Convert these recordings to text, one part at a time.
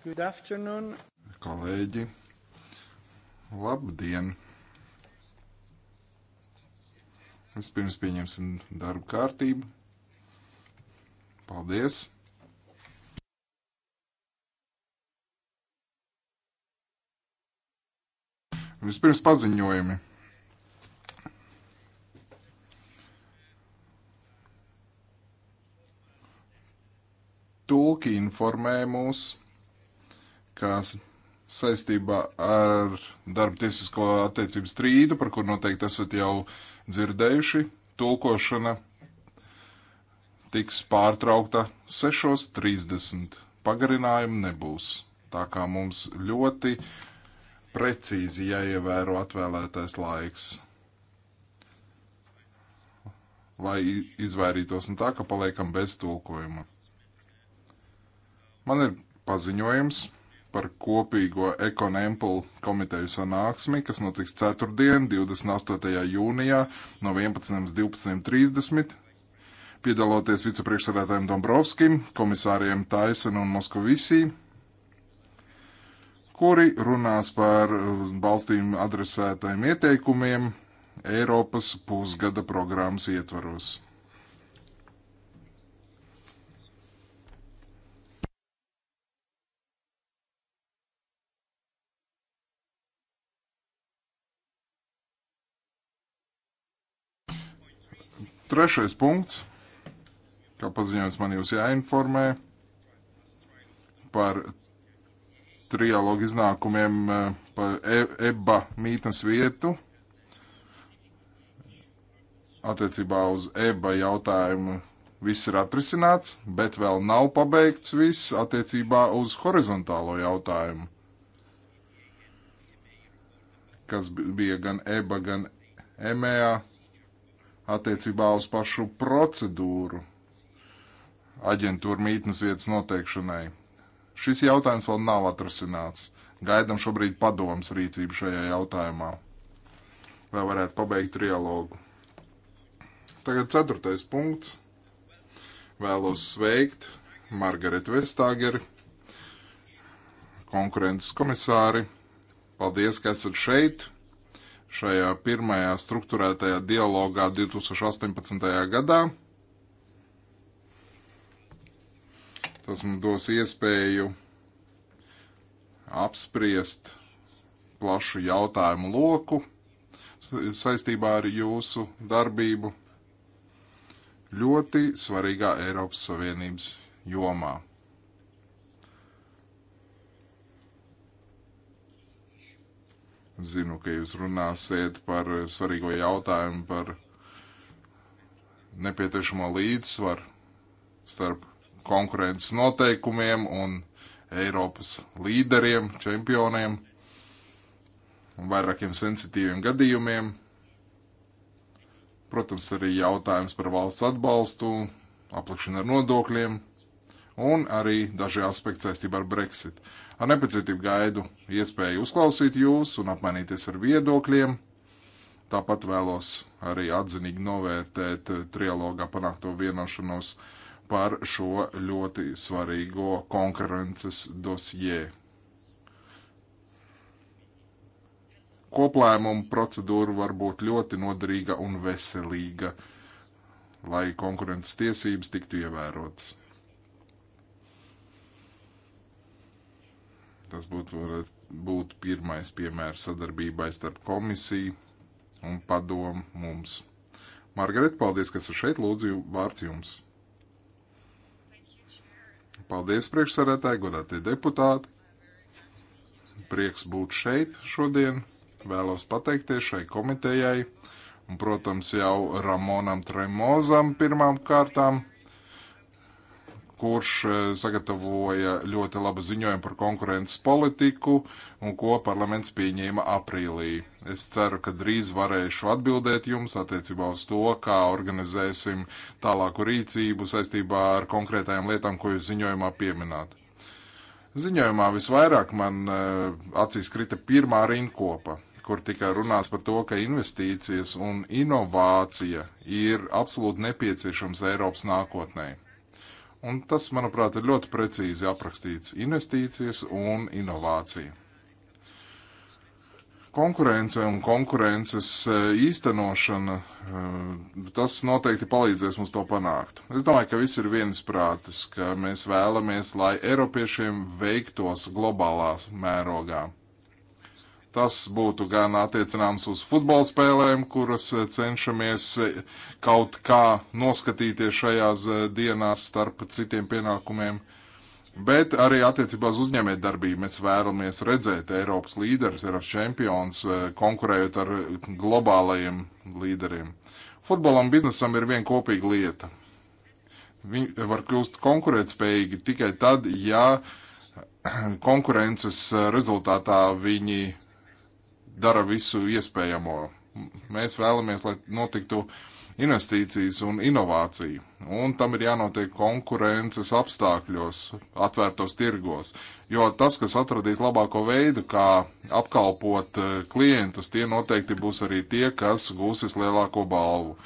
Good afternoon. Kolēģi, labdien! Vispirms pieņemsim darbu kārtību. Paldies! Vispirms paziņojumi. Tūki informē mūs kā saistībā ar darba tiesisko attiecību strīdu, par kur noteikti esat jau dzirdējuši, tulkošana tiks pārtraukta 6.30. Pagarinājumu nebūs. Tā kā mums ļoti precīzi jāievēro atvēlētais laiks. Lai izvairītos no tā, ka paliekam bez tulkojuma. Man ir paziņojums par kopīgo Econemple komiteju sanāksmi, kas notiks ceturtdien, 28. jūnijā no 11. līdz 12.30. Piedaloties vicepriekšsarētājiem Dombrovskim, komisāriem Taisen un Moskovisī, kuri runās par uh, valstīm adresētajiem ieteikumiem Eiropas pusgada programmas ietvaros. Trešais punkts, kā paziņojums man jūs jāinformē par trialogu iznākumiem eh, par e EBA mītnes vietu attiecībā uz EBA jautājumu viss ir atrisināts, bet vēl nav pabeigts viss attiecībā uz horizontālo jautājumu, kas bija gan EBA, gan EMEA attiecībā uz pašu procedūru aģentūra mītnes vietas noteikšanai. Šis jautājums vēl nav atrasināts. Gaidam šobrīd padomas rīcību šajā jautājumā, lai varētu pabeigt trialogu. Tagad ceturtais punkts. Vēlos sveikt Margaretu Vestāgeri, konkurences komisāri. Paldies, ka esat šeit! šajā pirmajā struktūrētajā dialogā 2018. gadā. Tas mums dos iespēju apspriest plašu jautājumu loku saistībā ar jūsu darbību ļoti svarīgā Eiropas Savienības jomā. Zinu, ka jūs runāsiet par svarīgo jautājumu par nepieciešamo līdzsvaru starp konkurences noteikumiem un Eiropas līderiem, čempioniem un vairākiem sensitīviem gadījumiem. Protams, arī jautājums par valsts atbalstu, aplikšanu ar nodokļiem un arī daži aspekti saistībā ar Brexit. Ar nepacietību gaidu iespēju uzklausīt jūs un apmainīties ar viedokļiem. Tāpat vēlos arī atzinīgi novērtēt trijologā panākto vienošanos par šo ļoti svarīgo konkurences dosjē. Koplēmuma procedūra var būt ļoti noderīga un veselīga, lai konkurences tiesības tiktu ievērotas. Tas būtu varat, būt pirmais piemērs sadarbībai starp komisiju un padomu mums. Margaret, paldies, kas ir šeit. Lūdzu, vārds jums. Paldies, priekšsarētāji, godātie deputāti. Prieks būt šeit šodien. Vēlos pateikties šai komitejai un, protams, jau Ramonam Tremozam pirmām kārtām kurš e, sagatavoja ļoti labu ziņojumu par konkurences politiku un ko parlaments pieņēma aprīlī. Es ceru, ka drīz varēšu atbildēt jums attiecībā uz to, kā organizēsim tālāku rīcību saistībā ar konkrētajām lietām, ko jūs ziņojumā pieminat. Ziņojumā visvairāk man e, acīs krita pirmā rinkopa kur tikai runāts par to, ka investīcijas un inovācija ir absolūti nepieciešams Eiropas nākotnēji. Un tas, manuprāt, ir ļoti precīzi aprakstīts - investīcijas un inovācija. Konkurence un konkurences e, īstenošana, e, tas noteikti palīdzēs mums to panākt. Es domāju, ka viss ir viensprātis, ka mēs vēlamies, lai Eiropiešiem veiktos globālā mērogā. Tas būtu gan attiecināms uz futbola spēlēm, kuras eh, cenšamies eh, kaut kā noskatīties šajās eh, dienās starp citiem pienākumiem, bet arī attiecībā uz uzņēmējdarbību mēs vēlamies redzēt Eiropas līderus, Eiropas čempions, konkurējot ar globālajiem līderiem. Futbolam biznesam ir viena kopīga lieta. Viņi var kļūt konkurētspējīgi tikai tad, ja konkurences rezultātā viņi dara visu iespējamo. Mēs vēlamies, lai notiktu investīcijas un inovācija, un tam ir jānotiek konkurences apstākļos, atvērtos tirgos, jo tas, kas atradīs labāko veidu, kā apkalpot eh, klientus, tie noteikti būs arī tie, kas gūs vislielāko balvu.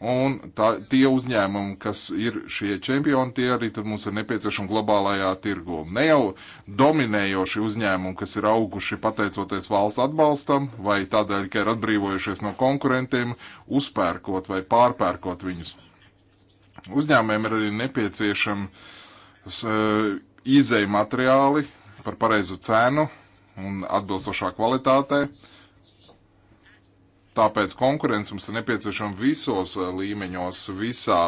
Un tā, tie uzņēmumi, kas ir šie čempioni, tie arī mums ir nepieciešami globālajā tirgu. Ne jau dominējoši uzņēmumi, kas ir auguši pateicoties valsts atbalstam vai tādēļ, ka ir atbrīvojušies no konkurentiem, uzpērkot vai pārpērkot viņus. Uzņēmējiem ir arī nepieciešams uh, e, izēju materiāli par pareizu cenu un atbilstošā kvalitātei. Uh, Tāpēc konkurence mums ir nepieciešama visos eh, līmeņos, visā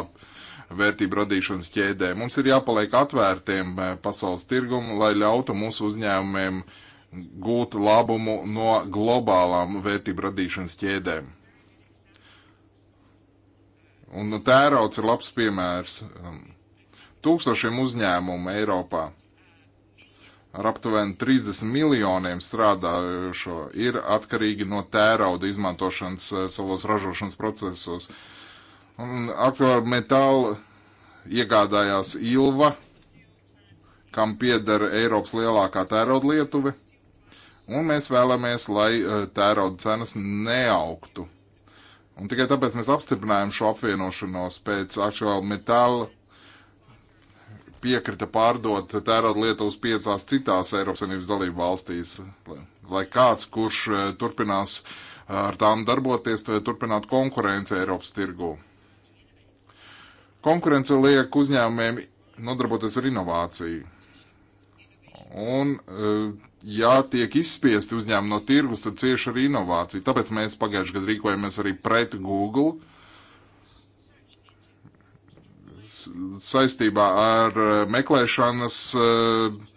vērtību radīšanas ķēdē. Mums ir jāpaliek atvērtiem eh, pasaules tirgumu, lai ļautu mūsu uzņēmumiem gūt labumu no globālām vērtību radīšanas ķēdēm. Un tērauts ir labs piemērs um, tūkstošiem uzņēmumu Eiropā ar aptuveni 30 miljoniem strādājošo ir atkarīgi no tērauda izmantošanas eh, savos ražošanas procesos. Un aktuāli metālu iegādājās Ilva, kam pieder Eiropas lielākā tērauda Lietuve, un mēs vēlamies, lai eh, tērauda cenas neaugtu. Un tikai tāpēc mēs apstiprinājām šo apvienošanos pēc aktuāli metāla piekrita pārdot tēraulietuvas piecās citās Eiropas Savienības dalību valstīs, lai, lai kāds, kurš e, turpinās e, ar tām darboties, e, turpinātu konkurenci Eiropas tirgū. Konkurence liek uzņēmumiem nodarboties ar inovāciju. Un, ja tiek izspiesti uzņēmumi no tirgus, tad cieši arī inovācija. Tāpēc mēs pagājušajā gadā rīkojamies arī pret Google saistībā ar eh, meklēšanas, eh,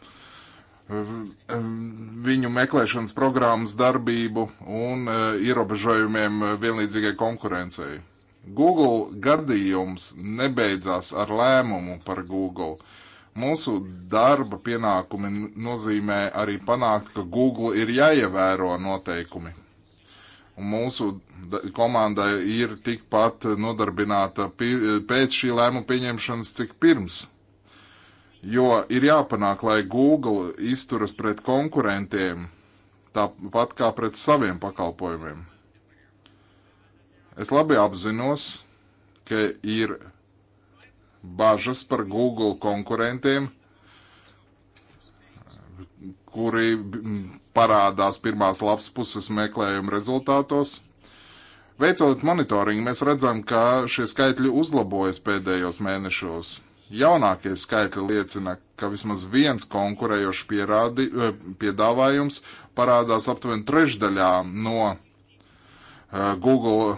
viņu meklēšanas programmas darbību un eh, ierobežojumiem vienlīdzīgai konkurencei. Google gadījums nebeidzās ar lēmumu par Google. Mūsu darba pienākumi nozīmē arī panākt, ka Google ir jāievēro noteikumi. Un mūsu komanda ir tikpat nodarbināta pēc šī lēmuma pieņemšanas, cik pirms. Jo ir jāpanāk, lai Google izturas pret konkurentiem tāpat kā pret saviem pakalpojumiem. Es labi apzinos, ka ir bažas par Google konkurentiem, kuri parādās pirmās lapas puses meklējuma rezultātos – Veicot monitoringu, mēs redzam, ka šie skaitļi uzlabojas pēdējos mēnešos. Jaunākie skaitļi liecina, ka vismaz viens konkurējošs pierādi, eh, piedāvājums parādās aptuveni trešdaļā no eh, Google,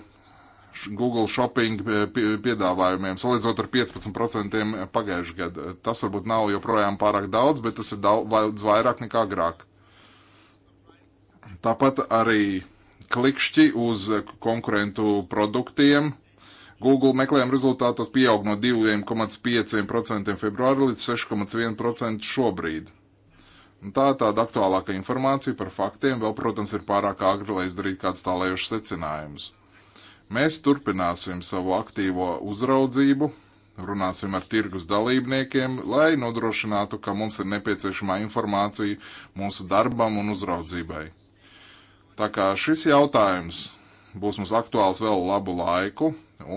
Google shopping eh, piedāvājumiem, salīdzinot ar 15% pagājušajā gadā. Tas varbūt nav joprojām pārāk daudz, bet tas ir daudz vairāk nekā agrāk. Tāpat arī klikšķi uz konkurentu produktiem. Google meklējuma rezultātos pieaug no 2,5% februāra līdz 6,1% šobrīd. Un tā ir tāda aktuālāka informācija par faktiem, vēl, protams, ir pārāk agri, lai izdarītu kādus tālējušus secinājumus. Mēs turpināsim savu aktīvo uzraudzību, runāsim ar tirgus dalībniekiem, lai nodrošinātu, ka mums ir nepieciešamā informācija mūsu darbam un uzraudzībai. Tā kā šis jautājums būs mums aktuāls vēl labu laiku,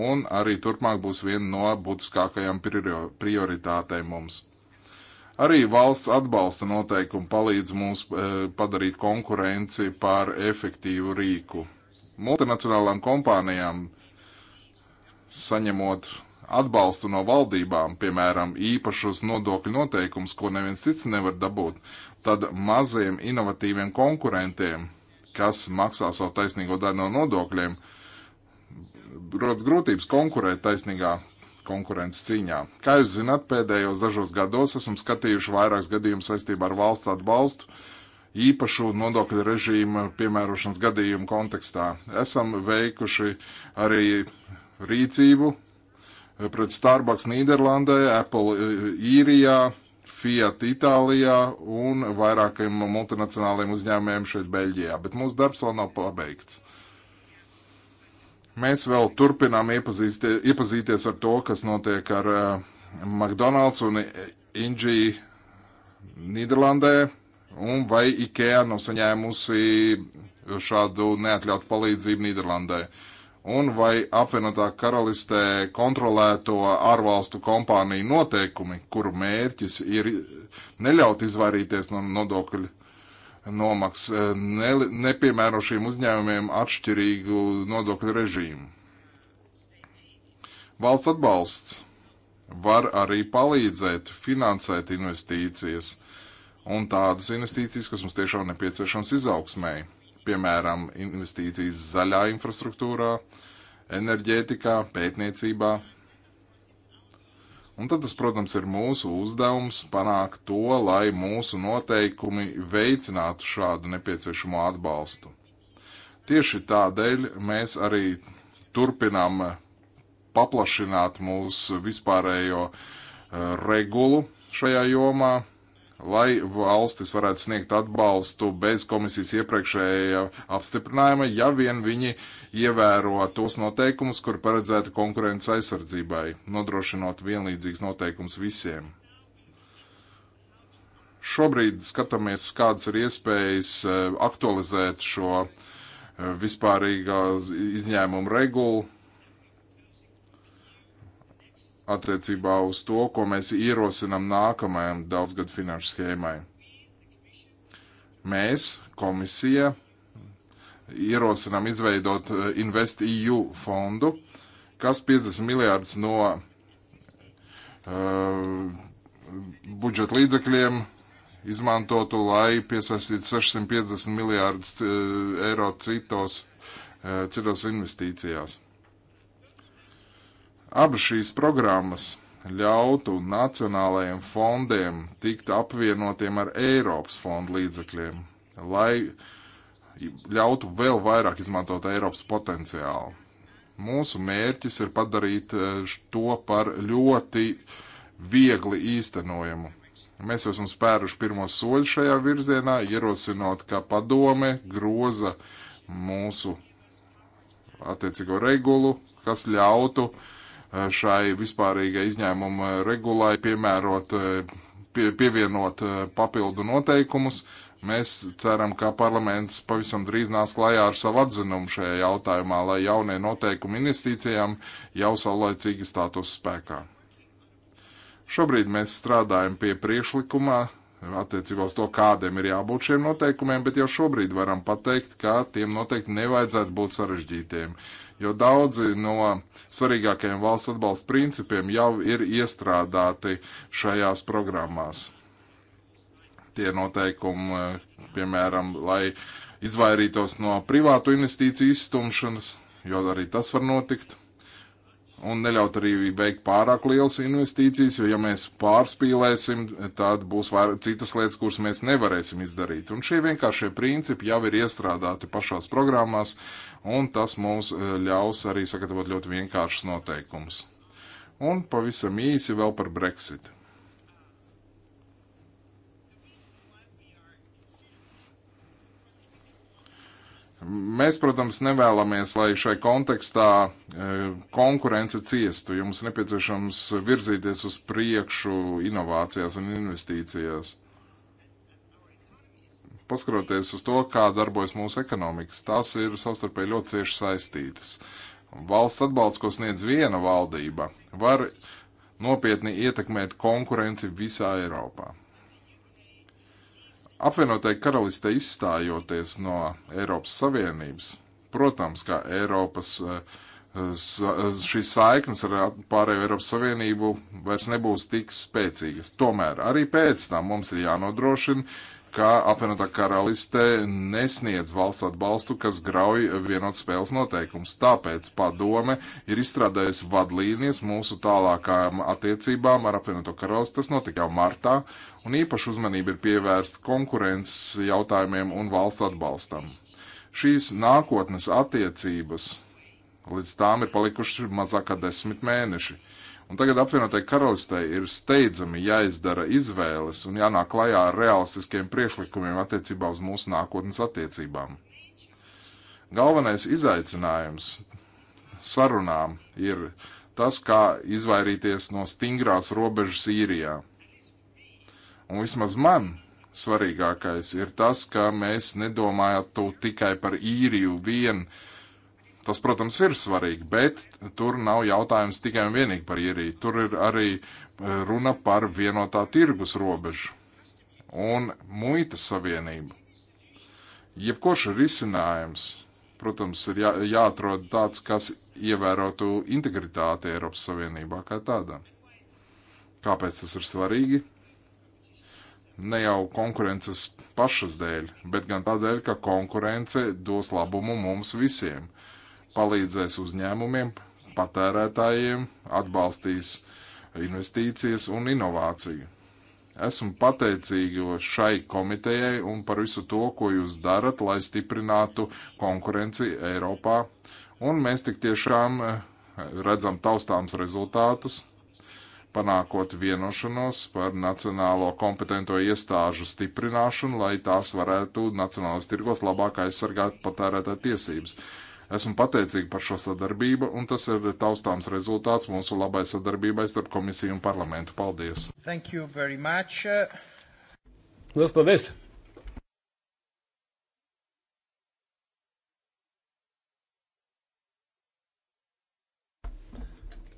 un arī turpmāk būs viena no būtiskākajām prioritātēm mums. Arī valsts atbalsta noteikumi palīdz mums e, padarīt konkurenci par efektīvu rīku. Multinacionālām kompānijām saņemot atbalstu no valdībām, piemēram, īpašus nodokļu noteikumus, ko neviens cits nevar dabūt, tad maziem inovatīviem konkurentiem kas maksā savu taisnīgo daļu no nodokļiem, rodas grūtības konkurēt taisnīgā konkurences cīņā. Kā jūs zināt, pēdējos dažos gados esam skatījuši vairākus gadījumus saistībā ar valsts atbalstu, īpašu nodokļu režīmu piemērošanas gadījumu kontekstā. Esam veikuši arī rīcību pret Starbucks Nīderlandē, Apple Īrijā, Fiat Itālijā un vairākiem multinacionāliem uzņēmējiem šeit Beļģijā, bet mūsu darbs vēl nav pabeigts. Mēs vēl turpinām iepazīties ar to, kas notiek ar uh, McDonald's un Inģiju Nīderlandē, un vai IKEA nav saņēmusi šādu neatļautu palīdzību Nīderlandē. Uh, un vai apvienotā karalistē kontrolēto ārvalstu kompāniju noteikumi, kuru mērķis ir neļaut izvairīties no nodokļu nomaks, eh, ne, nepiemēro šiem uzņēmumiem atšķirīgu nodokļu režīmu. Valsts atbalsts var arī palīdzēt finansēt investīcijas un tādas investīcijas, kas mums tiešām nepieciešams izaugsmēji piemēram, investīcijas zaļā infrastruktūrā, enerģētikā, pētniecībā. Un tad tas, protams, ir mūsu uzdevums panākt to, lai mūsu noteikumi veicinātu šādu nepieciešamo atbalstu. Tieši tādēļ mēs arī turpinām paplašināt mūsu vispārējo eh, regulu šajā jomā, lai valstis varētu sniegt atbalstu bez komisijas iepriekšēja apstiprinājuma, ja vien viņi ievēro tos noteikumus, kur paredzēta konkurences aizsardzībai, nodrošinot vienlīdzīgs noteikums visiem. Šobrīd skatāmies, kādas ir iespējas eh, aktualizēt šo eh, vispārīgā izņēmuma regulu attiecībā uz to, ko mēs ierosinām nākamajam daudzgadu finanšu schēmai. Mēs, komisija, ierosinām izveidot eh, InvestEU fondu, kas 50 miljārdus no uh, budžeta līdzekļiem izmantotu, lai piesaistītu 650 miljārdus eh, eiro citos, citos investīcijās. Abas šīs programmas ļautu nacionālajiem fondiem tikt apvienotiem ar Eiropas fondu līdzekļiem, lai ļautu vēl vairāk izmantot Eiropas potenciālu. Mūsu mērķis ir padarīt eh, to par ļoti viegli īstenojumu. Mēs esam spēruši pirmos soļus šajā virzienā, ierosinot, ka padome groza mūsu attiecīgo regulu, kas ļautu uh, Eh, šai vispārīgai izņēmuma regulai piemērot, eh, pie, pievienot eh, papildu noteikumus. Mēs ceram, ka parlaments pavisam drīz nāks klajā ar savu atzinumu šajā jautājumā, lai jaunie noteikumi investīcijām jau saulaicīgi stātos spēkā. Šobrīd mēs strādājam pie priekšlikumā attiecībā uz to, kādiem ir jābūt šiem noteikumiem, bet jau šobrīd varam pateikt, ka tiem noteikti nevajadzētu būt sarežģītiem, jo daudzi no svarīgākajiem valsts atbalsta principiem jau ir iestrādāti šajās programmās. Tie noteikumi, piemēram, lai izvairītos no privātu investīciju izstumšanas, jo arī tas var notikt un neļaut arī veikt pārāk lielas investīcijas, jo ja mēs pārspīlēsim, tad būs vair, citas lietas, kuras mēs nevarēsim izdarīt. Un šie vienkāršie principi jau ir iestrādāti pašās programmās, un tas mums e, ļaus arī sagatavot ļoti vienkāršus noteikumus. Un pavisam īsi vēl par Brexitu. Mēs, protams, nevēlamies, lai šai kontekstā e, konkurence ciestu, jo mums nepieciešams virzīties uz priekšu inovācijās un investīcijās. Paskaroties uz to, kā darbojas mūsu ekonomikas, tās ir savstarpēji ļoti cieši saistītas. Valsts atbalsts, ko sniedz viena valdība, var nopietni ietekmēt konkurenci visā Eiropā. Apvienotai karaliste izstājoties no Eiropas Savienības, protams, kā Eiropas eh, eh, šīs saiknes ar pārējo Eiropas Savienību vairs nebūs tik spēcīgas. Tomēr arī pēc tam mums ir jānodrošina, ka apvienotā karaliste nesniedz valsts atbalstu, kas grauj vienot spēles noteikums. Tāpēc padome ir izstrādājusi vadlīnijas mūsu tālākām attiecībām ar apvienoto karalisti. Tas notika jau martā, un īpaši uzmanība ir pievērsta konkurences jautājumiem un valsts atbalstam. Šīs nākotnes attiecības līdz tām ir palikuši mazākā desmit mēneši Un tagad apvienotai karalistei ir steidzami jāizdara izvēles un jānāk klajā ar realistiskiem priekšlikumiem attiecībā uz mūsu nākotnes attiecībām. Galvenais izaicinājums sarunām ir tas, kā izvairīties no stingrās robežas īrijā. Un vismaz man svarīgākais ir tas, ka mēs nedomājam tikai par īriju vienu Tas, protams, ir svarīgi, bet tur nav jautājums tikai un vienīgi par īriju. Tur ir arī e, runa par vienotā tirgus robežu un muitas savienību. Jebkurš risinājums, protams, ir jā, jāatrod tāds, kas ievērotu integritāti Eiropas Savienībā kā tādā. Kāpēc tas ir svarīgi? Ne jau konkurences pašas dēļ, bet gan tādēļ, ka konkurence dos labumu mums visiem – palīdzēs uzņēmumiem, patērētājiem, atbalstīs investīcijas un inovāciju. Esmu pateicīga šai komitejai un par visu to, ko jūs darat, lai stiprinātu konkurenci Eiropā. Un mēs tik tiešām eh, redzam taustāms rezultātus, panākot vienošanos par nacionālo kompetento iestāžu stiprināšanu, lai tās varētu nacionālajos tirgos labāk aizsargāt patērētāju tiesības. Esmu pateicīgi par šo sadarbību, un tas ir taustāms rezultāts mūsu labai sadarbībai starp komisiju un parlamentu. Paldies! Thank you very much! Lielas paldies!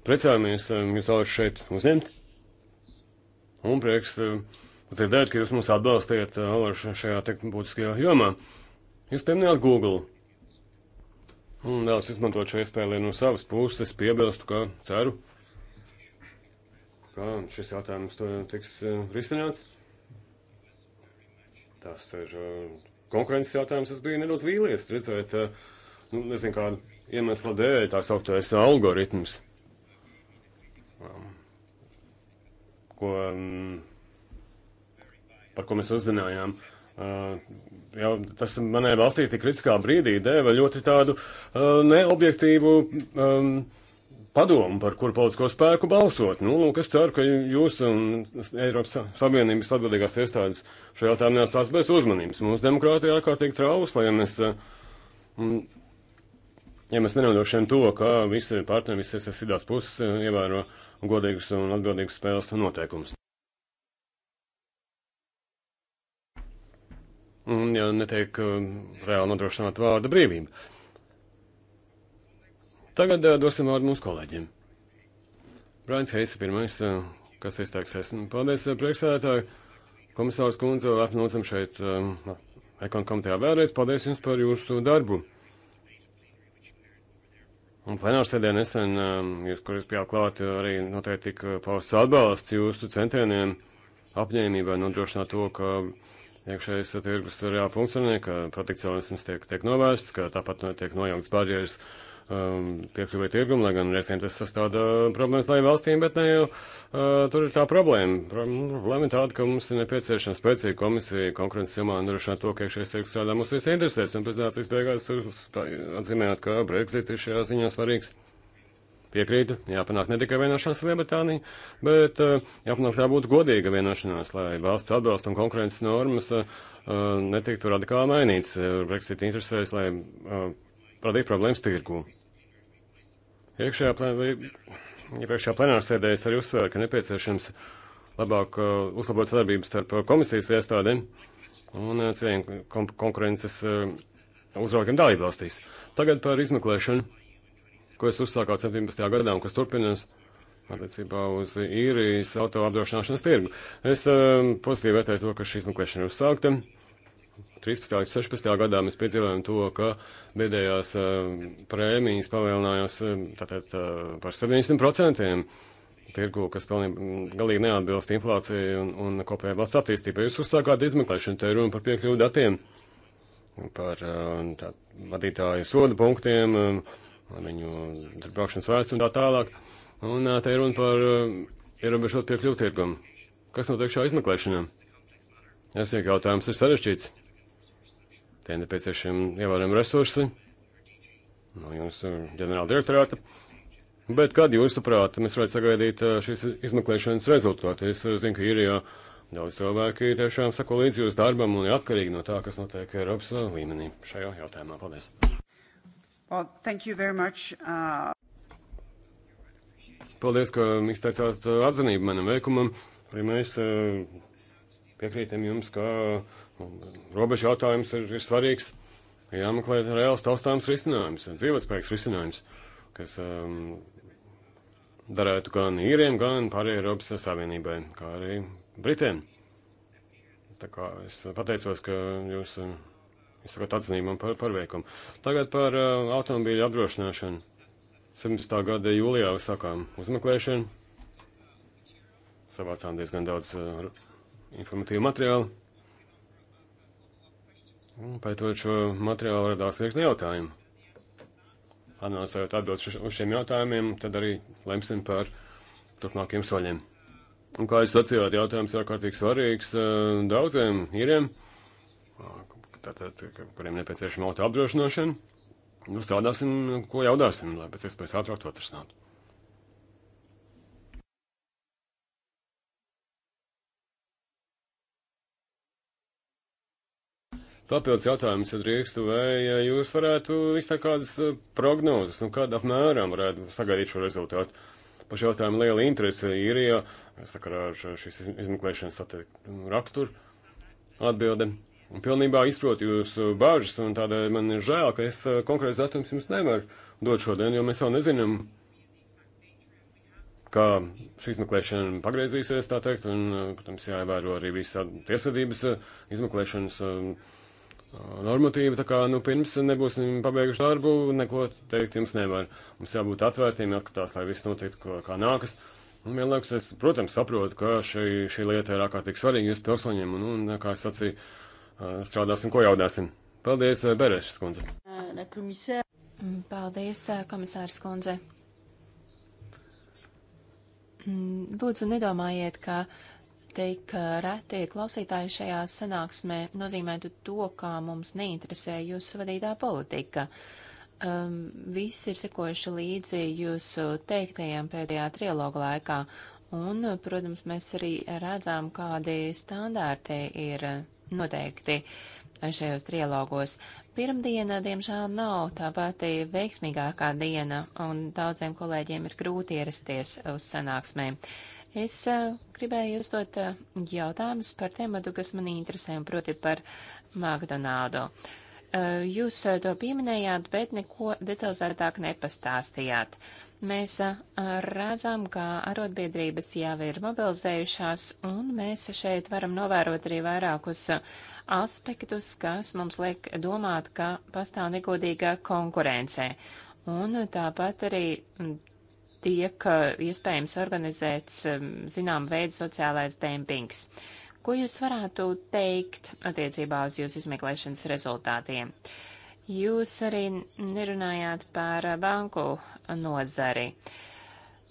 Priecājamies eh, jūs vēl šeit uzņemt. Un prieks eh, dzirdēt, ka jūs mūs atbalstījat eh, šajā tik būtiskajā jomā. Jūs pieminējāt Google. Un vēlas izmantot šo iespēju, lai no savas puses piebilstu, ka ceru, ka šis jautājums tiks eh, risināts. Tas ir eh, konkurences jautājums. Es biju nedaudz vīlies redzēt, eh, nu, nezinu, kādu iemeslu dēļ tā sauktais algoritms, um, ko, mm, par ko mēs uzzinājām jau tas manai valstī tik kritiskā brīdī deva ļoti tādu uh, neobjektīvu um, padomu, par kuru politisko spēku balsot. Nu, lūk, es ceru, ka jūs un Eiropas Savienības atbildīgās iestādes šajā jautājumā neatstās bez uzmanības. Mūsu demokrātija ir ārkārtīgi trausla, ja mēs, eh, ja mēs nenodrošiem to, ka visi partneri, visas iesaistītās puses eh, ievēro godīgus un atbildīgus spēles noteikumus. un ja netiek eh, reāli nodrošināta vārda brīvība. Tagad eh, dosim vārdu mūsu kolēģiem. Brains Heisa pirmais, eh, kas izteiksies. Nu, paldies, priekšsēdētāji. Komisārs Kundze, apmūcam šeit ekonomikas komitejā vēlreiz. Paldies jums par jūsu darbu. Un plenārsēdē nesen, jūs, kur jūs bijāt klāt, arī noteikti tika pausts atbalsts jūsu centieniem apņēmībai nodrošināt to, ka iekšējais tirgus ir jāfunkcionē, ka protekcionisms tiek, tiek novērsts, ka tāpat tiek nojaukts barjeras um, piekļuvē tirgumu, lai gan reizēm tas sastāda uh, problēmas lai valstīm, bet ne jau uh, tur ir tā problēma. Nu, problēma ir tāda, ka mums ir nepieciešama spēcīga komisija konkurences jomā nodrošināt to, ka iekšējais tirgus strādā mūsu visu interesēs, un prezentācijas beigās jūs atzīmējāt, ka Brexit ir šajā ziņā svarīgs. Piekrītu, jāpanāk ne tikai vienošanās ar Lielbritāniju, bet eh, jāpanāk tā būtu godīga vienošanās, lai valsts atbalsta un konkurences normas eh, eh, netiktu radikāli mainīts. Brexit interesēs, lai radītu problēmas tirgū. Iekšējā plēnā. Iepriekšējā plenāra sēdē es arī uzsvēru, ka nepieciešams labāk uh, uzlabot sadarbību starp komisijas iestādēm un uh, cieniem konkurences uh, uzraugiem dalībvalstīs. Tagad par izmeklēšanu ko jūs uzsākāt 17. gadā un kas turpinās attiecībā uz īrijas auto apdrošināšanas tirgu. Es um, pozitīvi vērtēju to, ka šī izmeklēšana ir uzsākta. 13. līdz 16. gadā mēs piedzīvojām to, ka bēdējās uh, um, prēmijas palielinājās uh, tātad, uh, par 700% tirgu, kas pilnīgi galīgi neatbilst inflācijai un, un kopējai valsts attīstībai. Jūs uzsākāt izmeklēšanu, te ir runa par piekļuvu datiem, par uh, tā, vadītāju soda punktiem. Um, viņu braukšanas vēsturi un tā tālāk. Un te tai ir runa par ierobežot piekļuvu tirgam. Kas notiek šā izmeklēšanā? Jāsaka, jautājums ir sarežģīts. Tie nepieciešami ievērojami resursi no jūsu ģenerāla direktorāta. Bet kad jūsuprāt mēs varētu sagaidīt šīs izmeklēšanas rezultātu? Es zinu, ka ir jau daudz cilvēki tiešām sako līdzi jūsu darbam un ir atkarīgi no tā, kas notiek Eiropas līmenī šajā jautājumā. Paldies! Well, thank you very much. Uh... Paldies, ka izteicāt uh, atzinību manam veikumam. Arī mēs uh, piekrītam jums, ka uh, robežu jautājums ir, ir svarīgs. Jāmeklē reāls taustāms risinājums, dzīvotspēks risinājums, kas um, darētu gan īriem, gan pārējai Eiropas Savienībai, kā arī Britiem. Tā kā es pateicos, ka jūs. Uh, izsakot atzinību par, par veikumu. Tagad par uh, automobīļu apdrošināšanu. 17. gada jūlijā sākām uzmeklēšanu. Savācām diezgan daudz uh, informatīvu materiālu. Pētot šo materiālu radās virkni jautājumu. Analizējot atbildes uz šiem jautājumiem, tad arī lemsim par turpmākiem soļiem. Un, kā jūs sacījāt, jautājums ir ārkārtīgi svarīgs uh, daudziem īriem, tātad, kuriem nepieciešama auto apdrošināšana, nu strādāsim, ko jau darsim, lai pēc iespējas ātrāk to atrastinātu. Papildus jautājums, ja drīkstu, vai jūs varētu izteikt kādas eh, prognozes, nu kādā apmēram varētu sagaidīt šo rezultātu? Par šo jautājumu liela interese īrijā, sakarā ar šīs izmeklēšanas raksturu atbildi. Un pilnībā izprotu jūsu bāžas, un tādēļ man ir žēl, ka es eh, konkrēts datums jums nevaru dot šodien, jo mēs vēl nezinām, kā šī izmeklēšana pagriezīsies, tā teikt, un, eh, protams, jāievēro arī visa tiesvedības eh, izmeklēšanas normatīva, tā kā, nu, pirms nebūsim pabeiguši darbu, neko teikt jums nevar. Mums jābūt atvērtiem, jāskatās, lai viss notiktu kā nākas. Un vienlaikus es, protams, saprotu, ka šī, šī lieta ir ārkārtīgi svarīga jūsu pilsoņiem, un, un, kā es sacīju, strādāsim, ko jaudāsim. Paldies, eh, Berešas kundze. Mm, paldies, eh, komisārs kundze. Mm, lūdzu, nedomājiet, ka teik eh, reti klausītāji šajā sanāksmē nozīmētu to, kā mums neinteresē jūsu vadītā politika. Um, visi ir sekojuši līdzi jūsu teiktajiem pēdējā trialoga laikā, un, protams, mēs arī redzām, kādi standārti ir noteikti šajos trialogos. Pirmdiena, diemžēl, nav tā pati veiksmīgākā diena, un daudziem kolēģiem ir grūti ierasties uz sanāksmēm. Es uh, gribēju uzdot uh, jautājumus par tematu, kas man interesē, un proti par McDonaldu. Uh, jūs to pieminējāt, bet neko detalizētāk nepastāstījāt. Uh, Mēs redzam, ka arotbiedrības jau ir mobilizējušās, un mēs šeit varam novērot arī vairākus aspektus, kas mums liek domāt, ka pastāv negodīga konkurence. Un tāpat arī tiek iespējams organizēts zinām veidu sociālais dempings. Ko jūs varētu teikt attiecībā uz jūsu izmeklēšanas rezultātiem? Uh, Jūs arī nerunājāt par banku nozari.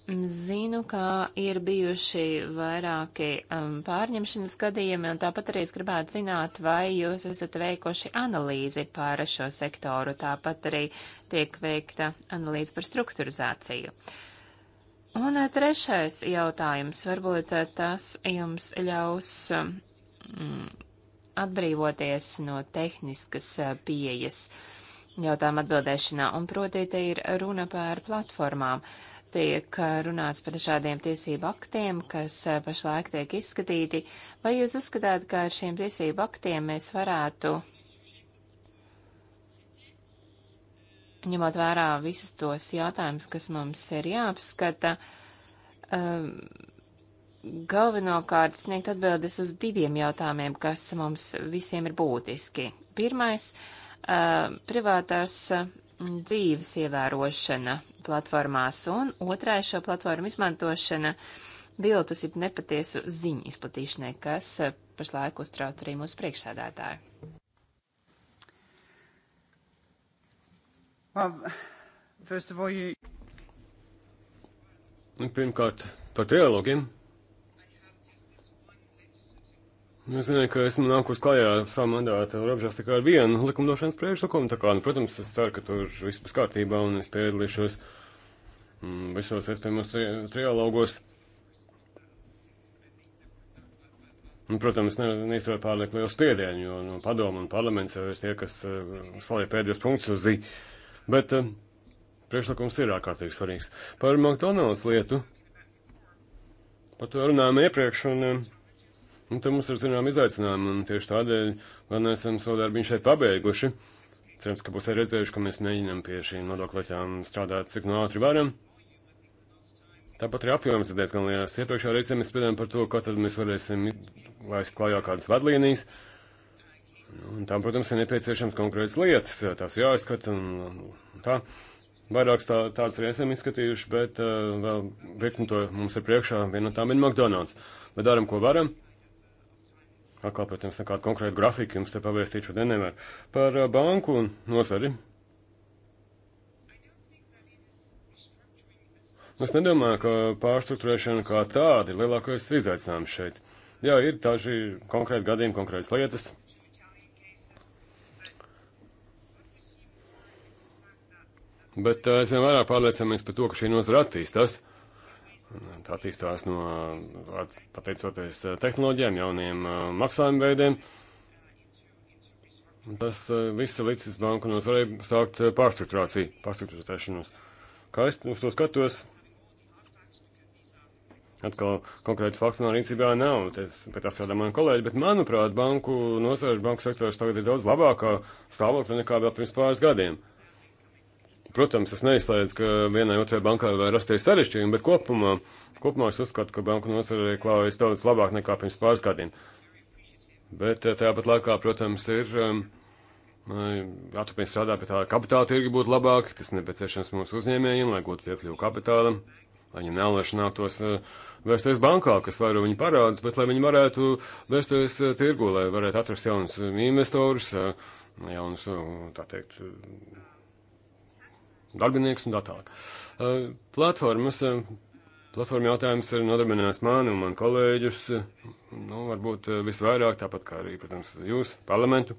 Mm, Zinu, ka ir bijuši vairāki um, pārņemšanas gadījumi, un tāpat arī es gribētu zināt, vai jūs esat veikuši analīzi par šo sektoru, tāpat arī tiek veikta analīze par strukturizāciju. Un eh, trešais jautājums, varbūt eh, tas jums ļaus mm, atbrīvoties no tehniskas pieejas jautājuma atbildēšanā, un proti te ir runa par platformām. Tiek runāts par dažādiem tiesību aktiem, kas pašlaik tiek izskatīti. Vai jūs uzskatāt, ka ar šiem tiesību aktiem mēs varētu, ņemot vērā visus tos jautājumus, kas mums ir jāapskata, um, galvenokārt sniegt atbildes uz diviem jautājumiem, kas mums visiem ir būtiski. Pirmais - privātās dzīves ievērošana platformās, un otrais šo platformu izmantošana viltus, jeb nepatiesu ziņu izplatīšanai, kas pašlaik uztrauc arī mūsu priekšsēdētāju. Pirmkārt, par trilogiem. Nu, es zinu, ka esmu nākus klajā savu mandātu robežās tikai ar vienu likumdošanas priekšlikumu, tā kā, nu, protams, es ceru, ka tur viss būs kārtībā un es piedalīšos mm, visos iespējamos tri trialogos. Un, nu, protams, ne, neizturēt pārlieku lielu spiedienu, jo nu, padomu un parlaments jau ir tie, kas uh, saliek pēdējos punktus uz zi. Bet uh, priekšlikums ir ārkārtīgi svarīgs. Par McDonald's lietu, par to runājām iepriekš, un uh, Un tur mums ir zinām izaicinājumi, un tieši tādēļ vēl neesam savu darbu šeit pabeiguši. Cerams, ka būs arī redzējuši, ka mēs mēģinām pie šīm nodokļaķām strādāt, cik no ātri varam. Tāpat arī apjoms ir diezgan liels. Iepriekšējā reizē mēs spēlējām par to, kā tad mēs varēsim laist klājā kādas vadlīnijas. Un tam, protams, ir nepieciešams konkrētas lietas, tās jāizskata un, un tā. Vairākas tā, tādas arī esam izskatījuši, bet uh, vēl virkni to mums ir priekšā, viena no tām ir McDonald's. Bet daram, ko varam. Atkal, protams, nekādu konkrētu grafiku jums te pavēstīt šodien nevar. Par uh, banku nozari. Es nedomāju, ka pārstruktūrēšana kā tāda ir lielākais izaicinājums šeit. Jā, ir daži konkrēti gadījumi, konkrētas lietas. Bet uh, es vien vairāk pārliecināmies par to, ka šī nozara attīstās. Tas attīstās no, pateicoties eh, tehnoloģijām, jauniem eh, maksājuma veidiem. Tas eh, viss ir līdzis banku nozarei sākt pārstrukturāciju, pārstrukturēšanos. Kā es uz to skatos, atkal konkrēti faktu manā rīcībā nav, tas, pēc tās strādā mani kolēģi, bet manuprāt, banku nozare, banku sektors tagad ir daudz labākā stāvoklī nekā vēl pirms pāris gadiem. Uh, Protams, es neizslēdzu, ka vienai otrai bankai var rasties sarežģījumi, bet kopumā, kopumā es uzskatu, ka banku nozare klājas daudz labāk nekā pirms pāris gadiem. Bet eh, tāpat laikā, protams, ir um, eh, jāturpina strādāt pie tā, lai kapitāla tirgi būtu labāki, tas nepieciešams mūsu uzņēmējiem, lai gūtu piekļuvu kapitālam, lai viņi nelaišanātos uh, eh, vērsties bankā, kas vairo viņu parādus, bet lai viņi varētu vērsties uh, tirgu, lai varētu atrast jaunus investorus, uh, jaunus, tā teikt, darbinieks un tā tālāk. Platformas, platforma jautājums ir nodarbinājis mani un man kolēģus, nu, varbūt visvairāk, tāpat kā arī, protams, jūs, parlamentu.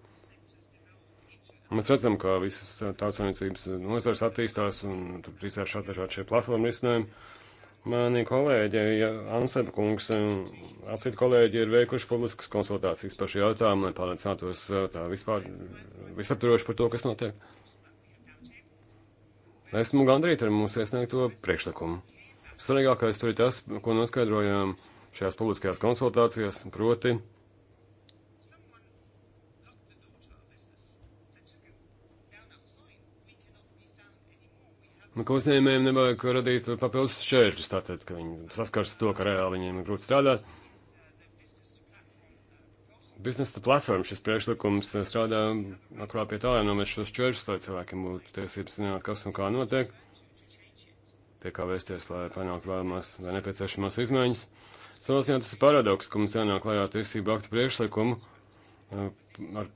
Mēs redzam, ka visas tautsainicības nozars attīstās un tur visās šās dažādi šie platforma risinājumi. Mani kolēģi, ja Ansēta kungs un citi kolēģi ir veikuši publiskas konsultācijas par šo jautājumu, lai pārliecinātos tā vispār visapturoši par to, kas notiek. Esmu gandrīt ar mūsu iesniegto priekšlikumu. Svarīgākais tur ir tas, ko noskaidrojām šajās publiskajās konsultācijās, proti, Nu, ka uzņēmējiem nevajag radīt papildus šķēršļus, tātad, ka viņi saskars ar to, ka reāli viņiem ir grūti strādāt biznesa platforma šis priekšlikums strādā akurā pie tā, lai nomēs šos čēršus, lai cilvēkiem būtu tiesības zināt, kas un kā notiek, pie kā vērsties, lai panāktu vēlamās vai nepieciešamās izmaiņas. Savās ziņā tas ir paradoks, ka mums jānāk klajā tiesību aktu priekšlikumu, ar,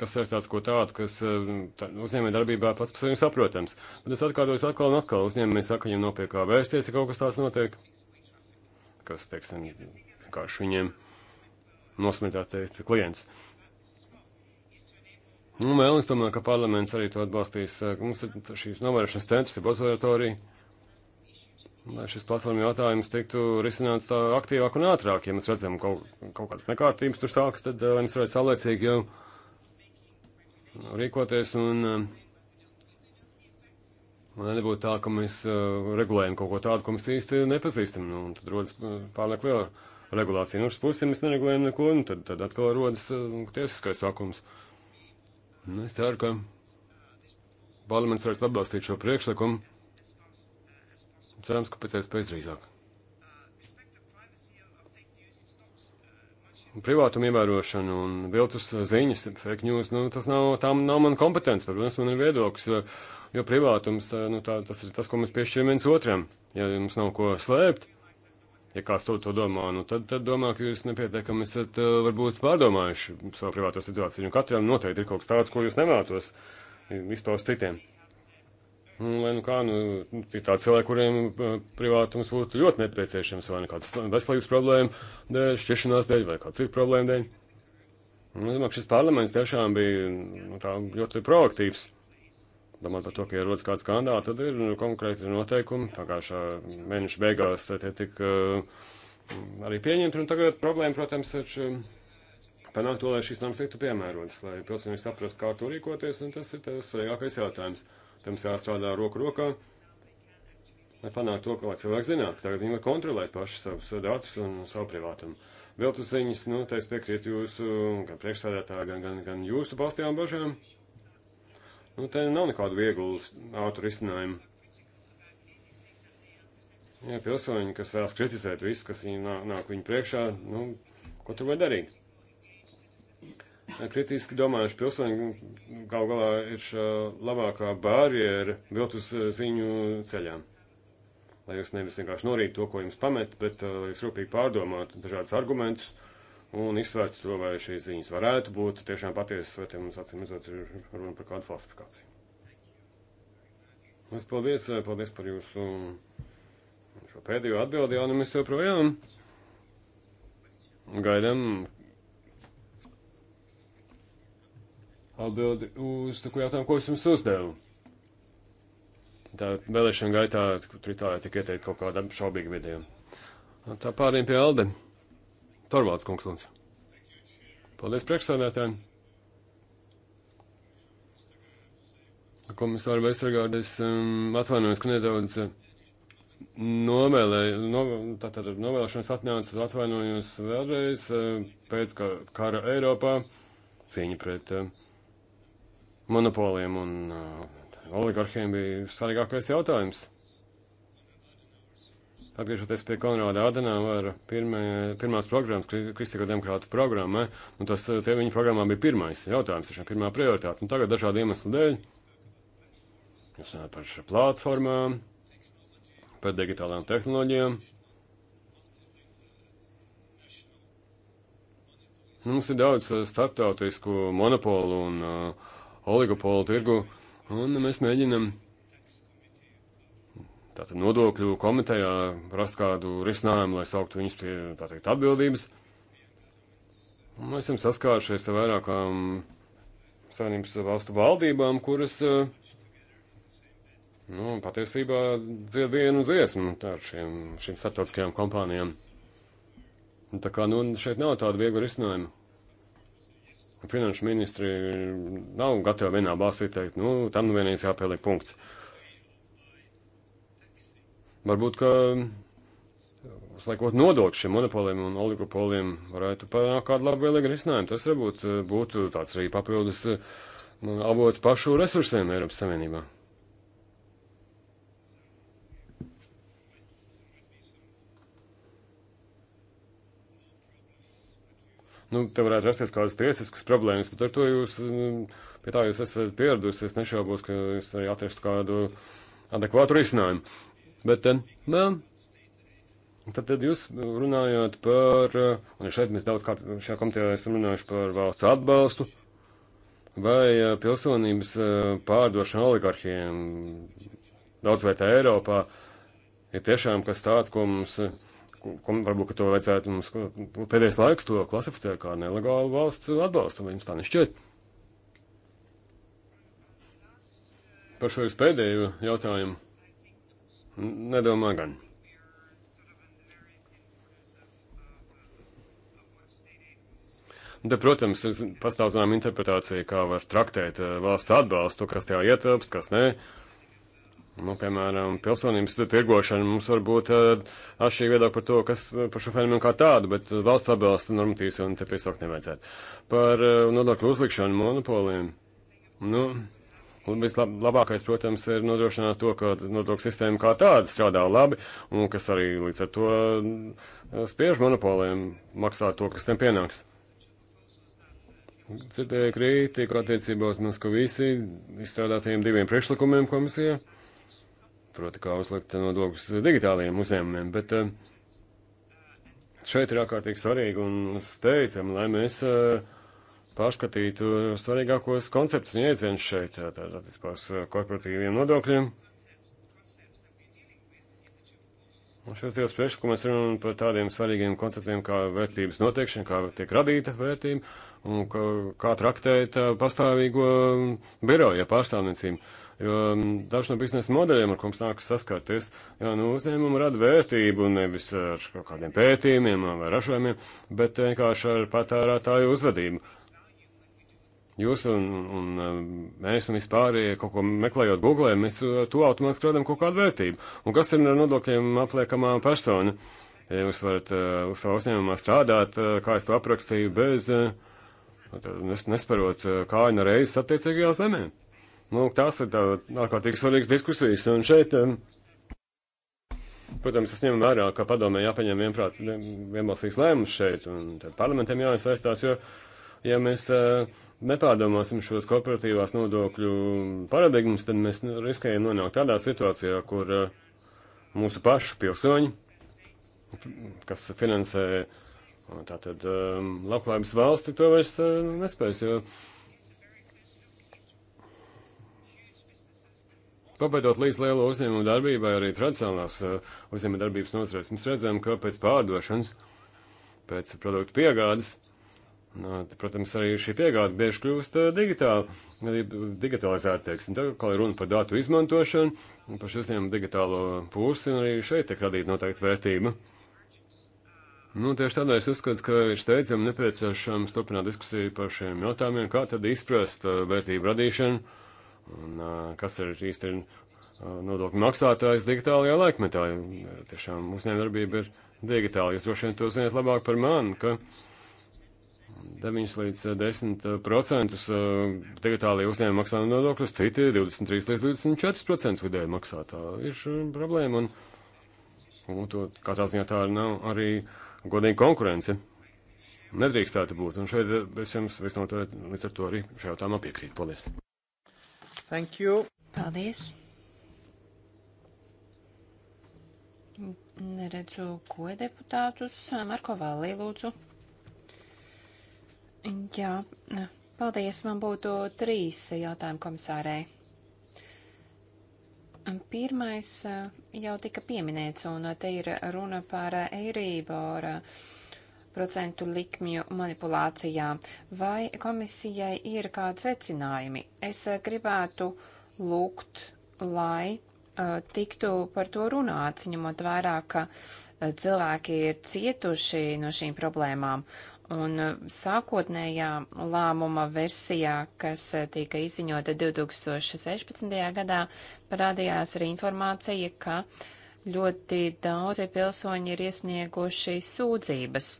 kas saistās ko tādu, kas tā, uzņēmē darbībā pats par saviem saprotams. Bet es atkārtojos atkal un atkal uzņēmēji saka, viņiem nav pie kā vērsties, ja kaut kas tāds notiek, kas, teiksim, vienkārši viņiem nosmēt, tā teikt, klientus. Un nu, vēl es domāju, ka parlaments arī to atbalstīs. Mums ir šīs novērošanas centrs, ir observatorija, lai šis platforma jautājums tiktu risināts tā aktīvāk un ātrāk. Ja mēs redzam kaut, kaut kādas nekārtības tur sāks, tad lai eh, mēs varētu saulēcīgi jau rīkoties un eh, lai nebūtu tā, ka mēs eh, regulējam kaut ko tādu, ko mēs īsti nepazīstam. Nu, un tad rodas pārlieku liela regulācija. No nu, otras puses, ja mēs neregulējam neko, nu, tad, tad atkal rodas uh, tiesiskais sākums. Nu, es ceru, ka parlaments vairs atbalstīt šo priekšlikumu. Cerams, ka pēc iespējas drīzāk. Privātuma ievērošana un viltus ziņas, fake news, nu, tas nav, tām nav mana kompetence, protams, man ir viedoklis, jo, jo privātums, uh, nu, tā, tas ir tas, ko mēs piešķiram viens otram. Ja mums nav ko slēpt, Ja kāds to, to domā, nu tad, tad domā, ka jūs nepietiekami esat uh, varbūt pārdomājuši savu privāto situāciju. Un katram noteikti ir kaut kas tāds, ko jūs nemētos izpaust citiem. Un, nu, lai nu kā, nu, ir tādi cilvēki, kuriem uh, privātums būtu ļoti nepieciešams, vai nu kādas veselības problēma dēļ, šķiršanās dēļ, vai kāda cita problēma dēļ. Un, nu, es domāju, ka šis parlaments tiešām bija nu, tā, ļoti proaktīvs. Domājot par to, ka ir rodas kāds skandāls, tad ir nu, konkrēti noteikumi. Pagājušā mēneša beigās tie tika mm, arī pieņemti. Un tagad problēma, protams, ir mm, panākt to, lai šīs normas tiktu piemērotas, lai pilsoņi saprastu, kā tur rīkoties. Un tas ir tas svarīgākais jautājums. Tam jāstrādā roku rokā, lai panāktu to, ka lai cilvēki zinātu, ka tagad viņi var kontrolēt paši savus datus un savu privātumu. Vēl tu ziņas, nu, tā es piekrītu jūsu, gan priekšsēdētāju, gan, gan, gan jūsu balstījām bažām. Uh, Nu, te nav nekādu vieglu ātru risinājumu. Ja pilsoņi, kas vēlas kritizēt visu, kas viņi nāk, nāk viņu priekšā, nu, ko tur var darīt? Kritiski domājuši pilsoņi nu, gal galā ir labākā barjera viltus ziņu ceļām. Lai jūs nevis vienkārši norīt to, ko jums pamet, bet lai jūs rūpīgi pārdomātu dažādas argumentus, uh, un izsvērtu to, vai šīs ziņas varētu būt tiešām patiesas, vai te mums acīm izot runa par kādu falsifikāciju. Es paldies, paldies par jūsu šo pēdējo atbildi, Jāni, mēs joprojām gaidām atbildi uz taku jautājumu, ko es jums uzdevu. Tā vēlēšana gaitā, kur tritājā tika ieteikt kaut kādu šaubīgu video. Tā pāriem pie Alde. Torvalds kungs lūdzu. Paldies priekšsādātājiem. Komisāra Vestergārdes um, atvainojos, ka nedaudz uh, novēlēju, no, tātad novēlēšanas atņēmu, atvainojos vēlreiz uh, pēc kara Eiropā, cīņa pret uh, monopoliem un oligarhiem bija svarīgākais jautājums. Atgriežoties pie Konrāda Adenauera pirmē, pirmās programmas, Kristīgo demokrātu programmā, un tas tie viņa programmā bija pirmais jautājums, šī pirmā prioritāte. Un tagad dažādu iemeslu dēļ, jūs runājat par platformām, par digitālām tehnoloģijām. Nu, mums ir daudz eh, starptautisku monopolu un uh, oligopolu tirgu, un mēs mēģinam tātad nodokļu komitejā rast kādu risinājumu, lai sauktu viņus pie, tā teikt, atbildības. Un esam saskāršies ar vairākām savienības valstu valdībām, kuras, eh, nu, patiesībā dzied vienu dziesmu ar šiem, šiem starptautiskajām kompānijām. Tā kā, nu, šeit nav tāda viegla risinājuma. Finanšu ministri nav gatavi vienā balsī teikt, nu, tam nu vienreiz jāpieliek punkts. Uh, Varbūt, ka laikot nodot šiem monopoliem un oligopoliem varētu panākt kādu labvēlīgu risinājumu. Tas varbūt eh, būtu tāds arī papildus eh, avots pašu resursiem Eiropas Savienībā. Nu, te varētu rasties kādas tiesiskas problēmas, bet ar to jūs, eh, pie tā jūs esat pieradusi. Es nešaubos, ka jūs arī atrastu kādu adekvātu risinājumu. Bet, na, Tad, tad jūs runājāt par, un šeit mēs daudz kārt šajā komitejā esam runājuši par valsts atbalstu vai eh, pilsonības eh, pārdošanu oligarhiem daudzvietā Eiropā ir tiešām kas tāds, ko mums, ko, ko varbūt, ka to vajadzētu mums pēdējais laiks to klasificēt kā nelegālu valsts atbalstu, vai jums tā nešķiet? Par šo jūs pēdējo jautājumu. Nedomāju gan. Da, protams, pastāv zinām interpretācija, kā var traktēt eh, valsts atbalstu, kas tajā ietilpst, kas nē. Nu, piemēram, pilsonības tirgošana mums var būt eh, atšķirīgi viedokļi par to, kas eh, par šo fenomenu kā tādu, bet valsts atbalsta normatīvas jau te piesaukt nevajadzētu. Par nodokļu uzlikšanu monopoliem. Nu, Un vislabākais, protams, ir nodrošināt to, ka nodokļu sistēma kā tāda strādā labi, un kas arī līdz ar to eh, spiež monopoliem maksāt to, kas tiem pienāks. Citēju kritiku attiecībā uz Maskavīsi izstrādātajiem diviem priekšlikumiem komisijā, proti kā uzlikt nodokļus digitālajiem uzņēmumiem, bet eh, šeit ir ārkārtīgi svarīgi un steicam, lai mēs uh, pārskatītu svarīgākos konceptus un iedzienus šeit, tātad attiecībās korporatīviem nodokļiem. Un šos divus priekšlikumus runājam par tādiem svarīgiem konceptiem kā vērtības noteikšana, kā tiek radīta vērtība un kā, kā traktēt pastāvīgo biroju, ja pārstāvniecību. Jo daži no biznesa modeļiem, ar kuriem nākas saskarties, jau nu, uzņēmumu rada vērtību nevis ar kaut kādiem pētījumiem vai ražojumiem, bet vienkārši ar patērētāju uzvedību. Jūs un, un eh, mēs un vispārējie kaut ko meklējot Google, mēs eh, to automātiski radām kaut kādu vērtību. Un kas ir ar nodokļiem apliekamā persona? Ja jūs varat uh, uz savu uzņēmumā strādāt, uh, kā es to aprakstīju, bez uh, nes, nesperot uh, kāju reizes attiecīgajā zemē. Nu, tās ir ārkārtīgi svarīgas diskusijas. Un šeit, um, protams, es ņemu vērā, ka padomē jāpaņem vienprāt vienbalsīgs lēmums šeit, un tad parlamentiem jāiesaistās, jo, ja mēs. Uh, nepārdomāsim šos korporatīvās nodokļu paradigmas, tad mēs riskējam nonākt tādā situācijā, kur eh, mūsu pašu pilsoņi, kas finansē tātad eh, labklājības valsti, to vairs eh, nespēs, jo Pabeidot līdz lielo uzņēmumu darbībai, arī tradicionālās uzņēmuma darbības nozarēs, mēs redzam, ka pēc pārdošanas, pēc produktu piegādes, Nu, protams, arī šī piegāde bieži kļūst eh, digitāla, digitalizēta, teiksim, tā, kā ir runa par datu izmantošanu, par šis uzņēmumu digitālo pusi, un arī šeit tiek radīta noteikti vērtība. Nu, tieši tādēļ es uzskatu, ka ir steidzami nepieciešams turpināt diskusiju par šiem jautājumiem, kā tad izprast eh, vērtību radīšanu, un eh, kas ir īsti nodokļu maksātājs digitālajā laikmetā. Tiešām uzņēmuma darbība ir digitāla. Jūs droši vien to zināt labāk par mani, ka 9 līdz 10 procentus digitālajie eh, uzņēmumi maksā nodokļus, citi 23 līdz 24 procentus vidēji maksā. Tā ir eh, problēma, un, un to katrā ziņā tā nav arī godīga konkurence. Nedrīkst tā būt, un šeit eh, es jums visnotaļ līdz ar to arī šajā jautājumā piekrītu. Paldies! Thank you! Paldies! Neredzu, ko deputātus. Marko Vallī, lūdzu. Jā, paldies. Man būtu trīs jautājumi komisārei. Pirmais eh, jau tika pieminēts, un te ir runa par Eiribora procentu likmju manipulācijām. Vai komisijai ir kādi secinājumi? Es eh, gribētu lūgt, lai eh, tiktu par to runāts, ņemot vērā, ka cilvēki ir cietuši no šīm problēmām. Un sākotnējā lēmuma versijā, kas tika izziņota 2016. gadā, parādījās arī informācija, ka ļoti daudzi pilsoņi ir iesnieguši sūdzības.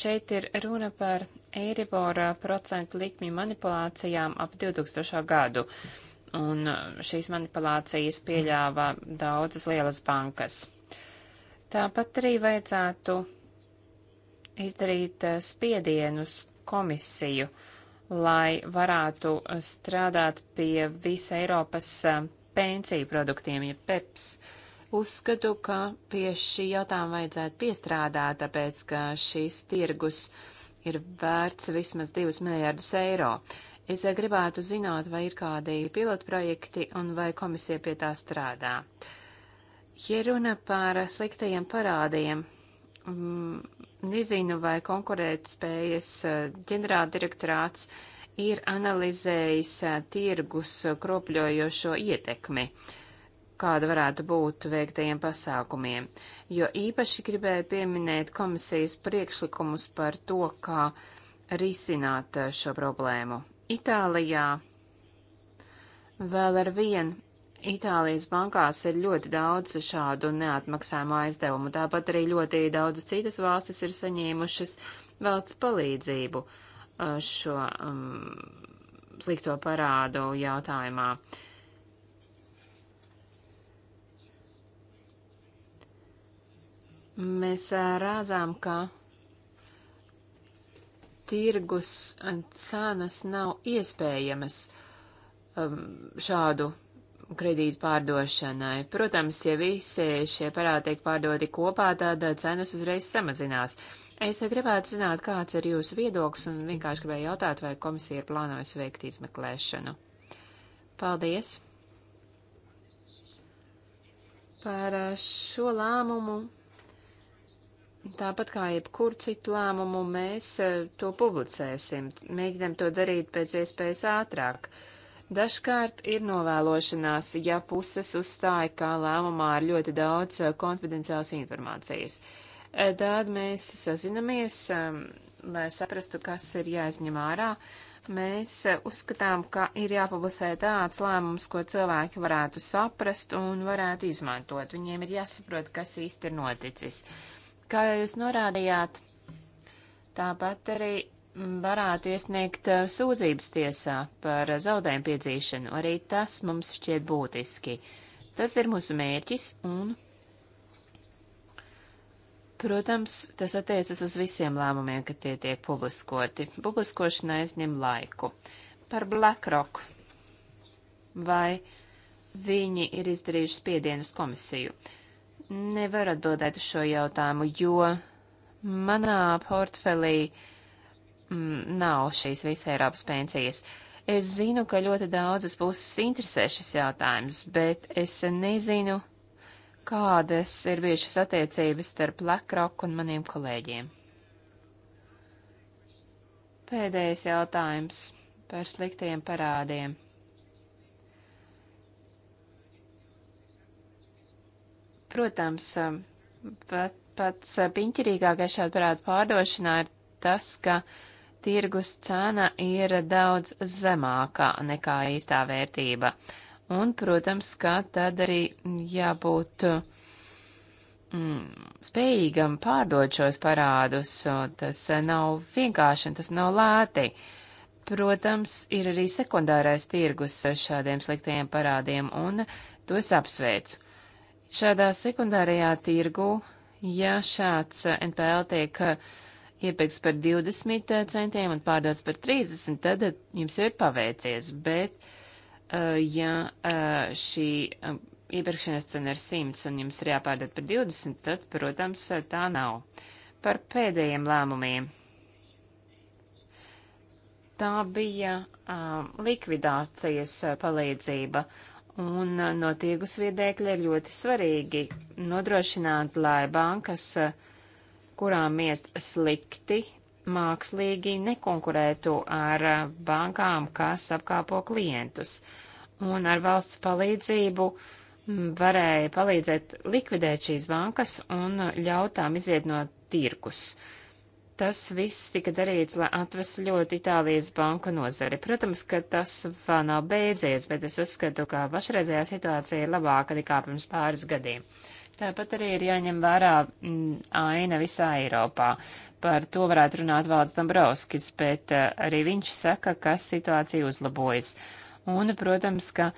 Šeit ir runa par Eiribora procentu likmi manipulācijām ap 2000. gadu, un šīs manipulācijas pieļāva daudzas lielas bankas. Tāpat arī vajadzētu izdarīt eh, spiedienus komisiju, lai varētu eh, strādāt pie visa Eiropas eh, pensiju produktiem, ja PEPS. Uzskatu, ka pie šī jautājuma vajadzētu piestrādāt, tāpēc, ka šīs tirgus ir vērts vismaz 2 miljārdus eiro. Es gribētu zināt, vai ir kādi pilotprojekti un vai komisija pie tā strādā. Ja runa par sliktajiem parādiem, Mm, nezinu, vai konkurētspējas eh, ģenerāldirektorāts ir analizējis eh, tirgus kropļojošo ietekmi, kāda varētu būt veiktajiem pasākumiem, jo īpaši gribēju pieminēt komisijas priekšlikumus par to, kā risināt eh, šo problēmu. Itālijā vēl ar vien Itālijas bankās ir ļoti daudz šādu neatmaksājumu aizdevumu, tāpat arī ļoti daudz citas valstis ir saņēmušas valsts palīdzību uh, šo um, slikto parādu jautājumā. Mēs uh, rāzām, ka tirgus cenas nav iespējamas um, šādu kredītu pārdošanai. Protams, ja visi šie parādi tiek pārdoti kopā, tad cenas uzreiz samazinās. Es gribētu zināt, kāds ir jūsu viedoklis, un vienkārši gribēju jautāt, vai komisija ir plānojusi veikt izmeklēšanu. Paldies! Par eh, šo lēmumu, tāpat kā jebkur citu lēmumu, mēs eh, to publicēsim. Mēģinam to darīt pēc iespējas ātrāk. Uh, Dažkārt ir novēlošanās, ja puses uzstāja, ka lēmumā ir ļoti daudz eh, konfidenciālas informācijas. Eh, tad mēs sazinamies, ehm, lai saprastu, kas ir jāizņem ārā. Mēs eh, uzskatām, ka ir jāpublicē tāds lēmums, ko cilvēki varētu saprast un varētu izmantot. Viņiem ir jāsaprot, kas īsti ir noticis. Kā jūs norādījāt, tāpat arī varētu iesniegt eh, sūdzības tiesā par zaudējumu piedzīšanu. Arī tas mums šķiet būtiski. Tas ir mūsu mērķis un, protams, tas attiecas uz visiem lēmumiem, kad tie tiek publiskoti. Publiskošana aizņem laiku. Par BlackRock vai viņi ir izdarījuši spiedienus komisiju? Nevaru atbildēt uz šo jautājumu, jo manā portfelī uh, mm, nav šīs visai Eiropas pensijas. Es zinu, ka ļoti daudzas puses interesē šis jautājums, bet es nezinu, kādas ir bijušas attiecības starp BlackRock un maniem kolēģiem. Pēdējais jautājums par sliktajiem parādiem. Protams, pat, pats piņķirīgākais šādu parādu pārdošanā ir tas, ka uh, tirgus cena ir daudz zemākā nekā īstā vērtība. Un, protams, ka tad arī jābūt mm, spējīgam pārdot šos parādus. Tas nav vienkārši, tas nav lēti. Protams, ir arī sekundārais tirgus šādiem sliktajiem parādiem, un to es apsveicu. Šādā sekundārajā tirgu, ja šāds NPL tiek uh, iepirks par 20 eh, centiem un pārdodas par 30, tad eh, jums jau ir paveicies. Bet, eh, ja šī iepirkšanas cena ir 100 un jums ir jāpārdod par 20, tad, protams, tā nav. Par pēdējiem lēmumiem. Tā bija um, likvidācijas palīdzība, un no tirgus viedēkļa ir ļoti svarīgi nodrošināt, lai bankas uh, kurām iet slikti, mākslīgi nekonkurētu ar bankām, kas apkāpo klientus. Un ar valsts palīdzību varēja palīdzēt likvidēt šīs bankas un ļaut tām iziet no tirkus. Tas viss tika darīts, lai atvesļotu Itālijas banku nozari. Protams, ka tas vēl nav beidzies, bet es uzskatu, ka pašreizējā situācija ir labāka nekā pirms pāris gadiem. Tāpat arī ir jāņem vērā mm, aina visā Eiropā. Par to varētu runāt Valds Dombrovskis, bet eh, arī viņš saka, ka situācija uzlabojas. Un, protams, ka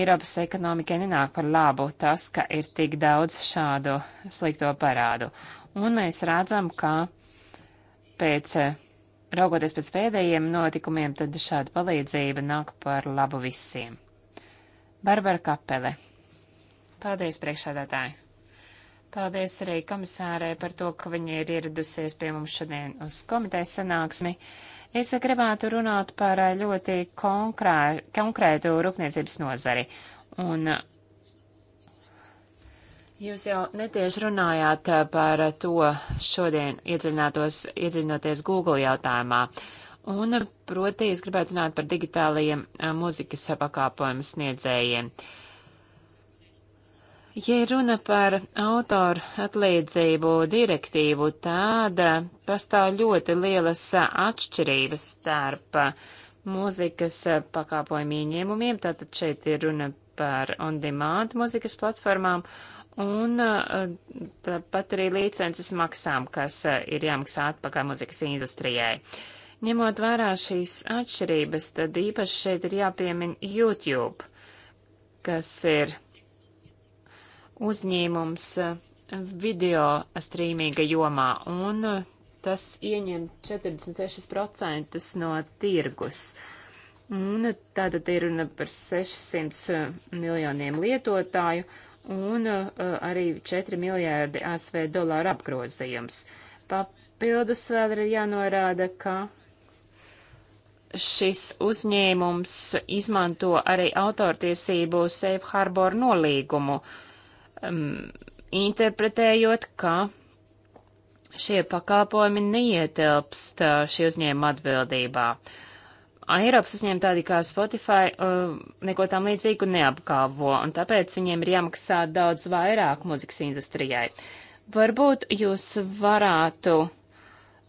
Eiropas ekonomikai nenāk par labu tas, ka ir tik daudz šādu slikto parādu. Un mēs redzam, ka pēc, eh, raugoties pēc pēdējiem notikumiem, tad šāda palīdzība nāk par labu visiem. Barbara Kapele. Paldies, priekšādātāji! Paldies arī komisārai par to, ka viņa ir ieradusies pie mums šodien uz komitejas sanāksmi. Es gribētu runāt par ļoti konkrē, konkrētu rūpniecības nozari. Un jūs jau netieši runājāt par to šodien iedziļinoties Google jautājumā. Un, proti, es gribētu runāt par digitālajiem mūzikas pakāpojumu sniedzējiem. Uh, Ja runa par autoru atlīdzību direktīvu, tāda pastāv ļoti lielas atšķirības starp mūzikas pakāpojumu ieņēmumiem, tātad šeit ir runa par on-demand mūzikas platformām, un eh, tāpat arī licences maksām, kas eh, ir jāmaksā atpakaļ mūzikas industrijai. Ņemot vērā šīs atšķirības, tad īpaši šeit ir jāpiemin YouTube, kas ir uzņēmums e, video streaminga jomā, un e, tas ieņem 46% no tirgus. Un tātad ir runa par 600 e, miljoniem lietotāju un arī 4 miljārdi ASV dolāru apgrozījums. Papildus vēl ir jānorāda, ka šis uzņēmums izmanto arī autortiesību Safe Harbor nolīgumu, uh, um, interpretējot, ka šie pakalpojumi neietilpst uh, šī uzņēmuma atbildībā. Eiropas uzņēmumi tādi kā Spotify uh, neko tam līdzīgu neapgalvo, un tāpēc viņiem ir jāmaksā daudz vairāk muzikas industrijai. Varbūt jūs varētu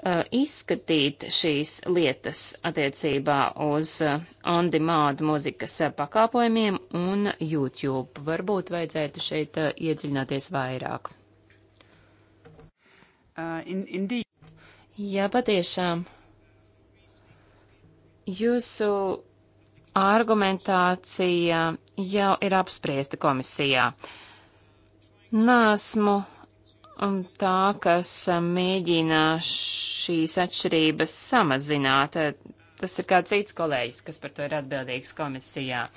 Uh, izskatīt šīs lietas attiecībā uz uh, on-demand mūzikas uh, pakāpojumiem un YouTube. Varbūt vajadzētu šeit iedziļināties vairāk. Uh, in, indeed. Jā, patiešām. Jūsu argumentācija jau ir apspriesta komisijā. Nāsmu tā, kas eh, mēģina šīs atšķirības samazināt. Eh, tas ir kāds cits kolēģis, kas par to ir atbildīgs komisijā.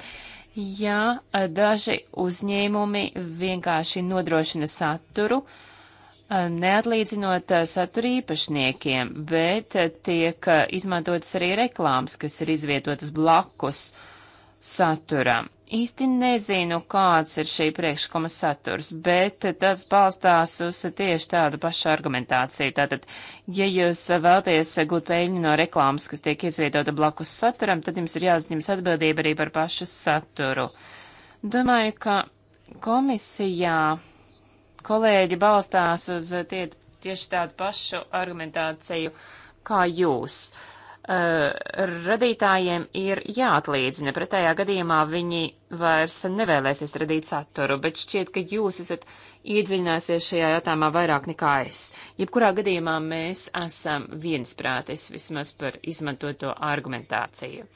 Ja eh, daži uzņēmumi vienkārši nodrošina saturu, neatlīdzinot satura īpašniekiem, bet tiek izmantotas arī reklāmas, kas ir izvietotas blakus saturam īsti nezinu, kāds ir šī priekšlikuma saturs, bet tas balstās uz tieši tādu pašu argumentāciju. Tātad, ja jūs vēlaties gūt peļņu no reklāmas, kas tiek izvietota blakus saturam, tad jums ir jāuzņemas atbildība arī par pašu saturu. Domāju, ka komisijā kolēģi balstās uz tie, tieši tādu pašu argumentāciju kā jūs. Uh, Eh, radītājiem ir jāatlīdzina. Pretējā gadījumā viņi vairs nevēlēsies radīt saturu, bet šķiet, ka jūs esat iedziļināsies šajā jautājumā vairāk nekā es. Jebkurā gadījumā mēs esam viensprātis vismaz par izmantoto argumentāciju.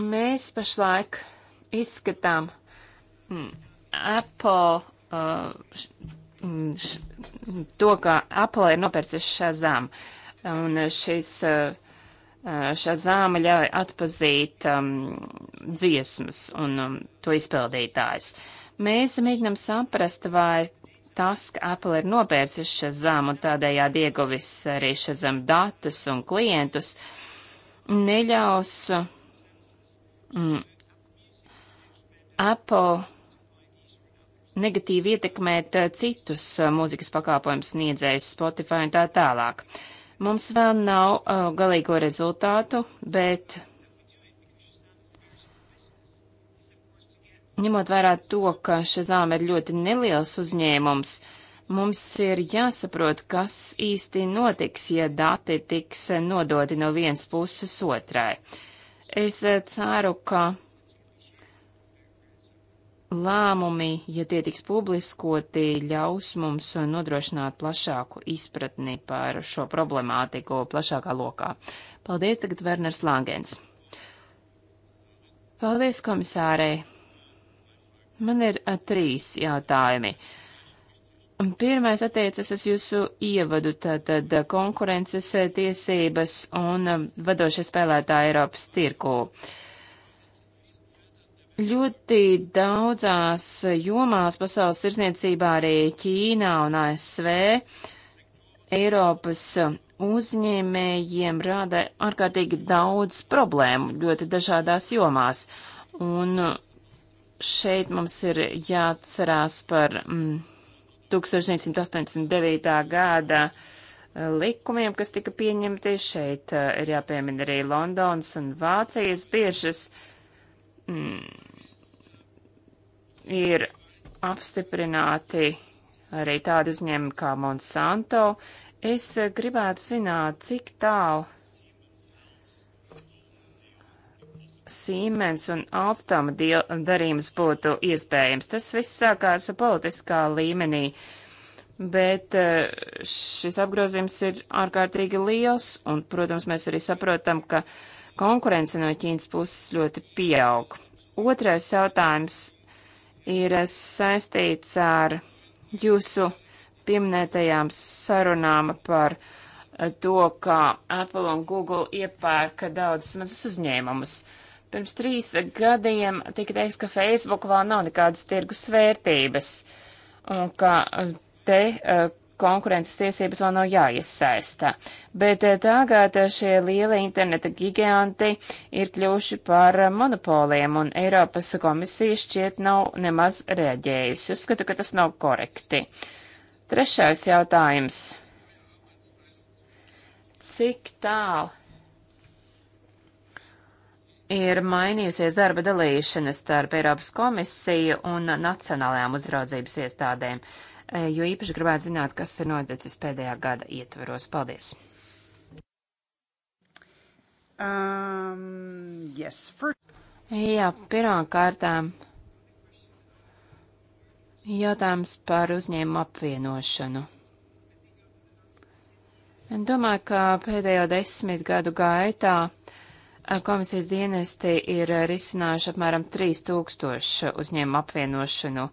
Mēs pašlaik izskatām mm, Apple uh, Mm, mm, to, ka Apple ir nopērcis Shazam. Un šis eh, eh, Shazam ļauj atpazīt um, dziesmas un um, to izpildītājus. Mēs mēģinam saprast, vai tas, ka Apple ir nopērcis Shazam un tādējādi ieguvis arī Shazam datus un klientus, neļaus mm, Apple negatīvi ietekmēt eh, citus eh, mūzikas pakāpojumu sniedzējus, Spotify un tā tālāk. Mums vēl nav uh, galīgo rezultātu, bet ņemot vērā to, ka Šazām ir ļoti neliels uzņēmums, mums ir jāsaprot, kas īsti notiks, ja dati tiks nodoti no vienas puses otrai. Es ceru, ka lēmumi, ja tie tiks publiskoti, ļaus mums nodrošināt plašāku izpratni par šo problemātiku plašākā lokā. Paldies tagad Werners Langens. Paldies, komisārei. Man ir a, eh, trīs jautājumi. Pirmais attiecas uz jūsu ievadu, tātad konkurences eh, tiesības un eh, vadošie spēlētāji Eiropas tirkū. Uh, Ļoti daudzās jomās pasaules tirsniecībā arī Ķīnā un ASV Eiropas uzņēmējiem rāda ārkārtīgi daudz problēmu ļoti dažādās jomās. Un uh, šeit mums ir jāatcerās par mm, 1989. gada uh, likumiem, kas tika pieņemti. Šeit uh, ir jāpiemina arī Londonas un Vācijas biežas. Mm, ir apstiprināti arī tādi uzņēmumi kā Monsanto. Es gribētu zināt, cik tālu Siemens un Alstama darījums būtu iespējams. Tas viss sākās politiskā līmenī, bet eh, šis apgrozījums ir ārkārtīgi liels, un, protams, mēs arī saprotam, ka konkurence no Ķīnas puses ļoti pieaug. Otrais jautājums ir saistīts ar jūsu pieminētajām sarunām par eh, to, kā Apple un Google iepērka daudzus mazus uzņēmumus. Pirms trīs gadiem tika teiks, ka Facebook vēl nav nekādas tirgus vērtības un ka eh, te eh, konkurences tiesības vēl nav jāiesaista. Bet eh, tagad šie lielie interneta giganti ir kļuvuši par monopoliem, un Eiropas komisija šķiet nav nemaz reaģējusi. Uzskatu, ka tas nav korekti. Trešais jautājums. Cik tālu ir mainījusies darba dalīšana starp Eiropas komisiju un nacionālajām uzraudzības iestādēm? E, jo īpaši gribētu zināt, kas ir noticis pēdējā gada ietveros. Paldies! Um, yes, first... Jā, pirmā kārtā um, jautājums par uzņēmumu apvienošanu. Domāju, ka pēdējo desmit gadu gaitā e, komisijas dienesti ir risinājuši apmēram 3000 uzņēmumu apvienošanu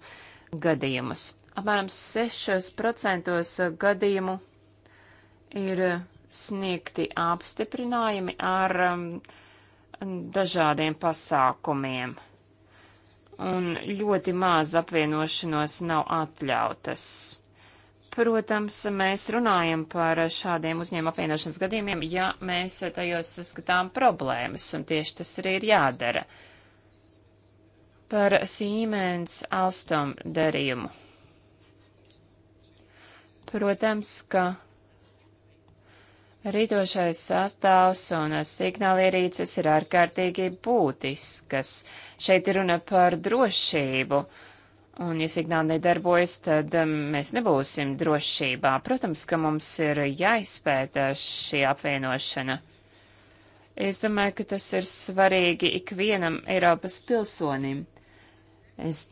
gadījumus apmēram 6% eh, gadījumu ir eh, sniegti apstiprinājumi ar um, dažādiem pasākumiem. Un ļoti maz apvienošanos nav atļautas. Protams, mēs runājam par šādiem uzņēmuma apvienošanas gadījumiem, ja mēs tajos saskatām problēmas, un tieši tas arī ir jādara. Par Siemens Alstom darījumu Protams, ka Rītošais sastāvs un signālierīces ir ārkārtīgi būtiskas. Šeit ir runa par drošību. Un, ja signāli nedarbojas, tad um, mēs nebūsim drošībā. Protams, ka mums ir jāizpēta šī apvienošana. Es domāju, ka tas ir svarīgi ikvienam Eiropas pilsonim. Es,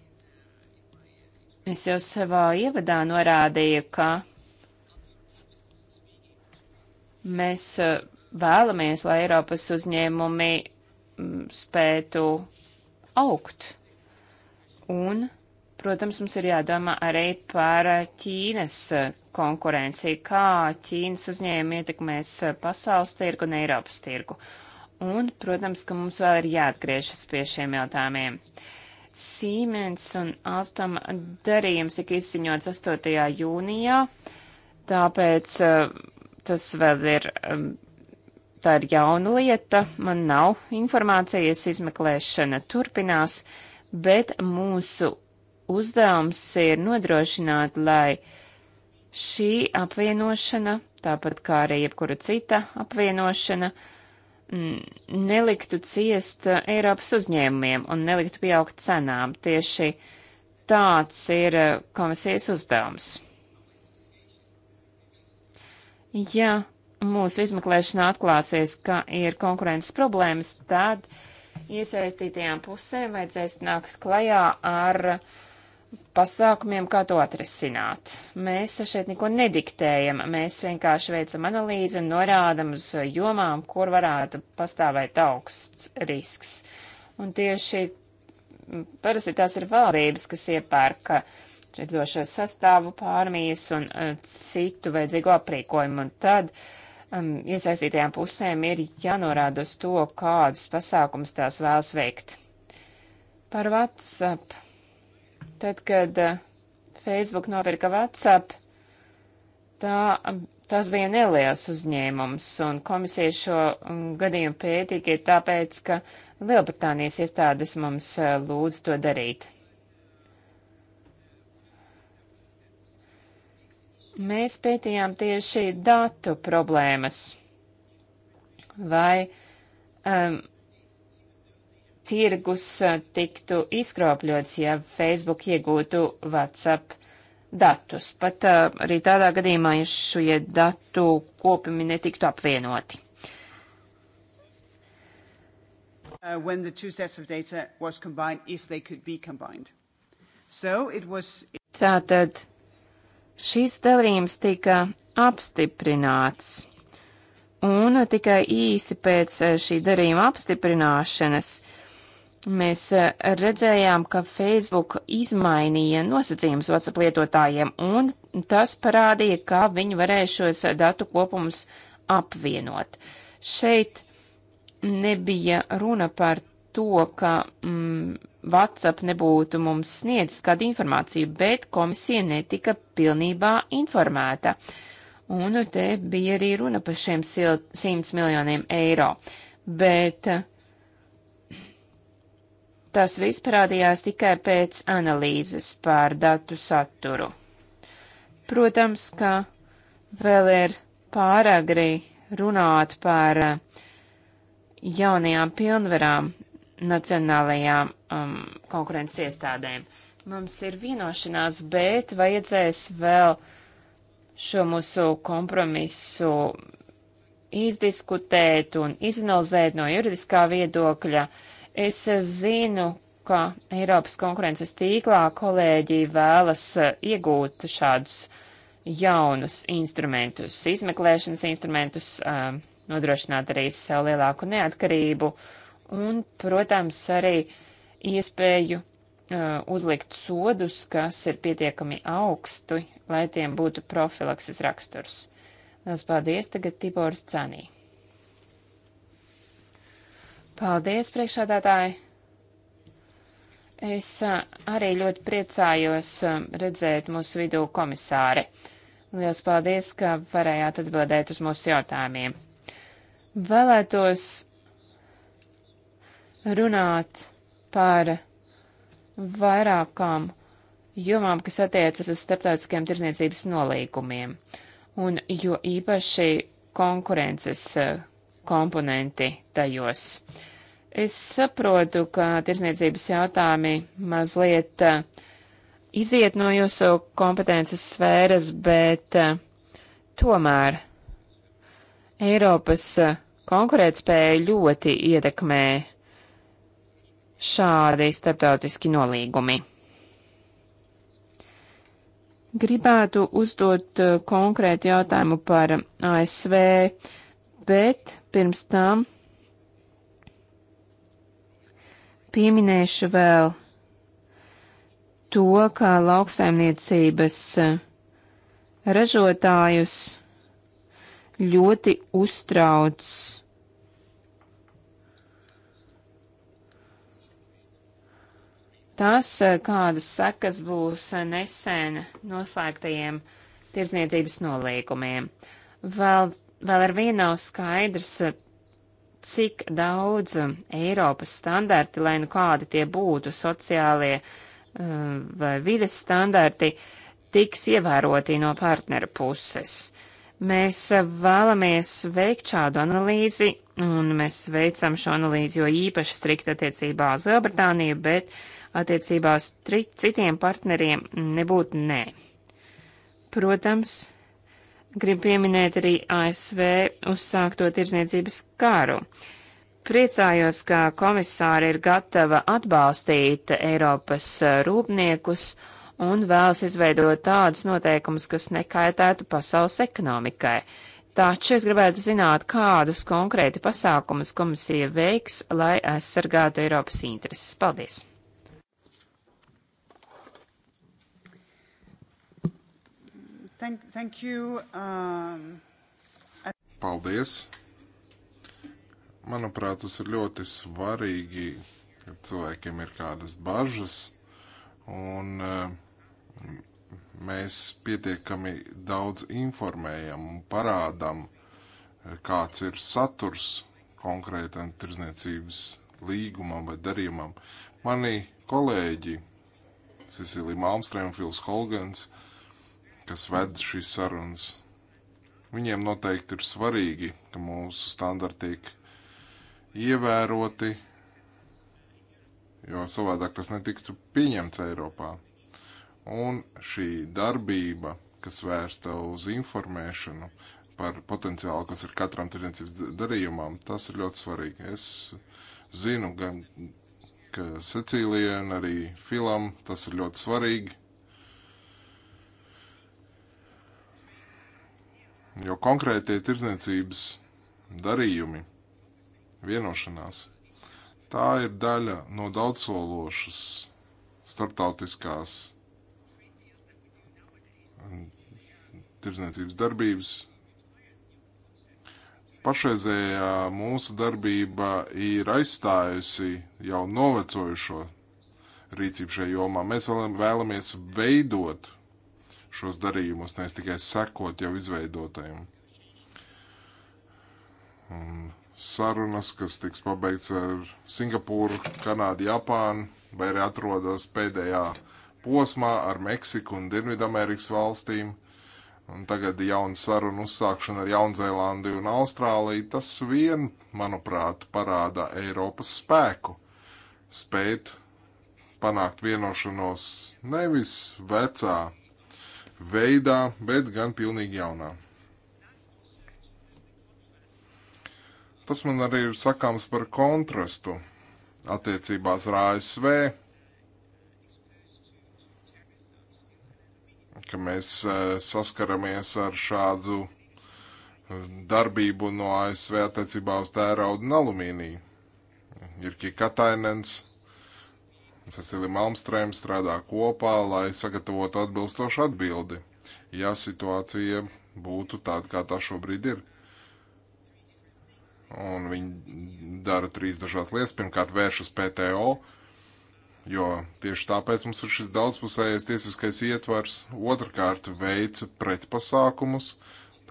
es jau savā ievadā norādīju, ka Mēs e, vēlamies, lai Eiropas uzņēmumi spētu augt. Un, protams, mums ir jādomā arī par Ķīnas e, konkurenci, kā Ķīnas uzņēmumi ietekmēs e, pasaules tirgu un Eiropas tirgu. Un, protams, ka mums vēl ir jāatgriežas pie šiem jautājumiem. Siemens un Alstom darījums tika izziņots 8. jūnijā, tāpēc uh, Tas vēl ir, um, tā ir jauna lieta, man nav informācijas izmeklēšana turpinās, bet mūsu uzdevums ir nodrošināt, lai šī apvienošana, tāpat kā arī jebkura cita apvienošana, mm, neliktu ciest uh, Eiropas uzņēmumiem un neliktu pieaugt cenām. Tieši tāds ir uh, komisijas uzdevums. Ja mūsu izmeklēšanā atklāsies, ka ir konkurences problēmas, tad iesaistītajām pusēm vajadzēs nākt klajā ar pasākumiem, kā to atrisināt. Mēs šeit neko nediktējam, mēs vienkārši veicam analīzi un norādam uz jomām, kur varētu pastāvēt augsts risks. Un tieši parasti tās ir valdības, kas iepērka ka ceļdošo sastāvu, pārmijas un e, citu vajadzīgo aprīkojumu. Un tad um, iesaistītajām pusēm ir jānorāda uz to, kādus pasākumus tās vēlas veikt. Par WhatsApp. Tad, kad e, Facebook nopirka WhatsApp, tā, um, tas bija neliels uzņēmums, un komisija šo um, gadījumu pētīja tikai tāpēc, ka Lielbritānijas iestādes mums e, lūdz to darīt. Mēs pētījām tieši datu problēmas. Vai um, tirgus uh, tiktu izkropļots, ja Facebook iegūtu WhatsApp datus, pat uh, arī tādā gadījumā, ja šie datu kopumi netiktu apvienoti. Uh, when the two sets of data was combined, if they could be combined. So it was. Tātad Šīs dalījums tika apstiprināts. Un tikai īsi pēc eh, šī darījuma apstiprināšanas mēs eh, redzējām, ka Facebook izmainīja nosacījumus WhatsApp lietotājiem, un tas parādīja, kā viņi varēja šos eh, datu kopumus apvienot. Šeit nebija runa par to, ka mm, WhatsApp nebūtu mums sniedzis kādu informāciju, bet komisija netika pilnībā informēta. Un te bija arī runa par šiem 100 miljoniem eiro. Bet eh, tas viss parādījās tikai pēc analīzes pār datu saturu. Protams, ka vēl ir pāragri runāt par eh, jaunajām pilnvarām nacionālajām um, konkurences iestādēm. Mums ir vienošanās, bet vajadzēs vēl šo mūsu kompromisu izdiskutēt un izanalizēt no juridiskā viedokļa. Es zinu, ka Eiropas konkurences tīklā kolēģi vēlas uh, iegūt šādus jaunus instrumentus, izmeklēšanas instrumentus, um, nodrošināt arī sev lielāku neatkarību. Uh, un, protams, arī iespēju uh, uzlikt sodus, kas ir pietiekami augsti, lai tiem būtu profilakses raksturs. Lielas paldies tagad Tibors Canī. Paldies, priekšādātāji! Es arī ļoti priecājos redzēt mūsu vidū komisāri. Lielas paldies, ka varējāt atbildēt uz mūsu jautājumiem. Vēlētos runāt par vairākām jomām, kas attiecas uz starptautiskiem tirzniecības nolīgumiem, un jo īpaši konkurences eh, komponenti tajos. Es saprotu, ka tirzniecības jautājumi mazliet eh, iziet no jūsu kompetences sfēras, bet eh, tomēr Eiropas konkurētspēja ļoti ietekmē šādi starptautiski nolīgumi. Gribētu uzdot eh, konkrētu jautājumu par ASV, bet pirms tam pieminēšu vēl to, kā lauksaimniecības eh, ražotājus ļoti uztrauc tas, kādas sekas būs nesen noslēgtajiem tirdzniecības nolīgumiem. Vēl, vēl ar vienu nav skaidrs, cik daudz Eiropas standarti, lai nu kādi tie būtu, sociālie eh, vai vides standarti, tiks ievēroti no partneru puses. Mēs vēlamies veikt šādu analīzi, un mēs veicam šo analīzi jo īpaši strikt attiecībā uz Lielbritāniju, bet uh, attiecībā uz citiem partneriem nebūtu nē. Protams, grib pieminēt arī ASV uzsākto tirdzniecības kāru. Priecājos, ka komisāri ir gatava atbalstīt Eiropas e, rūpniekus un vēlas izveidot tādus noteikumus, kas nekaitētu pasaules ekonomikai. Taču es gribētu zināt, kādus konkrēti pasākumus komisija veiks, lai aizsargātu Eiropas intereses. Paldies! Thank, thank you. Um... Paldies. Manuprāt, tas ir ļoti svarīgi, ka cilvēkiem ir kādas bažas, un uh, mēs pietiekami daudz informējam un parādam, kāds ir saturs konkrētam tirzniecības līgumam vai darījumam. Mani kolēģi, Cecilija Malmstrēma, Fils Holgans, uh, kas ved šīs sarunas. Viņiem noteikti ir svarīgi, ka mūsu standarti tiek ievēroti, jo savādāk tas netiktu pieņemts Eiropā. Un šī darbība, kas vērsta uz informēšanu par potenciālu, kas ir katram tirdzniecības darījumam, tas ir ļoti svarīgi. Es zinu gan, ka Cecīlijai un arī Filam tas ir ļoti svarīgi. jo konkrētie tirdzniecības darījumi, vienošanās, tā ir daļa no daudzsološas starptautiskās tirdzniecības darbības. Pašreizējā mūsu darbība ir aizstājusi jau novecojušo rīcību šajā jomā. Mēs vēlamies veidot šos darījumus, nevis tikai sekot jau izveidotajiem. Un sarunas, kas tiks pabeigts ar Singapūru, Kanādu, Japānu, vai arī atrodas pēdējā posmā ar Meksiku un Dienvidamerikas valstīm. Un tagad jauna saruna uzsākšana ar Jaunzēlandi un Austrāliju, tas vien, manuprāt, parāda Eiropas spēku. Spēt panākt vienošanos nevis vecā veidā, bet gan pilnīgi jaunā. Tas man arī ir sakāms par kontrastu attiecībās ar ASV, ka mēs e, saskaramies ar šādu e, darbību no ASV attiecībā uz tērauda un alumīniju. Irki Katainens Cecilija Malmstrēma strādā kopā, lai sagatavotu atbilstošu atbildi, ja situācija būtu tāda, kā tā šobrīd ir. Un viņi dara trīs dažādas lietas. Pirmkārt, vērš uz PTO, jo tieši tāpēc mums ir šis daudzpusējais tiesiskais ietvars. Otrakārt, veica pretpasākumus.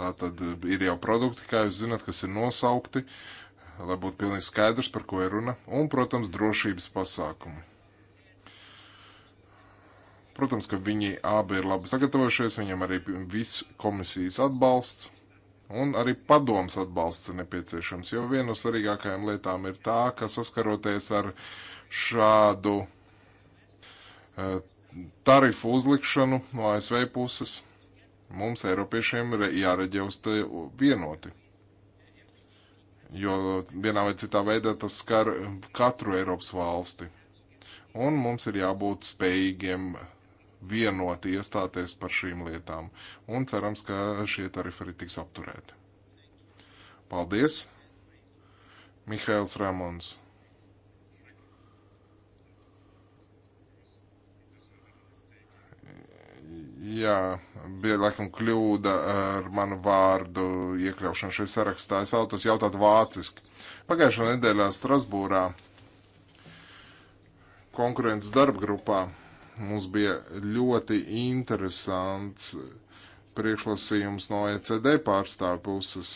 Tā tad ir jau produkti, kā jūs zinat, kas ir nosaukti, lai būtu pilnīgi skaidrs, par ko ir runa. Un, protams, drošības pasākumi. Protams, ka viņi abi ir labi sagatavojušies, viņam arī viss komisijas atbalsts un arī padoms atbalsts ir nepieciešams, jo viena no svarīgākajām lietām ir tā, ka saskaroties ar šādu uh, tarifu uzlikšanu no ASV puses, mums, Eiropiešiem, ir jāreģē uz te vienoti. Jo vienā vai citā veidā tas skar katru Eiropas valsti. Un mums ir jābūt spējīgiem vienoti iestāties par šīm lietām, un cerams, ka šie tarifari tiks apturēti. Paldies! Mihails Ramons. Jā, bija laikam kļūda ar manu vārdu iekļaušanu šajā sarakstā. Es vēlētos jautāt vāciski. Pagājušā nedēļā Strasbūrā konkurences darba grupā Mums bija ļoti interesants priekšlasījums no ECD pārstāvu puses,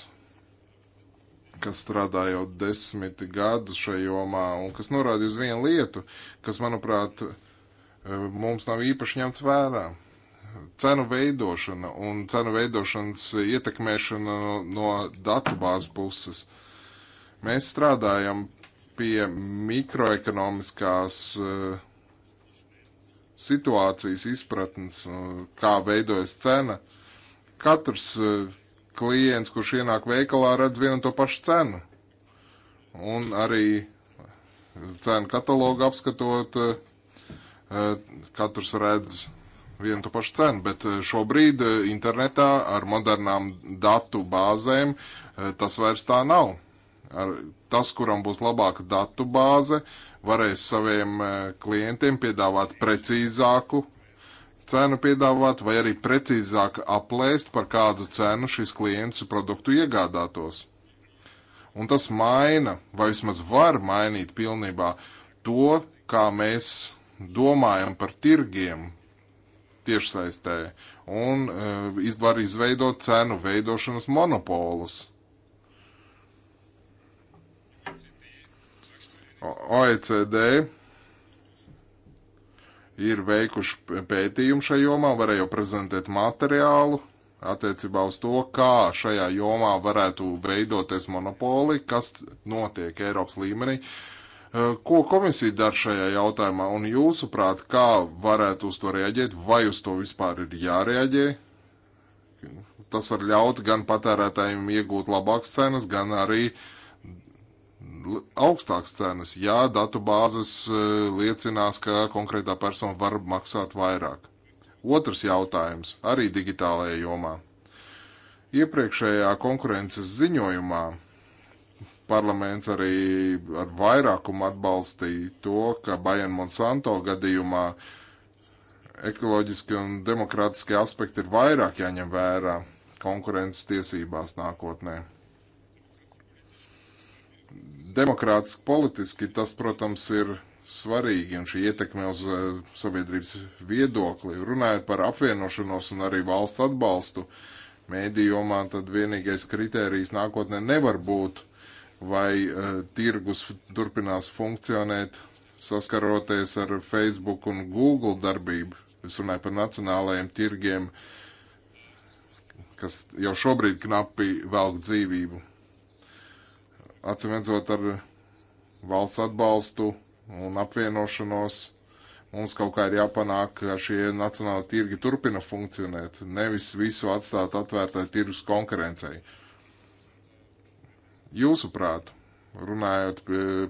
kas strādājot desmit gadus šajā jomā un kas norādīja uz vienu lietu, kas, manuprāt, mums nav īpaši ņemts vērā. Cenu veidošana un cenu veidošanas ietekmēšana no datubāzes puses. Mēs strādājam pie mikroekonomiskās uh, situācijas izpratnes, uh, kā veidojas cena. Katrs uh, klients, kurš ienāk veikalā, redz vienu to pašu cenu. Un arī cenu katalogu apskatot, uh, katrs redz vienu to pašu cenu, bet šobrīd internetā ar modernām datu bāzēm tas vairs tā nav. Ar tas, kuram būs labāka datu bāze, varēs saviem eh, klientiem piedāvāt precīzāku cenu piedāvāt vai arī precīzāk aplēst, par kādu cenu šis klients produktu iegādātos. Un tas maina, vai vismaz var mainīt pilnībā to, kā mēs domājam par tirgiem tiešsaistē, un uh, var izveidot cenu veidošanas monopolus. OECD ir veikuši pētījumu šajā jomā, varēja jau prezentēt materiālu attiecībā uz to, kā šajā jomā varētu veidoties monopoli, kas notiek Eiropas līmenī. Eh, ko komisija dara šajā jautājumā un jūsuprāt, kā varētu uz to reaģēt, vai uz to vispār ir jārēģē? Tas var ļaut gan patērētājiem iegūt labākas cenas, gan arī uh, augstākas cenas, ja datu bāzes e, liecinās, ka konkrētā persona var maksāt vairāk. Otrs jautājums - arī digitālajā jomā. Iepriekšējā konkurences ziņojumā parlaments arī ar vairākumu atbalstīja to, ka Bayern Monsanto gadījumā ekoloģiski un demokrātiskie aspekti ir vairāk jāņem vērā konkurences tiesībās nākotnē demokrātiski, politiski tas, protams, ir svarīgi un šī ietekme uz eh, sabiedrības viedokli. Runājot par apvienošanos un arī valsts atbalstu mēdījumā, tad vienīgais kritērijs nākotnē nevar būt, vai uh, tirgus turpinās funkcionēt saskaroties ar Facebook un Google darbību. Es runāju par nacionālajiem tirgiem, kas jau šobrīd knapi velk dzīvību. Atcīmredzot ar valsts atbalstu un apvienošanos, mums kaut kā ir jāpanāk, ka šie nacionāli tirgi turpina funkcionēt, nevis visu atstāt atvērtai tirgus konkurencei. Jūsuprāt, runājot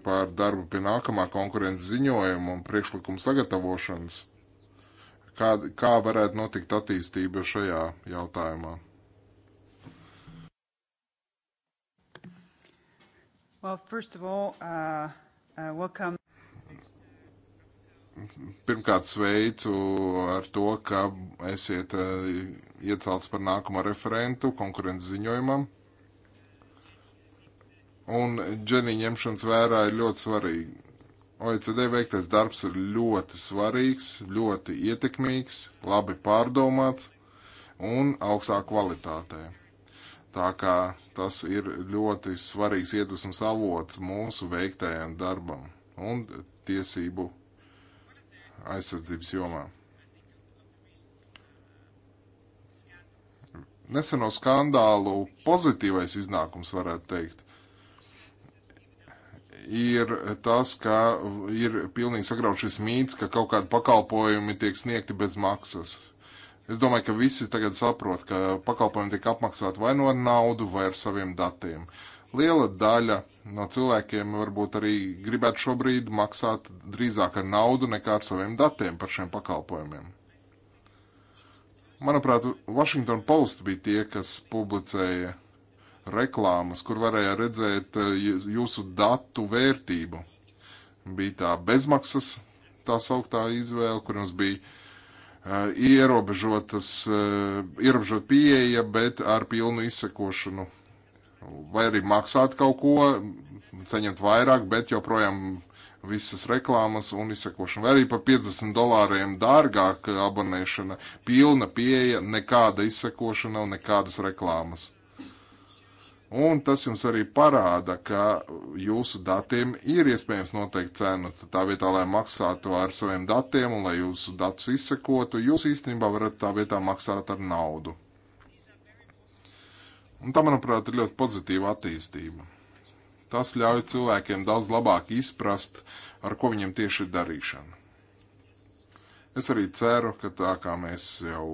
par darbu pie nākamā konkurences ziņojuma un priekšlikumu sagatavošanas, kā, kā varētu notikt attīstība šajā jautājumā? Well, first of all, uh, uh, welcome. Pirmkārt, sveicu ar to, ka esiet uh, iecelts par nākamo referentu konkurences ziņojumam. Un dženī ņemšanas vērā ir ļoti svarīgi. OECD veiktais darbs ir ļoti svarīgs, ļoti ietekmīgs, labi pārdomāts un augstā kvalitātē. Tā kā tas ir ļoti svarīgs iedvesmas avots mūsu veiktajam darbam un tiesību aizsardzības jomā. Neseno skandālu pozitīvais iznākums, varētu teikt, ir tas, ka ir pilnīgi sagraušies mīts, ka kaut kādi pakalpojumi tiek sniegti bez maksas. Es domāju, ka visi tagad saprot, ka pakalpojumi tiek apmaksāti vai no naudu, vai ar saviem datiem. Liela daļa no cilvēkiem varbūt arī gribētu šobrīd maksāt drīzāk ar naudu nekā ar saviem datiem par šiem pakalpojumiem. Manuprāt, Washington Post bija tie, kas publicēja reklāmas, kur varēja redzēt eh, jūsu datu vērtību. Bija tā bezmaksas, tā sauktā izvēle, kur jums bija ierobežotas, ierobežot pieeja, bet ar pilnu izsekošanu. Vai arī maksāt kaut ko, saņemt vairāk, bet joprojām visas reklāmas un izsekošana. Vai arī par 50 dolāriem dārgāk abonēšana, pilna pieeja, nekāda izsekošana un nekādas reklāmas. Un tas jums arī parāda, ka jūsu datiem ir iespējams noteikt cenu. Tā vietā, lai maksātu ar saviem datiem un lai jūsu datus izsekotu, jūs īstenībā varat tā vietā maksāt ar naudu. Un tā, manuprāt, ir ļoti pozitīva attīstība. Tas ļauj cilvēkiem daudz labāk izprast, ar ko viņiem tieši ir darīšana. Es arī ceru, ka tā kā mēs jau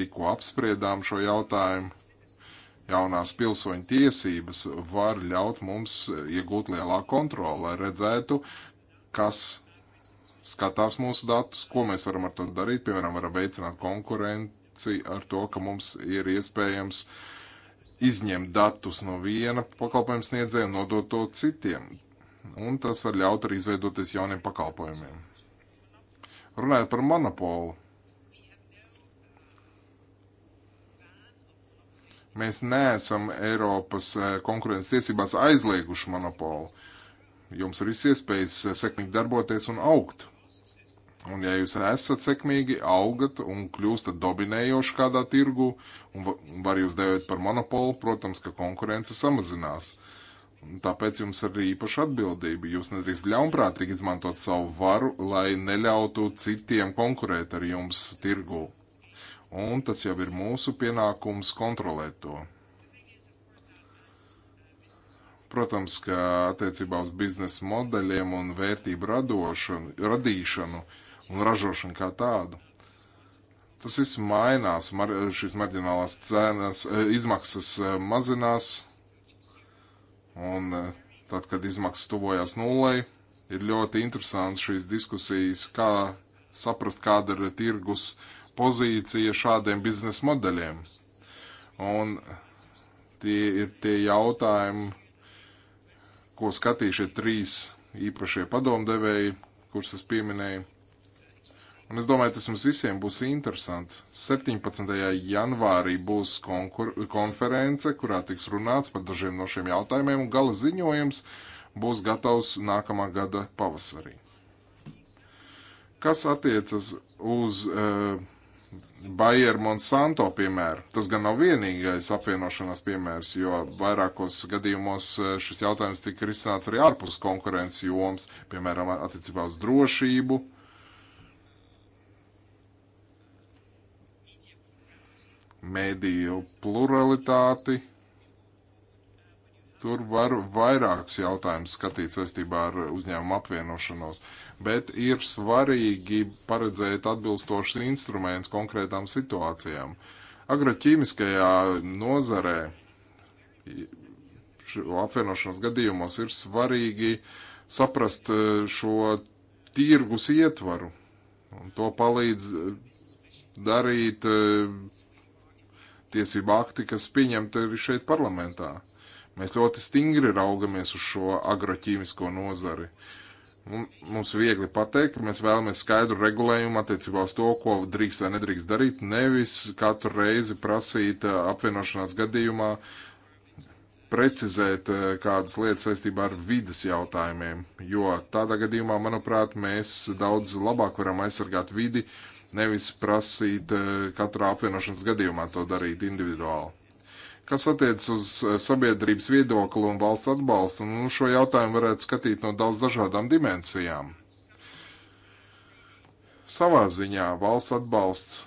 tikko apspriedām šo jautājumu, jaunās pilsoņu tiesības var ļaut mums iegūt lielāku kontroli, lai redzētu, kas skatās mūsu datus, ko mēs varam ar to darīt. Piemēram, varam veicināt konkurenci ar to, ka mums ir iespējams izņemt datus no viena pakalpojuma sniedzēja un nodot to citiem. Un tas var ļaut arī izveidoties jauniem pakalpojumiem. Runājot par monopolu, Mēs neesam Eiropas eh, konkurences tiesībās aizlieguši monopolu. Jums ir viss iespējas eh, sekmīgi darboties un augt. Un ja jūs esat sekmīgi, augat un kļūstat dominējoši kādā tirgu, un var jūs devēt par monopolu, protams, ka konkurence samazinās. Tāpēc jums ir arī īpaša atbildība. Jūs nedrīkst ļaunprātīgi izmantot savu varu, lai neļautu citiem konkurēt ar jums tirgū un tas jau ir mūsu pienākums kontrolēt to. Protams, ka attiecībā uz biznesa modeļiem un vērtību radošanu, radīšanu un ražošanu kā tādu. Tas viss mainās, mar, šīs marģinālās cenas, e, izmaksas e, mazinās, un e, tad, kad izmaksas tuvojās nulai, ir ļoti interesants šīs diskusijas, kā saprast, kāda ir tirgus uh, pozīcija šādiem biznesa modeļiem. Un tie ir tie jautājumi, ko skatīja šie trīs īpašie padomdevēji, kurus es pieminēju. Un es domāju, tas mums visiem būs interesanti. 17. janvārī būs konkur, konference, kurā tiks runāts par dažiem no šiem jautājumiem, un gala ziņojums būs gatavs nākamā gada pavasarī. Kas attiecas uz uh, Bayer Monsanto piemēru. Tas gan nav vienīgais apvienošanās piemērs, jo vairākos gadījumos eh, šis jautājums tika risināts arī ārpus konkurences joms, piemēram, attiecībā uz drošību. Mēdīju pluralitāti. Tur var vairākus jautājumus skatīt saistībā ar uzņēmumu apvienošanos. Uh, bet ir svarīgi paredzēt atbilstošs instruments konkrētām situācijām. Agroķīmiskajā nozarē apvienošanas gadījumos ir svarīgi saprast e, šo tirgus ietvaru. Un to palīdz e, darīt e, tiesību akti, kas pieņemti arī šeit parlamentā. Mēs ļoti stingri raugamies uz šo agroķīmisko nozari. Uh, Mums viegli pateikt, ka mēs vēlamies skaidru regulējumu attiecībā uz to, ko drīkst vai nedrīkst darīt, nevis katru reizi prasīt eh, apvienošanās gadījumā precizēt eh, kādas lietas saistībā ar vidas jautājumiem, jo tādā gadījumā, manuprāt, mēs daudz labāk varam aizsargāt vidi, nevis prasīt eh, katrā apvienošanas gadījumā to darīt individuāli. Kas attiec uz eh, sabiedrības viedokli un valsts atbalstu, nu, šo jautājumu varētu skatīt no daudz dažādām dimensijām. Savā ziņā valsts atbalsts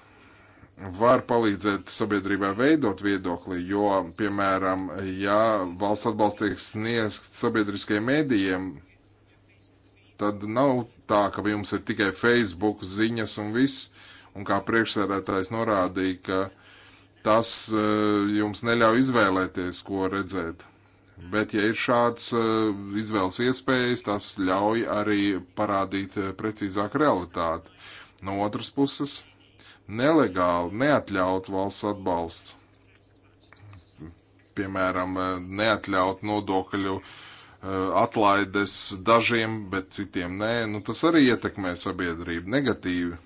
var palīdzēt sabiedrībai veidot viedokli, jo, piemēram, ja valsts atbalsts tiek sniegts sabiedriskajiem mēdījiem, tad nav tā, ka jums ir tikai Facebook ziņas un viss. Un kā priekšsēdētājs norādīja, ka tas e, jums neļauj izvēlēties, ko redzēt. Bet, ja ir šāds e, izvēles iespējas, tas ļauj arī parādīt e, precīzāk realitāti. No otras puses, nelegāli neatļaut valsts atbalsts. Piemēram, neatļaut nodokļu uh, atlaides dažiem, bet citiem nē. Nu, tas arī ietekmē sabiedrību negatīvi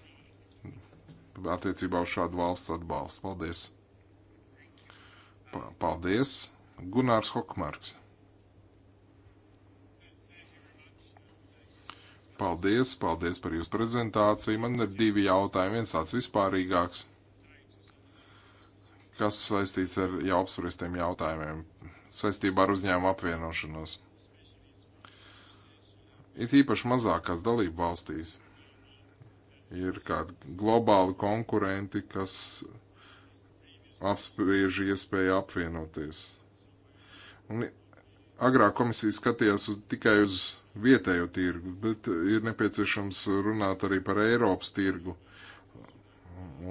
attiecībā uz šādu valsts atbalstu. Paldies! Paldies, Gunārs Hokmarks. Paldies, paldies par jūsu prezentāciju. Man ir divi jautājumi. Viens tāds vispārīgāks, kas saistīts ar jau apspriestiem jautājumiem saistībā ar uzņēmumu apvienošanos. It īpaši mazākās dalību valstīs ir kādi globāli konkurenti, kas apspiež iespēja apvienoties. Un agrāk komisija skatījās uz, tikai uz vietējo tirgu, bet ir nepieciešams runāt arī par Eiropas tirgu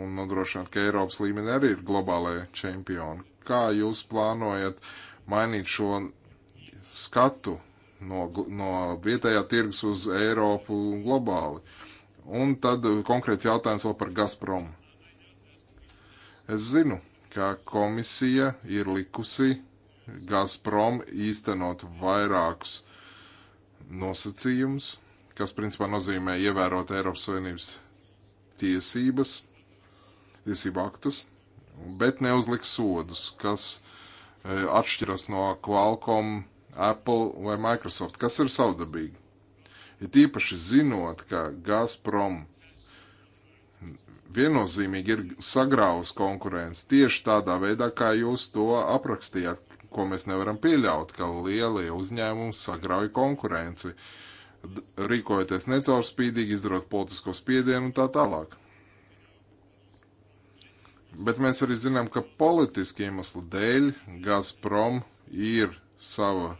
un nodrošināt, ka Eiropas līmenī arī ir globālajie čempioni. Kā jūs plānojat mainīt šo skatu no, no vietējā tirgus uz Eiropu globāli? Un tad konkrēts jautājums vēl par Gazprom. Es zinu, ka komisija ir likusi Gazprom īstenot vairākus nosacījumus, kas principā nozīmē ievērot Eiropas Savienības tiesības, tiesību aktus, bet neuzlikt sodus, kas e, atšķiras no Qualcomm, Apple vai Microsoft, kas ir savdabīgi. Ir ja tīpaši zinot, ka Gazprom viennozīmīgi ir sagrāvusi konkurence tieši tādā veidā, kā jūs to aprakstījāt, ko mēs nevaram pieļaut, ka lielie uzņēmumi sagrauj konkurenci, rīkojoties necaurspīdīgi, izdarot politisko spiedienu un tā tālāk. Bet mēs arī zinām, ka politiski iemesli dēļ Gazprom ir sava,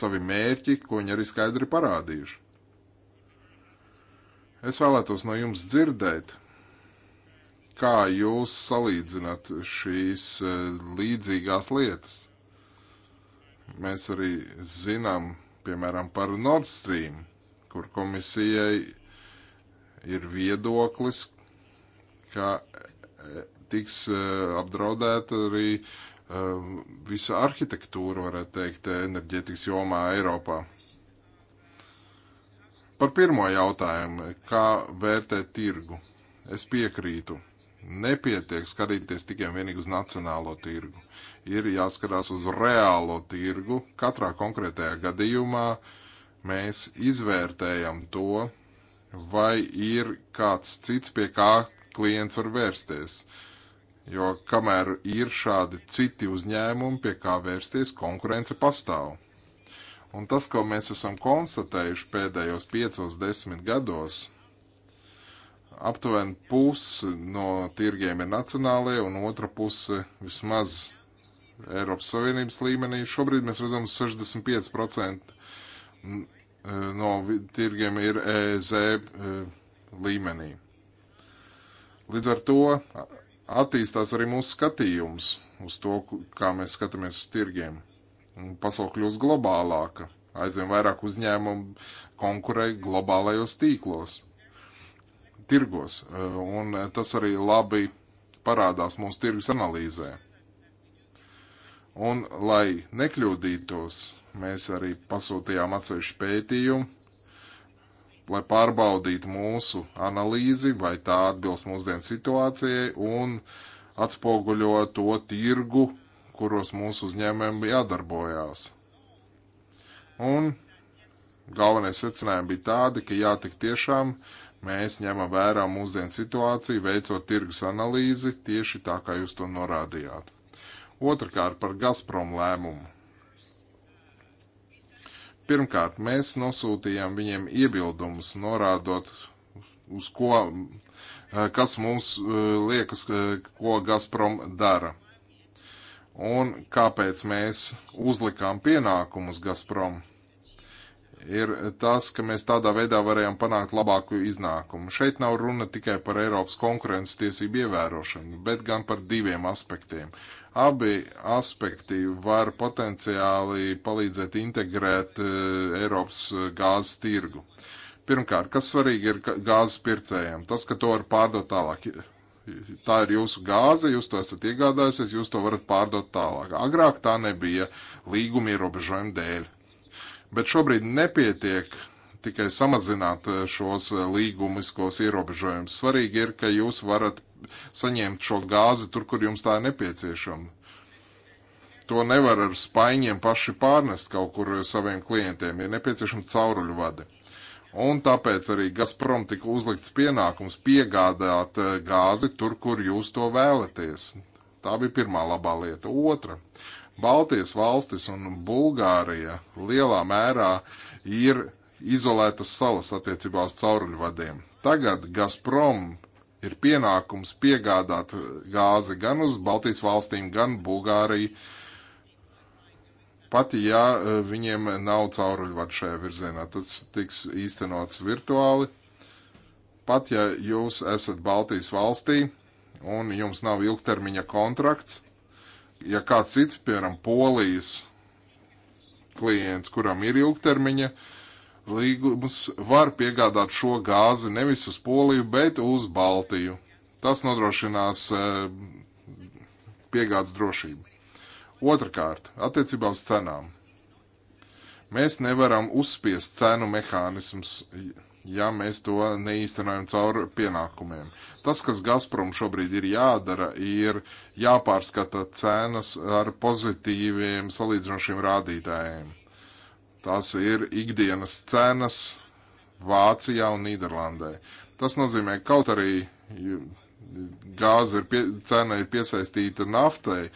savi mērķi, ko viņi arī skaidri parādījuši. Es vēlētos no jums dzirdēt, kā jūs salīdzināt šīs e, līdzīgās lietas. Mēs arī zinām, piemēram, par Nord Stream, kur komisijai ir viedoklis, ka e, tiks e, apdraudēta arī visa arhitektūra, varētu teikt, enerģētikas jomā Eiropā. Par pirmo jautājumu, kā vērtēt tirgu, es piekrītu. Nepietiek skatīties tikai un vienīgi uz nacionālo tirgu. Ir jāskatās uz reālo tirgu. Katrā konkrētajā gadījumā mēs izvērtējam to, vai ir kāds cits, pie kā klients var vērsties. Jo kamēr ir šādi citi uzņēmumi, pie kā vērsties, konkurence pastāv. Un tas, ko mēs esam konstatējuši pēdējos piecos desmit gados, aptuveni pusi no tirgiem ir nacionālajie, un otra puse vismaz Eiropas Savienības līmenī. Šobrīd mēs redzam 65% mm, e, no tirgiem ir EZ e, līmenī. Līdz ar to attīstās arī mūsu skatījums uz to, kā mēs skatāmies uz tirgiem. Pasaule kļūst globālāka, aizvien vairāk uzņēmumu konkurē globālajos tīklos tirgos, eh, un eh, tas arī labi parādās mūsu tirgus analīzē. Un, lai nekļūdītos, mēs arī pasūtījām atsevišķu pētījumu, lai pārbaudītu mūsu analīzi, vai tā atbilst mūsdienu situācijai un atspoguļo to tirgu, kuros mūsu uzņēmējiem jādarbojās. Un galvenais secinājumi bija tādi, ka jā, tik tiešām mēs ņemam vērā mūsdienu situāciju, veicot tirgus analīzi tieši tā, kā jūs to norādījāt. Otrakārt par Gazprom lēmumu. Pirmkārt, mēs nosūtījām viņiem iebildumus, norādot, uz ko, kas mums eh, liekas, eh, ko Gazprom dara. Un kāpēc mēs uzlikām pienākumus Gazprom ir tas, ka mēs tādā veidā varējām panākt labāku iznākumu. Šeit nav runa tikai par Eiropas konkurences tiesību ievērošanu, bet gan par diviem aspektiem. Abi aspekti var potenciāli palīdzēt integrēt e, Eiropas e, gāzes tirgu. Pirmkārt, kas svarīgi ir gāzes pircējiem? Tas, ka to var pārdot tālāk. Tā ir jūsu gāze, jūs to esat iegādājusies, jūs to varat pārdot tālāk. Agrāk tā nebija līguma ierobežojuma dēļ. Bet šobrīd nepietiek tikai samazināt eh, šos eh, līgumiskos ierobežojumus. Svarīgi ir, ka jūs varat saņemt šo gāzi tur, kur jums tā ir nepieciešama. To nevar ar spaiņiem paši pārnest kaut kur eh, saviem klientiem. Ir nepieciešama cauruļu vadi. Un tāpēc arī Gazprom tika uzlikts pienākums piegādāt gāzi tur, kur jūs to vēlaties. Tā bija pirmā labā lieta. Otra Baltijas valstis un Bulgārija lielā mērā ir izolētas salas attiecībā uz cauruļvadiem. Tagad Gazprom ir pienākums piegādāt gāzi gan uz Baltijas valstīm, gan Bulgāriju, pat ja e, viņiem nav cauruļvadu šajā virzienā. Tas tiks īstenots virtuāli. Pat ja jūs esat Baltijas valstī un jums nav ilgtermiņa kontrakts, ja kāds cits, piemēram, polijas klients, kuram ir ilgtermiņa līgums, var piegādāt šo gāzi nevis uz Poliju, bet uz Baltiju. Tas nodrošinās eh, piegādes drošību. Otrakārt, attiecībā uz cenām. Mēs nevaram uzspiest cenu mehānismus ja mēs to neīstenojam caur pienākumiem. Tas, kas Gazprom šobrīd ir jādara, ir jāpārskata cenas ar pozitīviem salīdzinošiem rādītājiem. Tas ir ikdienas cenas Vācijā un Nīderlandē. Tas nozīmē, kaut arī gāze ir pie, cena ir piesaistīta naftai,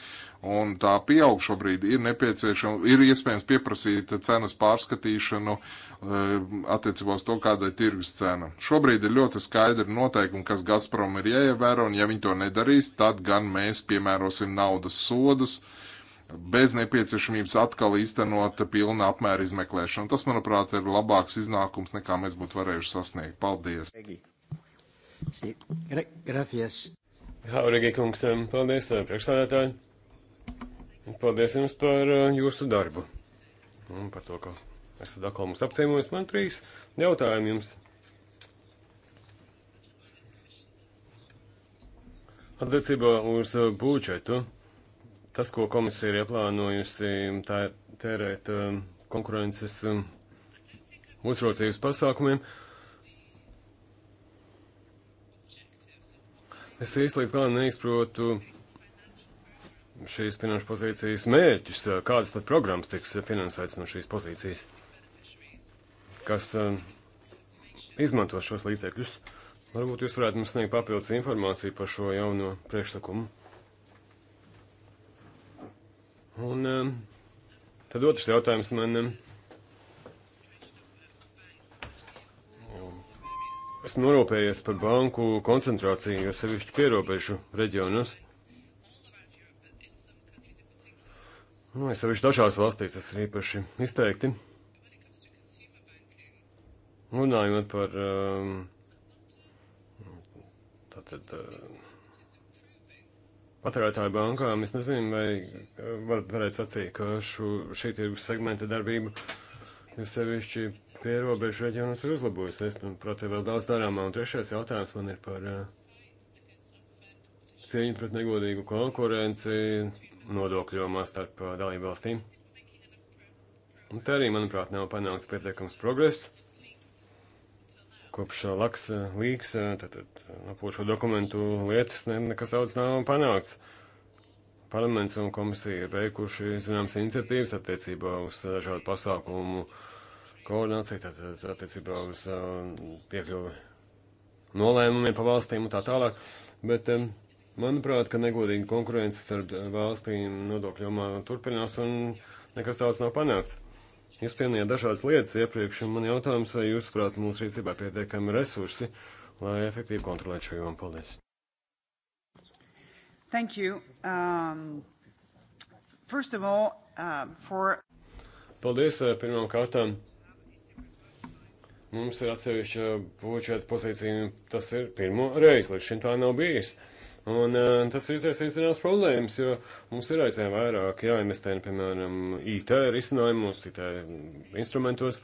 un tā pieaug šobrīd, ir nepieciešama, ir iespējams pieprasīt cenas pārskatīšanu eh, attiecībā uz to, kāda ir tirgus cena. Šobrīd ir ļoti skaidri noteikumi, kas Gazprom ir jāievēro, un ja viņi to nedarīs, tad gan mēs piemērosim naudas sodus bez nepieciešamības atkal īstenot pilna apmēra izmeklēšanu. Tas, manuprāt, ir labāks iznākums, nekā mēs būtu varējuši sasniegt. Paldies! Sí. Gra gracias. Haurigi kungs, paldies, eh, priekšsādātāji! Paldies jums par uh, jūsu darbu. Un par to, ka esat atkal mums apceimojis. Man trīs jautājumi jums. Attiecībā uz uh, būčetu, tas, ko komisija ir ieplānojusi, mm, tā tērēt um, konkurences um, uzraucības pasākumiem. Es īsti līdz galam neizprotu, šīs finanšu pozīcijas mērķus, eh, kādas tad programmas tiks finansētas no šīs pozīcijas, kas eh, izmanto šos līdzekļus. Varbūt jūs varētu mums sniegt papildus informāciju par šo jauno priekšlikumu. Un eh, tad otrs jautājums man. Esmu norūpējies par banku koncentrāciju, jo sevišķi pierobežu reģionos. Nu, es sevišķi dažās valstīs tas ir īpaši izteikti. Runājot par um, tātad, uh, patērētāju bankām, es nezinu, vai uh, var, varētu sacīt, ka šo, šī tirgus segmenta darbība jau sevišķi pierobežu reģionos ir uzlabojusies. Manuprāt, ir vēl daudz darāmā. Un trešais jautājums man ir par uh, cieņu pret negodīgu konkurenci nodokļojumā starp uh, dalību valstīm. Un tā arī, manuprāt, nav panākts pietiekams progress. Kopš uh, laks uh, līgs, tātad apūšo dokumentu lietas, ne, nekas daudz nav panākts. Parlaments un komisija ir veikuši zināmas iniciatīvas attiecībā uz dažādu pasākumu koordināciju, tātad attiecībā uz piekļuvi nolēmumiem pa valstīm un tā tālāk. Bet um, Manuprāt, ka negodīga konkurence starp valstīm nodokļu jomā turpinās un nekas daudz nav panāts. Jūs pieminējāt dažādas lietas iepriekš, un man jautājums, vai jūs, prāt, mūsu rīcībā pietiekami resursi, lai efektīvi kontrolētu šo jomu. Paldies! Thank you. Um, first of all, uh, for... Paldies uh, pirmām kārtām. Mums ir atsevišķa budžeta pozīcija, tas ir pirmo reizi, līdz šim tā nav bijis. Uh, Un uh, tas izraisīs zināmas problēmas, jo mums ir aizvien vairāk jāinvestē, piemēram, IT risinājumos, IT instrumentos.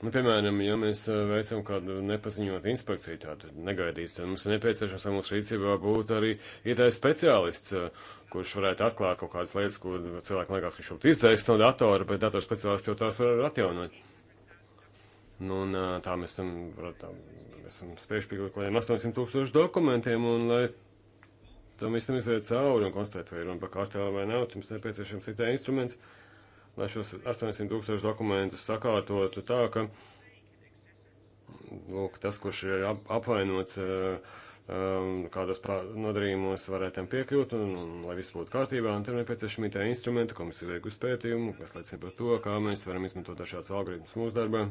Nu, piemēram, ja mēs e, veicam kādu nepaziņotu inspekciju, tādu negaidītu, tad mums ir nepieciešams, lai mūsu rīcībā būtu arī IT speciālists, e, kurš varētu atklāt kaut kādas lietas, ko cilvēkam liekas, ka viņš jau izdzēs no datora, bet datora speciālists jau tās var atjaunot. Nu, un tā mēs esam, varat, tā, esam spējuši pie kaut kādiem 800 tūkstošu dokumentiem, un lai tam visam iziet cauri un konstatēt, vai runa par kārtēlā vai nav, jums nepieciešams citā instruments, lai šos 800 tūkstošu dokumentus sakārtotu tā, ka lūk, tas, kurš ir ap, apvainots, uh, kādos nodarījumos varētu tam piekļūt, un, un, un lai viss būtu kārtībā, un tam nepieciešami tie instrumenti, ko mēs ir veikusi pētījumu, kas liecina par to, kā mēs varam izmantot dažādas algoritmas mūsu darbā.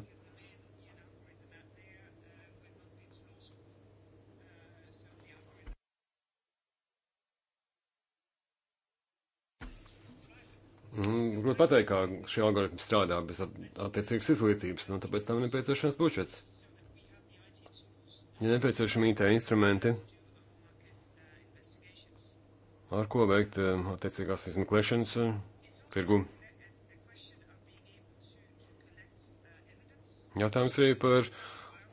Mm, Grūti pateikt, kā šie algoritmi strādā bez attiecīgas izglītības, nu, tāpēc tam nepieciešams budžets. Ja nepieciešami IT instrumenti, ar ko veikt eh, attiecīgās izmeklēšanas eh, tirgu. Jautājums arī par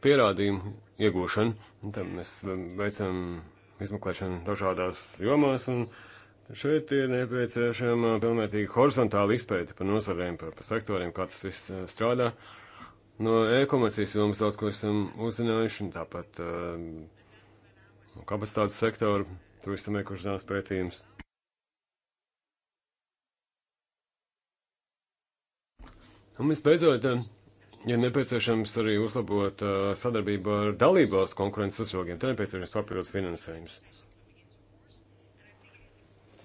pierādījumu iegūšanu. Tad mēs eh, veicam izmeklēšanu dažādās jomās, un Šeit ir nepieciešama pilnvērtīga horizontāla izpēta par nozarēm, par, par sektoriem, kā tas viss eh, strādā. No e-komercijas jomas daudz ko esam uzzinājuši, un tāpat uh, kapacitātes sektoru, tur visam iekurš zināms pētījums. Un visbeidzot, ja eh, nepieciešams arī uzlabot uh, sadarbību ar dalībvalstu konkurences uzraugiem, tad nepieciešams papildus finansējums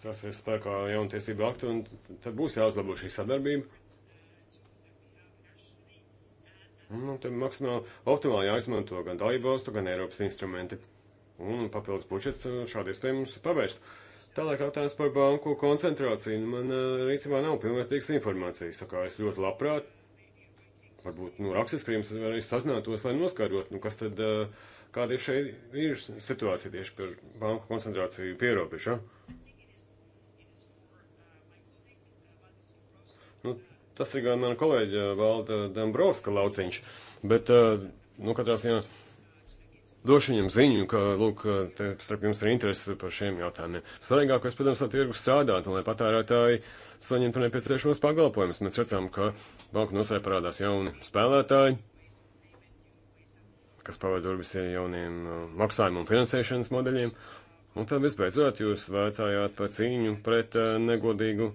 tas ir spēkā jaunu tiesību aktu, un tad būs jāuzlabo šī sadarbība. Nu, tad maksimāli optimāli jāizmanto gan dalībvalstu, gan Eiropas instrumenti. Un papildus budžets uh, šādi iespēja mums pavērs. Tālāk jautājums par banku koncentrāciju. Nu, man uh, rīcībā nav pilnvērtīgas informācijas, tā kā es ļoti labprāt, varbūt, nu, rakstiski jums arī sazinātos, lai noskārot, nu, kas tad, uh, kāda ir šeit ir situācija tieši par banku koncentrāciju pierobežu. Ja? Tas ir gan mana kolēģa Valda Dambrovska lauciņš. Bet, eh, nu, katrā ziņā došu viņam ziņu, ka, lūk, te starp jums ir interesi par šiem jautājumiem. Svarīgākais, protams, ir tirgus strādāt, lai patērētāji saņemtu nepieciešamos pakalpojumus. Mēs redzam, ka banku nozarē parādās jauni spēlētāji, kas pavēr durvis jauniem eh, maksājumu un finansēšanas modeļiem. Un tad visbeidzot jūs vēcājāt par cīņu pret eh, negodīgu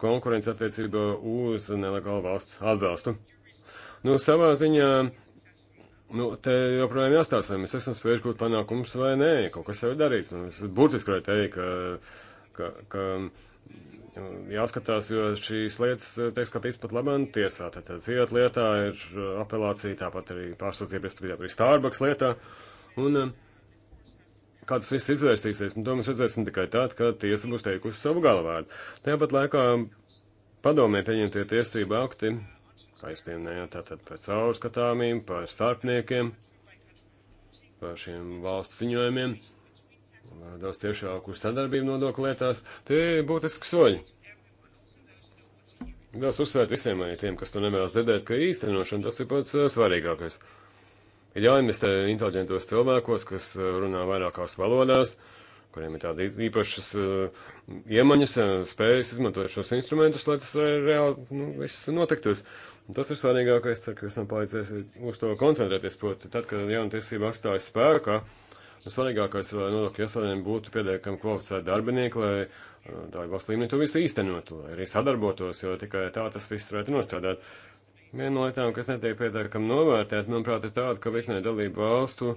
konkurence attiecībā uz nelegālu valsts atbalstu. Nu, savā ziņā, nu, te joprojām jāstāsta, vai mēs esam spējuši gūt panākumus vai nē, kaut kas jau ir darīts. Nu, es burtiski varētu teikt, ka, ka, ka nu, jāskatās, jo šīs lietas eh, tiek skatīts pat labam tiesā. Tad, tad Fiat lietā ir eh, apelācija, tāpat arī pārsūdzība, respektīvi, arī Starbucks lietā. Un, uh, kāds viss izvērsīsies, un nu, to mēs redzēsim tikai tad, kad tiesa būs teikusi savu galvādu. Tāpat laikā padomē pieņemtie tiesību akti, kā jūs pieminējāt, tātad par caurskatāmību, par starpniekiem, par šiem valsts ziņojumiem, daudz tiešāku sadarbību nodokļu lietās, tie ir būtiski soļi. Vēlos uzsvērt visiem arī tiem, kas to nevēlas dzirdēt, ka īstenošana tas ir pats eh, svarīgākais. Uh, Ir jāinvestē inteliģentos cilvēkos, kas eh, runā vairākās valodās, kuriem ir tādas īpašas uh, iemaņas, eh, spējas izmantot šos instrumentus, lai tas reāli nu, viss notiktos. Un tas ir svarīgākais, ceru, ka jūs man palīdzēsiet uz to koncentrēties, proti, tad, kad jauna tiesība atstājas spēkā, nu, svarīgākais, lai nodokļu iestādēm būtu pietiekami kvalificēti darbinieki, lai tā valsts līmenī to visu īstenotu, lai arī sadarbotos, jo tikai tā tas viss varētu nostrādāt. Uh, Viena no lietām, kas netiek pietiekami novērtēta, manuprāt, ir tāda, ka virknē dalību valstu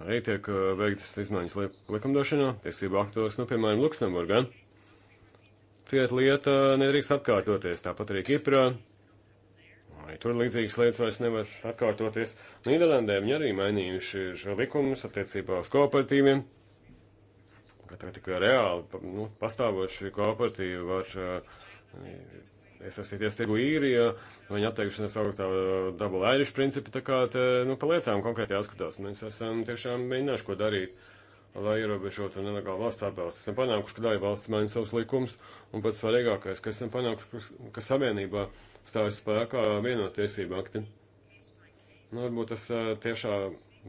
arī tiek uh, veiktas izmaiņas li likumdošanā, tiesību aktos, nu, piemēram, Luksemburgā. Fiat lieta uh, nedrīkst atkārtoties, tāpat arī Kiprā. Arī tur līdzīgas lietas vairs nevar atkārtoties. Nīderlandē viņi arī mainījuši likumus attiecībā uz kooperatīviem. Tagad tikai reāli nu, pastāvoši kooperatīvi var uh, iesaistīties tirgu īrijā, viņa atteikšanās saukt tā uh, double Irish principu, tā kā te, nu, palietām konkrēti jāskatās. Mēs esam tiešām mēģinājuši ko darīt lai ierobežotu nelegālu valsts atbalstu. Esam panākuši, ka daļa valsts maina savus likumus, un pats svarīgākais, ka esam panākuši, ka savienībā stājas spēkā vienot tiesību akti. Nu, varbūt tas uh, tiešā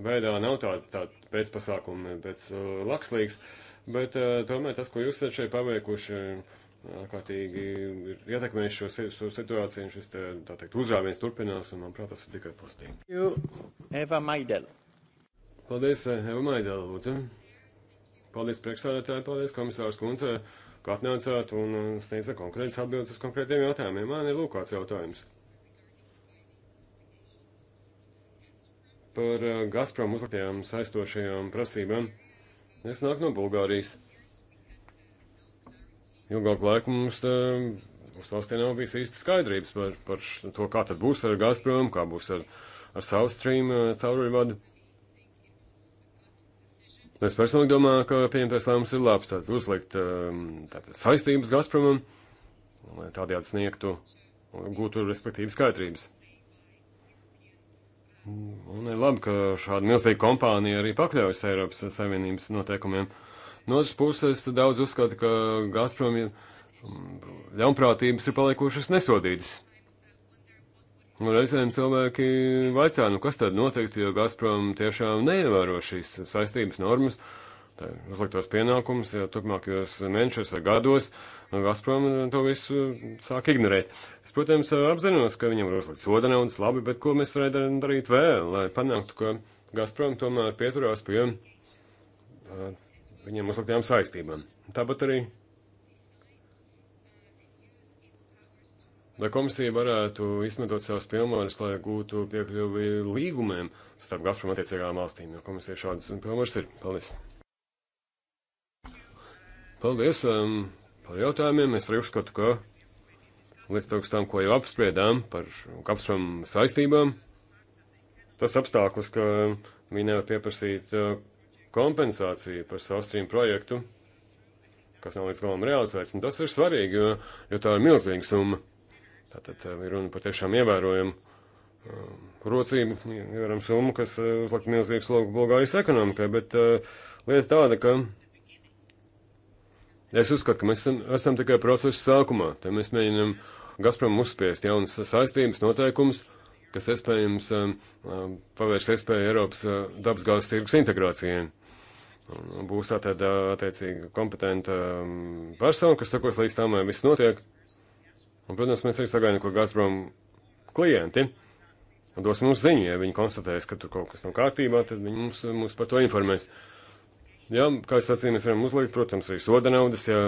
veidā nav tāda tā pēcpasākuma, pēc, pēc uh, lakslīgs, bet uh, tomēr tas, ko jūs esat šeit paveikuši, uh, ārkārtīgi ir ietekmējis šo, šo situāciju, un šis, te, tā teikt, uzrāviens turpinās, un, manuprāt, tas ir tikai pozitīvi. You, Eva Maidel. Paldies, eh, Eva Maidel, lūdzu. Paldies, priekšsādātāji, paldies, komisārs Kunce, ka atnācāt un eh, sniedzat konkrētas atbildes uz konkrētiem jautājumiem. Man ir lūk kāds jautājums. Par eh, Gazprom uzliktajām saistošajām prasībām. Es nāku no Bulgārijas ilgāku laiku mums uh, uz valstī nav bijis īsti skaidrības par, par to, kā tad būs ar Gazprom, kā būs ar, ar South Stream uh, e, caurulīvadu. Nu, es personīgi domāju, ka pieņemtais lēmums ir labs, tātad uzlikt e, tātad saistības Gazpromam, lai tādējādi sniegtu, gūtu respektīvi skaidrības. Un ir labi, ka šāda milzīga kompānija arī pakļaujas Eiropas Savienības noteikumiem. Uh, No otras puses, daudz uzskata, ka Gazprom mm, ļaunprātības ir palikušas nesodītas. Un reizēm cilvēki vaicā, nu kas tad noteikti, jo Gazprom tiešām neievēro šīs saistības normas, uzliktos pienākumus, ja turpmākajos mēnešos vai gados Gazprom to visu sāk ignorēt. Es, protams, apzinos, ka viņam ir uzlikts soda naudas labi, bet ko mēs varētu darīt vēl, lai panāktu, ka Gazprom tomēr pieturās pie viņiem uzliktajām saistībām. Tāpat arī, lai komisija varētu izmantot savus pilnvarus, lai gūtu piekļuvi līgumiem starp Gazprom attiecīgām valstīm, jo komisija šādas pilnvaras ir. Paldies! Paldies um, par jautājumiem. Es arī uzskatu, ka līdz tam, ko jau apspriedām par Gazprom saistībām, tas apstākļus, ka viņi nevar pieprasīt uh, kompensāciju par South Stream projektu, kas nav līdz galam realizēts. Un tas ir svarīgi, jo, jo tā ir milzīga summa. Tātad eh, ir runa par tiešām ievērojumu um, rocību, ievērojumu summu, kas eh, uzliek milzīgu slogu Bulgārijas ekonomikai. Bet uh, lieta tāda, ka es uzskatu, ka mēs esam, esam tikai procesa sākumā. Te mēs mēģinam Gazprom uzspiest jaunas saistības, noteikumus kas iespējams um, pavērš iespēju Eiropas uh, dabasgāzes tirgus integrācijai. Un būs tā tad, attiecīgi, kompetenta persona, kas sakos līdz tam, viss notiek. Un, protams, mēs arī sagaidām, ko Gazprom klienti dos mums ziņu. Ja viņi konstatēs, ka tur kaut kas nav kārtībā, tad viņi mums, mums par to informēs. Jā, kā es sacīju, mēs varam uzlikt, protams, arī soda naudas, ja,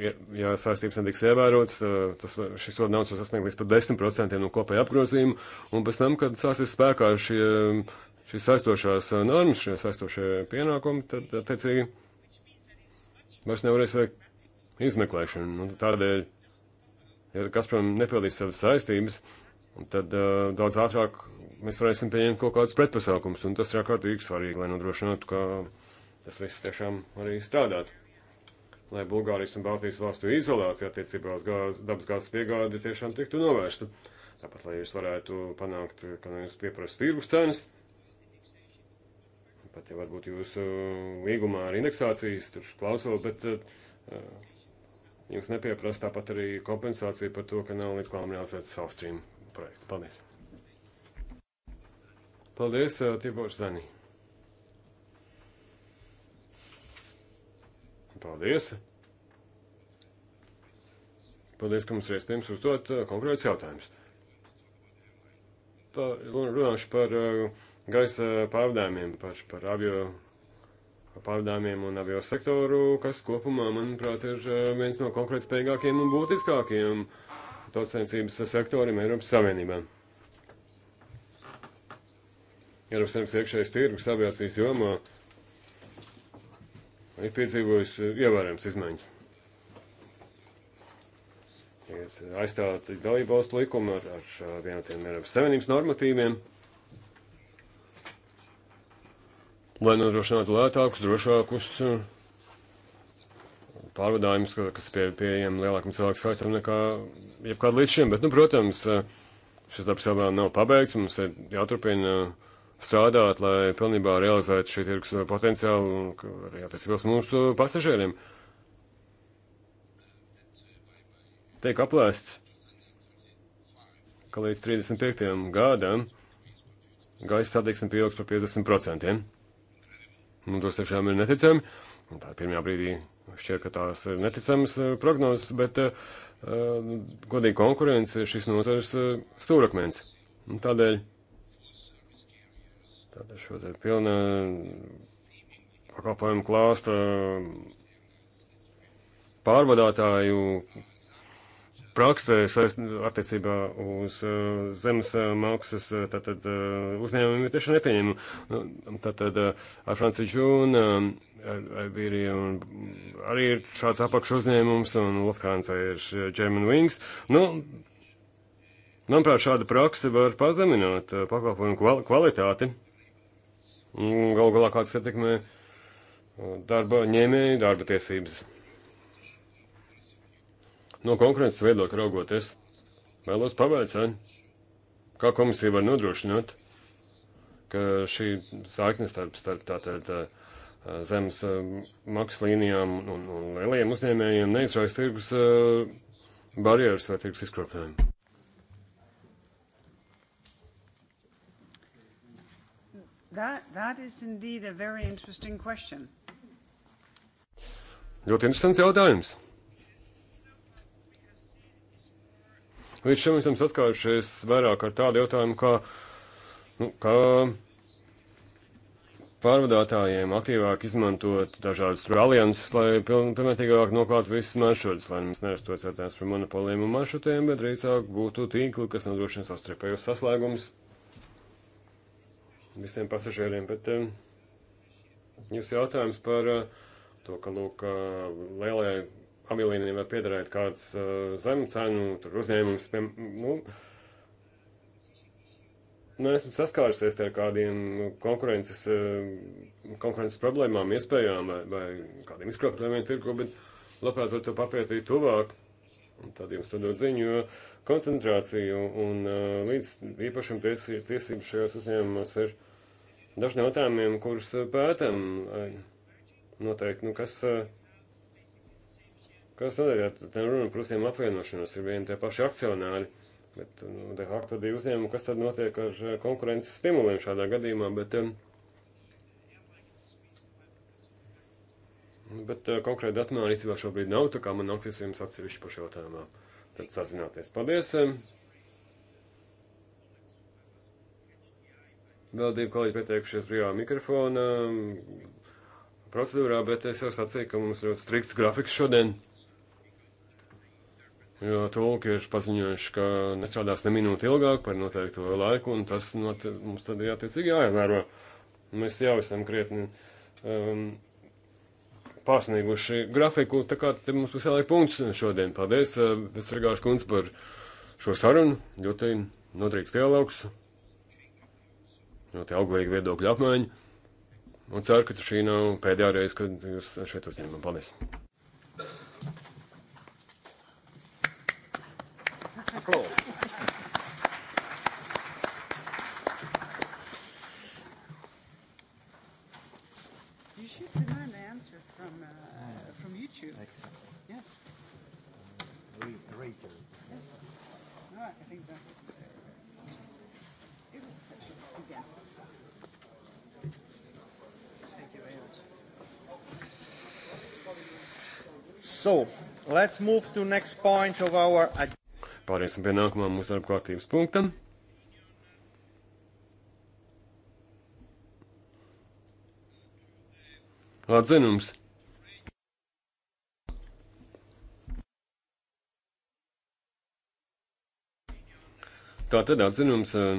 ja, ja saistības netiks ievērotas, tas šis soda naudas var sasniegt līdz pat 10% no kopēja apgrozījuma, un pēc tam, kad sāksies spēkā šie. Ja, šīs aizstošās eh, normas, šīs aizstošie pienākumi, tad, teicīgi, vairs nevarēs veikt izmeklēšanu. Nu, tādēļ, ja Gazprom nepildīs savas saistības, tad uh, daudz ātrāk mēs varēsim pieņemt kaut kādus pretpasākumus, un tas ir ārkārtīgi svarīgi, lai nodrošinātu, ka tas viss tiešām arī strādātu. Lai Bulgārijas un Baltijas valstu izolācija attiecībā uz gāz, dabasgāzes piegādi tiešām tiktu novērsta. Tāpat, lai jūs varētu panākt, ka jūs pieprasat tirgus cenas, pati varbūt jūsu eh, līgumā ar indeksācijas tur klausos, bet uh, jums nepieprasa tāpat arī kompensācija par to, ka nav līdz klām realizēts South Stream projekts. Paldies! Paldies, uh, Tibors Zanī! Paldies! Paldies, ka mums ir iespējams uzdot uh, konkrētus jautājumus. Runāšu par uh, gaisa pārvadājumiem, par, par avio pārvadājumiem un avio sektoru, kas kopumā, manuprāt, ir eh, viens no konkurētspējīgākiem un būtiskākajiem tautsainicības sektoriem Eiropas Savienībā. Eiropas Savienības iekšējais tirgus aviācijas jomā ir piedzīvojis eh, ievērojams izmaiņas. Ir aizstāti dalībvalstu likumi ar, ar vienotiem Eiropas Savienības normatīviem. lai nodrošinātu nu lētākus, drošākus eh, pārvadājumus, kas pie, pieejami lielākam cilvēku skaitam nekā jebkāda līdz šim. Bet, nu, protams, eh, šis darbs vēl nav pabeigts, mums ir jāturpina eh, strādāt, lai pilnībā realizētu šī tirgus potenciālu, arī attiecībās mūsu pasažieriem. Tiek aplēsts, ka līdz 35. gadam gaisa satiksme pieaugs par 50%. Un nu, tos tiešām ir neticami. Un tā pirmajā brīdī šķiet, ka tās ir neticamas eh, prognozes, bet uh, godīgi konkurence ir šis nozars uh, stūrakmens. Un tādēļ, tādēļ šo te pilna pakalpojumu klāsta pārvadātāju prakse eh, attiecībā uz eh, zemes eh, maksas tātad, uzņēmumiem ir tieši nepieņemama. Nu, tātad ar Franciju Džūnu arī, arī ir šāds apakšu uzņēmums, un Lufthansa ir German Wings. Nu, Manuprāt, šāda praksa var pazemināt pakalpojumu kvalitāti. Mm, Galu galā kāds ietekmē darba ņēmēju darba tiesības. No konkurences viedokļa raugoties, vēlos pavaicāt, kā komisija var nodrošināt, ka šī saikne starp, starp tātad eh, zemes eh, maksas līnijām un, un lielajiem uzņēmējiem neizraisa tirgus eh, barjeras vai tirgus izkropļojumu. That, that is indeed a very interesting question. Ļoti interesants jautājums. Līdz šim esam saskārušies vairāk ar tādu jautājumu, kā, nu, kā pārvadātājiem aktīvāk izmantot dažādas tur alianses, lai pilnvērtīgāk noklāt visus maršrutus, lai mums nerastos jautājums par monopoliem un maršrutiem, bet drīzāk būtu tīkli, kas nodrošina sastrēpējos saslēgumus visiem pasažieriem. Bet um, jūs jautājums par uh, to, ka, lūk, uh, eh, lielai avialīnijai var piederēt kāds uh, zemu cenu uzņēmums. Piem, nu, Nu, esmu saskārusies ar kādiem konkurences, konkurences problēmām, iespējām vai, vai kādiem izkropļojumiem tirgu, bet labprāt par to papētīt tuvāk. Un tad jums to dod ziņu, jo koncentrācija un līdz īpašam tiesību šajos uzņēmumos ir daži jautājumiem, kurus pētam. Noteikti, nu, kas Kas notiek, ja tam runa par visiem apvienošanos, ir vieni tie paši akcionāri, bet, nu, de facto divi uzņēmumi, kas tad notiek ar eh, konkurences stimuliem šādā gadījumā, bet, eh, bet eh, konkrēti datu man īstenībā šobrīd nav, tā kā man nāks jums atsevišķi par šo tēmā. Tad sazināties. Paldies! Vēl divi kolēģi pieteikušies brīvā mikrofona procedūrā, bet es jau sacīju, ka mums ļoti strikts grafiks šodien. Jo tulki ir paziņojuši, ka nestrādās ne minūti ilgāk par noteikto laiku, un tas not, mums tad ir attiecīgi jāievēro. Mēs jau esam krietni um, pārsnieguši grafiku, tā kā te mums būs jāliek punkts šodien. Paldies, uh, Vesargārs kundz, par šo sarunu. Ļoti noderīgs dialogs, ļoti auglīga viedokļa apmaiņa. Un ceru, ka šī nav pēdējā reize, kad jūs šeit uzņemam. Paldies! applause. You should demand an answer from, uh, from YouTube. Exactly. Yes. Re- Rachel. Yes. No, I think that is. Uh, it was a pleasure. Yeah. Thank you very much. So, let's move to next point of our Pāriesim pie nākamā mūsu darba kārtības punktam. Atzinums. Tā tad atzinums. Eh,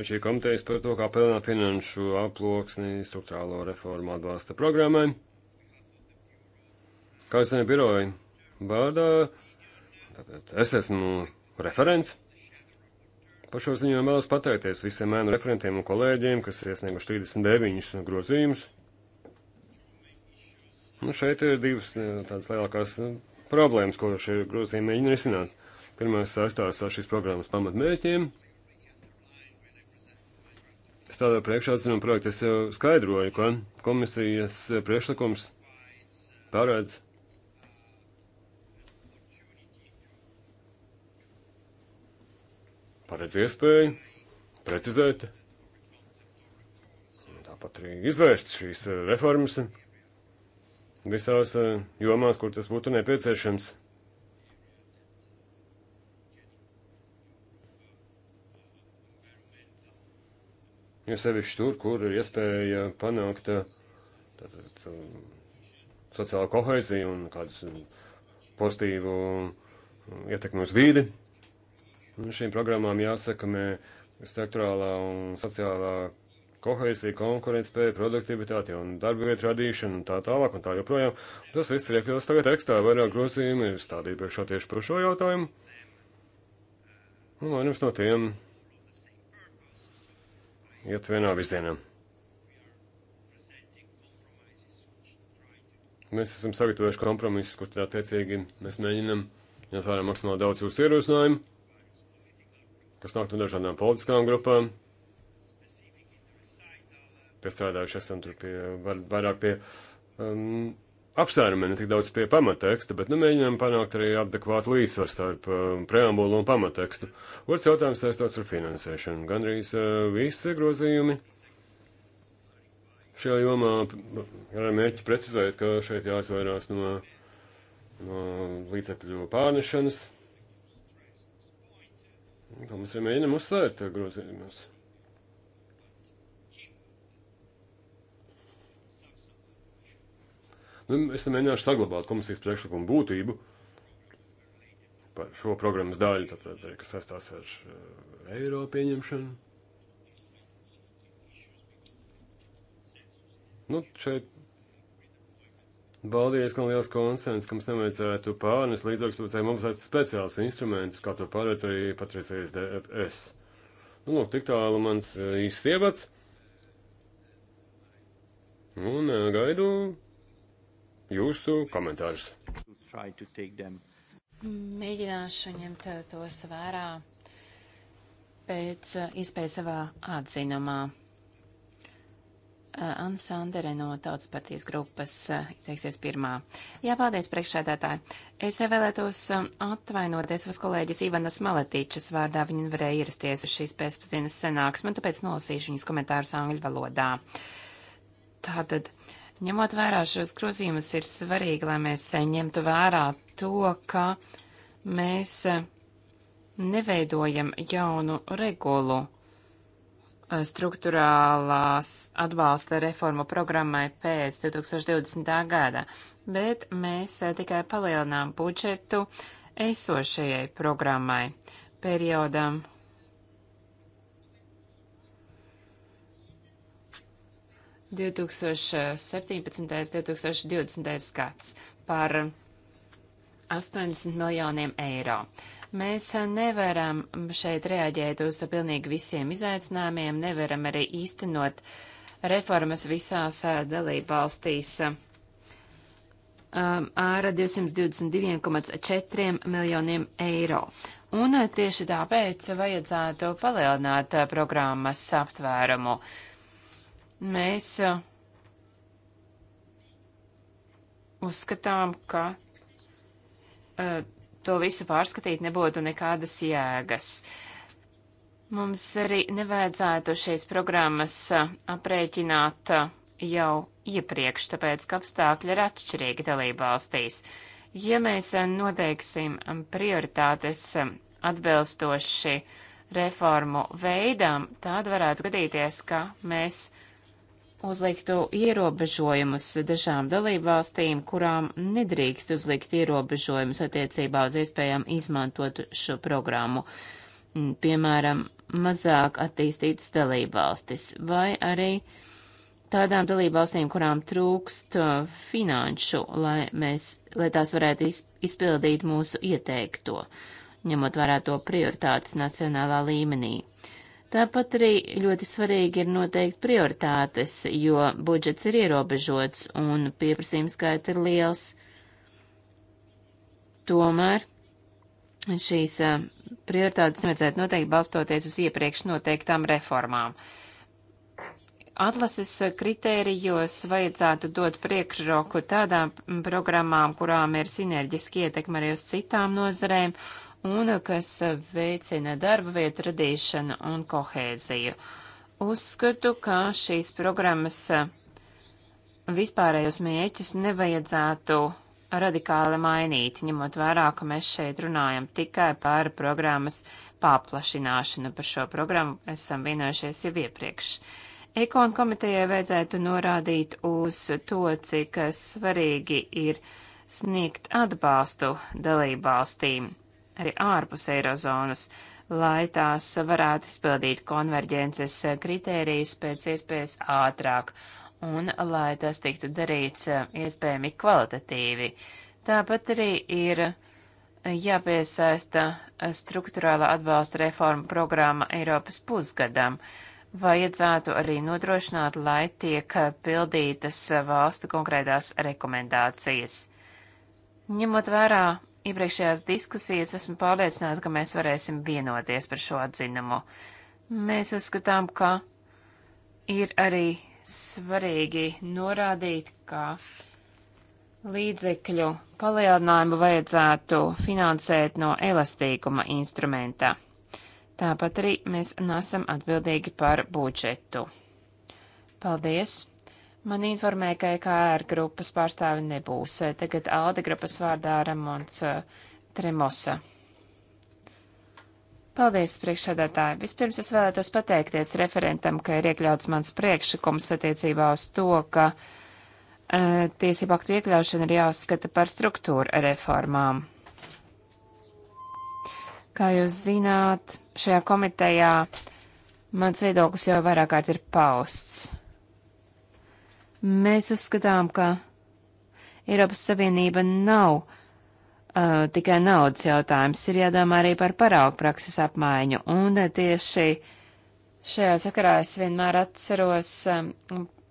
šī komitejas par to, kā pelnāt finanšu aploksni struktūrālo reformu atbalsta programmai. Kā es zinu, biroju vārdā, tātad es esmu referents. Par šo ziņojumu vēlos pateikties visiem mēnu referentiem un kolēģiem, kas ir iesnieguši 39 grozījumus. Nu, šeit ir divas eh, tādas lielākās eh, problēmas, ko šie grozījumi mēģina risināt. Pirmais saistās ar šīs programmas pamatmērķiem. Es tādā priekšā atzinumu projektu es jau skaidroju, ka komisijas eh, priekšlikums paredz redz iespēju precizēt, tāpat arī izvērst šīs eh, reformas visās eh, jomās, kur tas būtu nepieciešams. Jo ja sevišķi tur, kur ir iespēja panākt eh, tātad, um, sociālo kohēziju un kādus um, pozitīvu um, ietekmi uz vīdi. Un šīm programmām jāsekmē sektorālā un sociālā kohēzija, konkurētspēja, produktivitāte un darba vietu radīšana un tā tālāk un tā joprojām. Tas viss ir iekļauts tagad tekstā, vairāk grozījumi ir e, stādīti priekšā tieši par šo jautājumu. Un vairums no tiem iet vienā virzienā. Mēs esam sagatavojuši kompromisus, kur tad attiecīgi mēs mēģinam, ja vērā maksimāli daudz jūsu ierosinājumu kas nāk no dažādām politiskām grupām. Piestrādājuši esam tur pie, vairāk pie um, apsvērumiem, ne tik daudz pie pamateksta, bet nu, mēģinām panākt arī adekvātu līdzsvaru starp um, preambulu un pamatekstu. Otrs jautājums saistās ar finansēšanu. Gan arī uh, visi grozījumi šajā jomā nu, ar mērķi precizēt, ka šeit jāizvairās no, no līdzekļu pārnešanas. Kā nu, mēs jau mēģinām uzsvērt grozījumus. Nu, es mēģināšu saglabāt komisijas priekšlikumu būtību par šo programmas daļu, tātad, eh, kas saistās ar eh, eiro pieņemšanu. Nu, šeit Baldies, ka liels konsens, ka mums nevajadzētu pārnes līdzekļus, bet mums vajag speciāls instrumentus, kā to pārēc arī patreizējais DFS. Nu, lūk, tik tālu mans eh, īsts ievats. Un eh, gaidu jūsu komentārus. Mēģināšu ņemt eh, tos vērā pēc iespējas savā atzinumā. Eh, Anna Sandere no Tautas partijas grupas eh, izteiksies pirmā. Jā, paldies, priekšsēdētāji. Es vēlētos eh, atvainoties vas kolēģis Ivanas Maletīčas vārdā. Viņa nevarēja ierasties uz šīs pēcpazīnas senāksmes, un tāpēc nolasīšu viņas komentārus angļu valodā. Tātad, ņemot vērā šos grozījumus, ir svarīgi, lai mēs ņemtu vērā to, ka mēs neveidojam jaunu regulu struktūrālās atbalsta reformu programmai pēc 2020. gada, bet mēs eh, tikai palielinām budžetu esošajai programmai periodam 2017. 2020. gads par 80 miljoniem eiro. Mēs nevaram šeit reaģēt uz pilnīgi visiem izaicinājumiem, nevaram arī īstenot reformas visās dalību valstīs ar 222,4 miljoniem eiro. Un tieši tāpēc vajadzētu palielināt programmas aptvērumu. Mēs uzskatām, ka to visu pārskatīt nebūtu nekādas jēgas. Mums arī nevajadzētu šīs programmas aprēķināt jau iepriekš, tāpēc, ka apstākļi ir atšķirīgi dalībvalstīs. Ja mēs noteiksim prioritātes atbilstoši reformu veidām, tad varētu gadīties, ka mēs uzliktu ierobežojumus dažām dalībvalstīm, kurām nedrīkst uzlikt ierobežojumus attiecībā uz iespējām izmantot šo programmu. Mm, piemēram, mazāk attīstītas dalībvalstis vai arī tādām dalībvalstīm, kurām trūkst uh, finanšu, lai, mēs, lai tās varētu izpildīt mūsu ieteikto, ņemot vērā to prioritātes nacionālā līmenī. Tāpat arī ļoti svarīgi ir noteikt prioritātes, jo budžets ir ierobežots un pieprasījums skaits ir liels. Tomēr šīs prioritātes vajadzētu noteikti balstoties uz iepriekš noteiktām reformām. Atlases kritērijos vajadzētu dot priekšroku tādām programmām, kurām ir sinerģiski ietekme arī uz citām nozarēm, un kas veicina darba vietu radīšanu un kohēziju. Uzskatu, ka šīs programmas vispārējos mērķus nevajadzētu radikāli mainīt, ņemot vērā, ka mēs šeit runājam tikai par programmas paplašināšanu. Par šo programmu esam vienojušies jau iepriekš. Ekonu komitejai vajadzētu norādīt uz to, cik svarīgi ir sniegt atbalstu dalībvalstīm arī ārpus eirozonas, lai tās varētu izpildīt konverģences kritērijas pēc iespējas ātrāk un lai tas tiktu darīts eh, iespējami kvalitatīvi. Tāpat arī ir jāpiesaista struktūrāla atbalsta reforma programma Eiropas pusgadam. Vajadzētu arī nodrošināt, lai tiek pildītas valstu konkrētās rekomendācijas. Ņemot vērā iepriekšējās diskusijas esmu pārliecināta, ka mēs varēsim vienoties par šo atzinumu. Mēs uzskatām, ka ir arī svarīgi norādīt, ka līdzekļu palielinājumu vajadzētu finansēt no elastīguma instrumenta. Tāpat arī mēs nesam atbildīgi par budžetu. Paldies! Man informēja, ka EKR grupas pārstāvi nebūs. Tagad Alde grupas vārdā Ramons eh, Tremosa. Paldies, priekšsēdētāji. Vispirms es vēlētos pateikties referentam, ka ir iekļauts mans priekšlikums attiecībā uz to, ka uh, tiesību aktu iekļaušana ir jāuzskata par struktūra reformām. Kā jūs zināt, šajā komitejā mans viedoklis jau vairāk kārt ir pausts. Mēs uzskatām, ka Eiropas Savienība nav uh, tikai naudas jautājums, ir jādomā arī par paraugu prakses apmaiņu. Un uh, tieši šajā sakarā es vienmēr atceros um,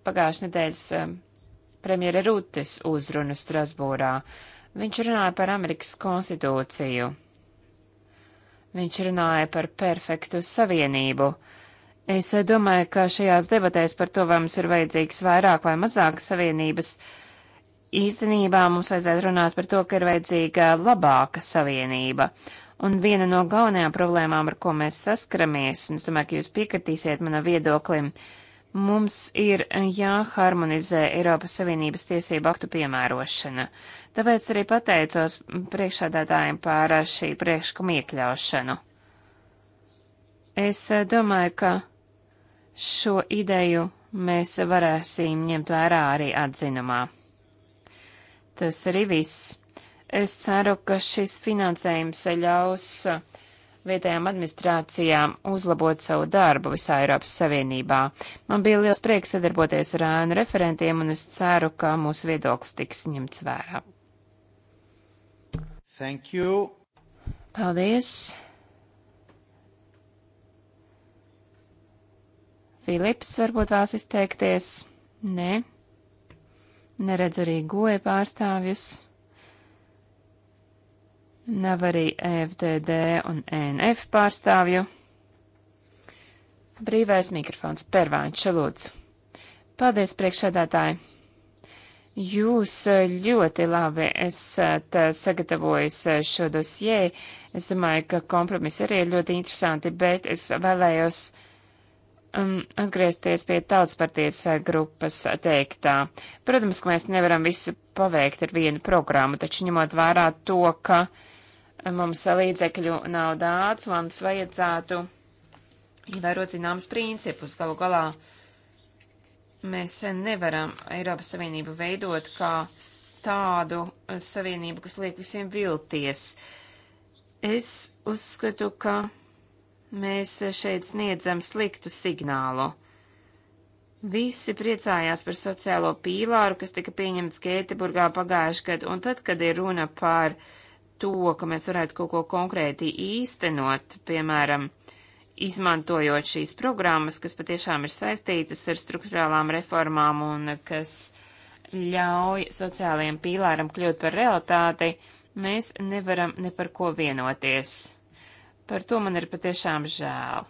pagājušas nedēļas um, premjera Rūtes uzrunu Strasbūrā. Viņš runāja par Amerikas konstitūciju. Viņš runāja par perfektu savienību. Uh, Es domāju, ka šajās debatēs par to, vai mums ir vajadzīgs vairāk vai mazāk savienības, īstenībā mums vajadzētu runāt par to, ka ir vajadzīga labāka savienība. Un viena no galvenajām problēmām, ar ko mēs saskaramies, un es domāju, ka jūs piekritīsiet manam viedoklim, mums ir jāharmonizē Eiropas Savienības tiesību aktu piemērošana. Tāpēc arī pateicos priekšādātājiem par šī priekšlikuma iekļaušanu. Es eh, domāju, ka Šo ideju mēs varēsim ņemt vērā arī atzinumā. Tas arī viss. Es ceru, ka šis finansējums ļaus vietējām administrācijām uzlabot savu darbu visā Eiropas Savienībā. Man bija liels prieks sadarboties ar ēnu referentiem, un es ceru, ka mūsu viedoklis tiks ņemts vērā. Thank you. Paldies. Filips varbūt vēlas izteikties. Nē. Neredz arī goja pārstāvjus. Nav arī e FDD un e NF pārstāvju. Brīvais mikrofons pervāņš, lūdzu. Paldies, priekšsēdētāji! Jūs eh, ļoti labi esat eh, sagatavojis eh, šo dosieju. Es domāju, ka kompromiss arī ir ļoti interesanti, bet es vēlējos Um, atgriezties pie tautspartijas uh, grupas teiktā. Protams, ka mēs nevaram visu paveikt ar vienu programmu, taču ņemot vērā to, ka uh, mums līdzekļu nav daudz, mums vajadzētu ievērot zināmas principus. Galu galā mēs nevaram Eiropas Savienību veidot kā tādu uh, savienību, kas liek visiem vilties. Es uzskatu, ka Mēs šeit sniedzam sliktu signālu. Visi priecājās par sociālo pīlāru, kas tika pieņemts Gēteburgā pagājuši gadu, un tad, kad ir runa par to, ka mēs varētu kaut ko konkrēti īstenot, piemēram, izmantojot šīs programmas, kas patiešām ir saistītas ar struktūrālām reformām un kas ļauj sociālajiem pīlāram kļūt par realitāti, mēs nevaram ne par ko vienoties. Par to man ir patiešām žēl.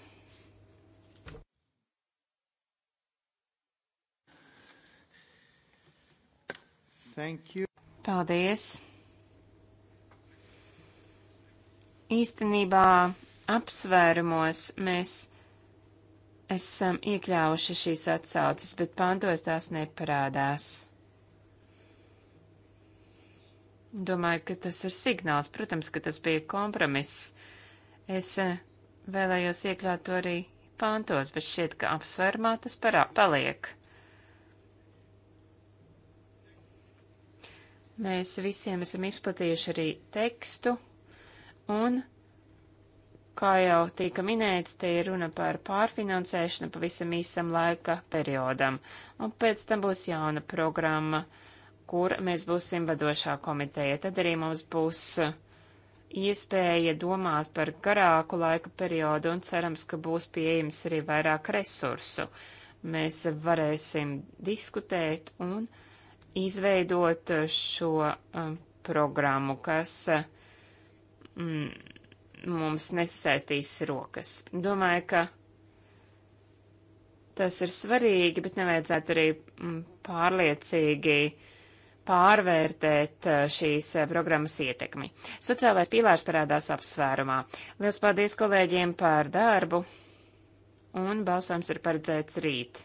Paldies! Īstenībā apsvērumos mēs esam iekļāvuši šīs atsauces, bet pantos tās neparādās. Domāju, ka tas ir signāls. Protams, ka tas bija kompromiss. Es eh, vēlējos iekļaut to arī pantos, bet šķiet, ka apsvērumā tas parā, paliek. Mēs visiem esam izplatījuši arī tekstu, un, kā jau tika minēts, te ir runa par pārfinansēšanu pavisam īsam laika periodam, un pēc tam būs jauna programma, kur mēs būsim vadošā komiteja. Tad arī mums būs uh, iespēja domāt par garāku laika periodu un cerams, ka būs pieejams arī vairāk resursu. Mēs varēsim diskutēt un izveidot šo um, programmu, kas mm, mums nesaistīs rokas. Domāju, ka tas ir svarīgi, bet nevajadzētu arī mm, pārliecīgi uh, pārvērtēt eh, šīs eh, programmas ietekmi. Sociālais pīlārs parādās apsvērumā. Lielas paldies kolēģiem par darbu, un balsojums ir paredzēts rīt.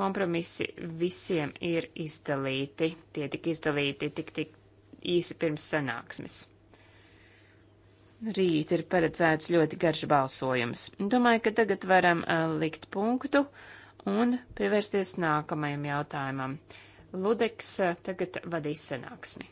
Kompromisi visiem ir izdalīti. Tie tika izdalīti tik, tik īsi pirms sanāksmes. Rīt ir paredzēts ļoti garš balsojums. Domāju, ka tagad varam eh, likt punktu un pievērsties nākamajam jautājumam. Ludeks tagad vadīs senāksmi.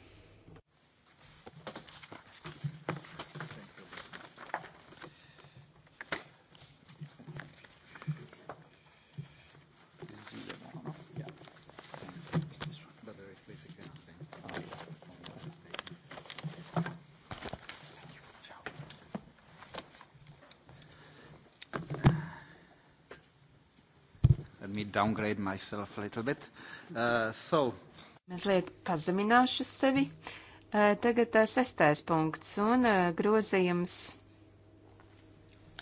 downgrade myself a little bit. Uh, so. Mazliet pazemināšu sevi. Uh, tagad uh, sestais punkts un uh, grozījums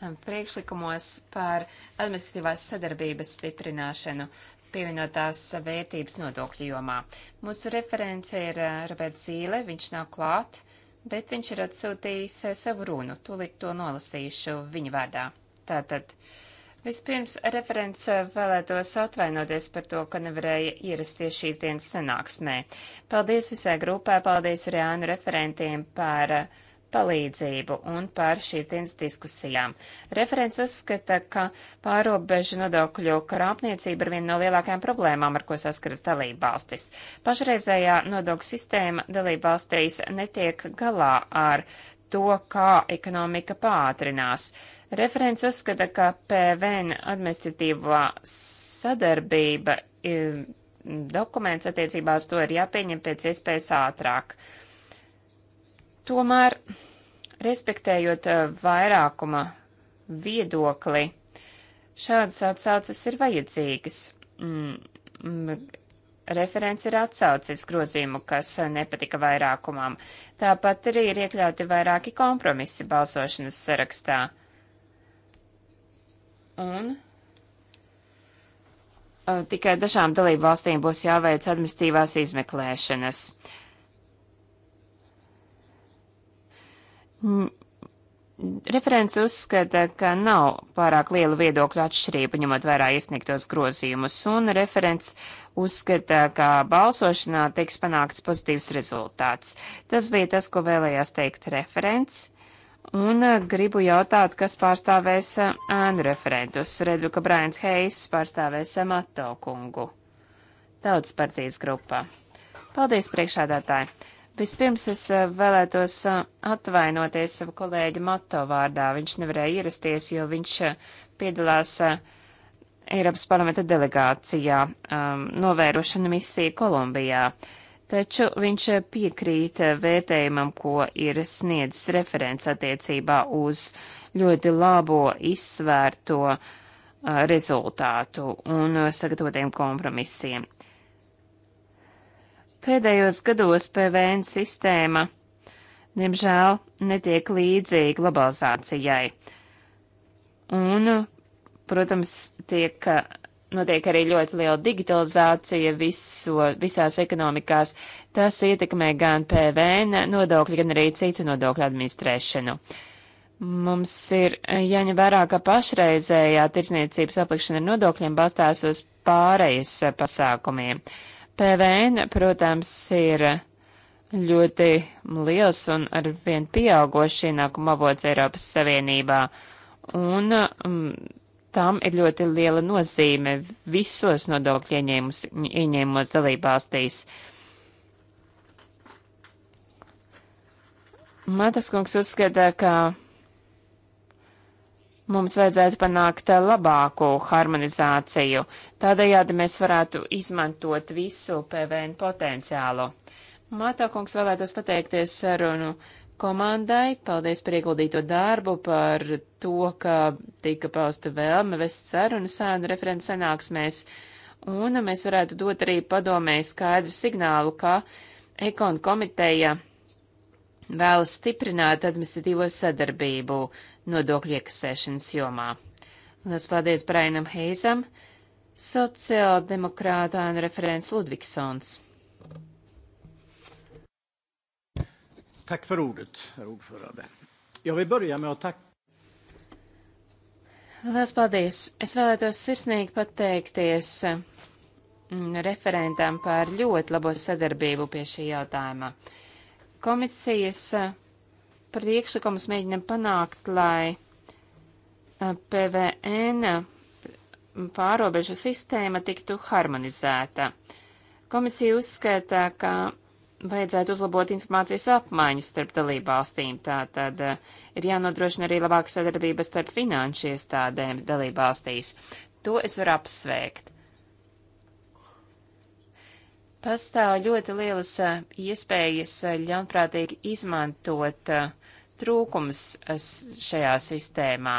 um, priekšlikumos par administratīvās sadarbības stiprināšanu pievienotās vērtības nodokļu jomā. Mūsu reference ir uh, Roberts Zīle, viņš nav klāt, bet viņš ir atsūtījis uh, savu runu, tūlīt to nolasīšu viņa vārdā. Tātad. Uh, Vispirms referents vēlētos atvainoties par to, ka nevarēja ierasties šīs dienas sanāksmē. Paldies visai grupē, paldies arī Ānu referentiem par palīdzību un par šīs dienas diskusijām. Referents uzskata, ka pārobežu nodokļu krāpniecība ir viena no lielākajām problēmām, ar ko saskaras dalība valstis. Pašreizējā nodokļu sistēma dalība valstīs netiek galā ar to, kā ekonomika pātrinās. Referents uzskata, ka PVN administratīvā sadarbība dokuments attiecībās to ir jāpieņem pēc iespējas ātrāk. Tomēr, respektējot uh, vairākuma viedokli, šādas atsauces ir vajadzīgas. Mm, mm, referents ir atsaucis grozījumu, kas uh, nepatika vairākumam. Tāpat arī ir iekļauti vairāki kompromisi balsošanas sarakstā. Un e, tikai dažām dalību valstīm būs jāveic administīvās izmeklēšanas. Referents uzskata, ka nav pārāk liela viedokļa atšķirība, ņemot vērā iesniegtos grozījumus, un referents uzskata, ka balsošanā tiks panākts pozitīvs rezultāts. Tas bija tas, ko vēlējās teikt referents. Un eh, gribu jautāt, kas pārstāvēs eh, ēnu referentus. Redzu, ka Brains Heis pārstāvēs eh, Mato kungu. Tautas partijas grupā. Paldies, priekšādātāji! Vispirms es vēlētos atvainoties savu kolēģi Mato vārdā. Viņš nevarēja ierasties, jo viņš piedalās Eiropas parlamenta delegācijā um, novērošana misija Kolumbijā. Uh, taču viņš piekrīt vērtējumam, ko ir sniedzis referents attiecībā uz ļoti labo izsvērto uh, rezultātu un sagatavotiem kompromisiem. Pēdējos gados PVN sistēma, diemžēl, netiek līdzīga globalizācijai. Un, protams, tiek notiek arī ļoti liela digitalizācija viso, visās ekonomikās. Tas ietekmē gan PVN nodokļu, gan arī citu nodokļu administrēšanu. Mums ir jāņem vērā, ka pašreizējā tirsniecības aplikšana ar nodokļiem balstās uz pārējas pasākumiem. PVN, protams, ir ļoti liels un ar vien pieaugoši ienākuma avots Eiropas Savienībā. Un um, tam ir ļoti liela nozīme visos nodokļu ieņēmumos dalībvalstīs. Matas kungs uzskata, ka mums vajadzētu panākt labāku harmonizāciju. Tādējādi mēs varētu izmantot visu PVN potenciālu. Matokungs vēlētos pateikties sarunu komandai, paldies par ieguldīto darbu, par to, ka tika pausta vēlme vest sarunu sēnu referents sanāksmēs, un mēs varētu dot arī padomē skaidru signālu, ka Ekon komiteja vēlas stiprināt administratīvo sadarbību nodokļu iekasēšanas jomā. Lielas paldies Brainam Heizam, sociāldemokrātā un referents Ludvigsons. Tack för ordet, herr ordförande. Jag vill börja med att tacka. Lielas paldies! Es vēlētos sirsnīgi pateikties mm, referentam par ļoti labo sadarbību pie šī jautājuma. Komisijas priekšlikums mēģinam panākt, lai PVN pārobežu sistēma tiktu harmonizēta. Komisija uzskata, ka vajadzētu uzlabot informācijas apmaiņu starp dalībvalstīm. Tātad eh, ir jānodrošina arī labāka sadarbība starp finanšu iestādēm dalībvalstīs. To es varu apsvēgt. Pastāv ļoti lielas eh, iespējas eh, ļaunprātīgi izmantot trūkums šajā sistēmā,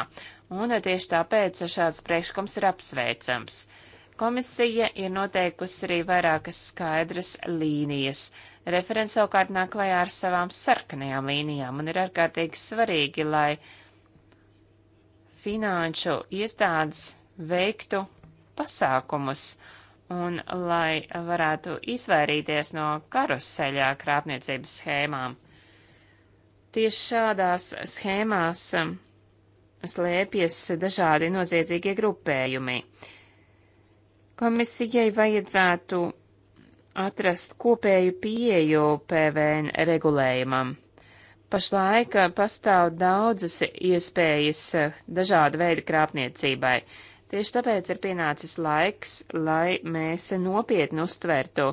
un tieši tāpēc šāds priekšlikums ir apsveicams. Uh, Komisija ir noteikusi arī vairākas skaidras līnijas. Referents savukārt nāk klajā ar savām sarkanajām līnijām un ir ārkārtīgi svarīgi, lai finanšu iestādes veiktu pasākumus un lai varētu izvairīties no karuseļā krāpniecības schēmām. Tieši šādās schēmās slēpjas dažādi noziedzīgie grupējumi. Uh, Komisijai vajadzētu atrast kopēju pieeju PVN regulējumam. Pašlaik pastāv daudzas iespējas dažādu veidu krāpniecībai. Tieši tāpēc ir pienācis laiks, lai mēs nopietni uztvertu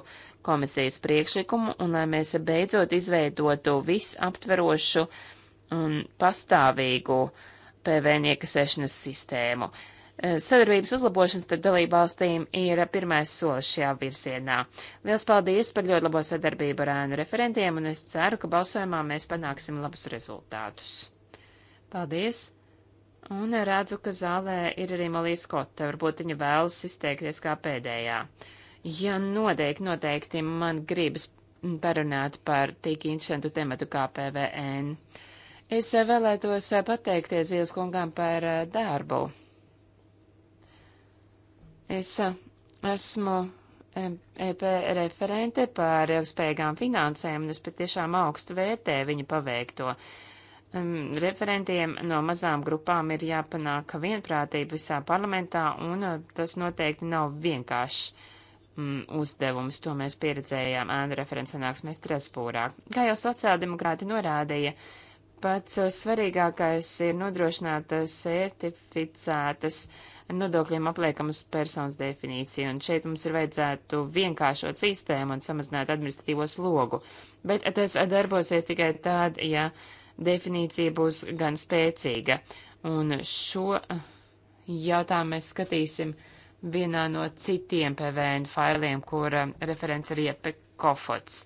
komisijas priekšlikumu un lai mēs beidzot izveidotu visaptverošu un pastāvīgu PVN iekasēšanas sistēmu. Eh, Sadarbības uzlabošanas starp dalību valstīm ir pirmais solis šajā virsienā. Lielas paldies par ļoti labo sadarbību ar ēnu referentiem, un es ceru, ka balsojumā mēs panāksim labus rezultātus. Paldies! Un redzu, ka zālē ir arī Malīs Kota, varbūt viņa vēlas izteikties kā pēdējā. Jā, ja noteikti, noteikti man gribas parunāt par tik interesantu tematu kā PVN. Es vēlētos pateikties Ielas kungām par darbu. Es uh, esmu um, EP referente par ilgspējīgām finansēm, un es patiešām augstu vērtēju viņu paveikto. Um, referentiem no mazām grupām ir jāpanāk vienprātība visā parlamentā, un uh, tas noteikti nav vienkāršs um, uzdevums. To mēs pieredzējām ēnu referencenāksmē Strasbūrā. Kā jau sociāldemokrāti norādīja, pats uh, svarīgākais ir nodrošināt certificētas uh, nodokļiem apliekamas personas definīciju, un šeit mums ir vajadzētu vienkāršot sistēmu un samazināt administratīvo slogu, bet tas darbosies tikai tad, ja definīcija būs gan spēcīga, un šo jautājumu mēs skatīsim vienā no citiem PVN failiem, kur referents ir Jepe Kofots.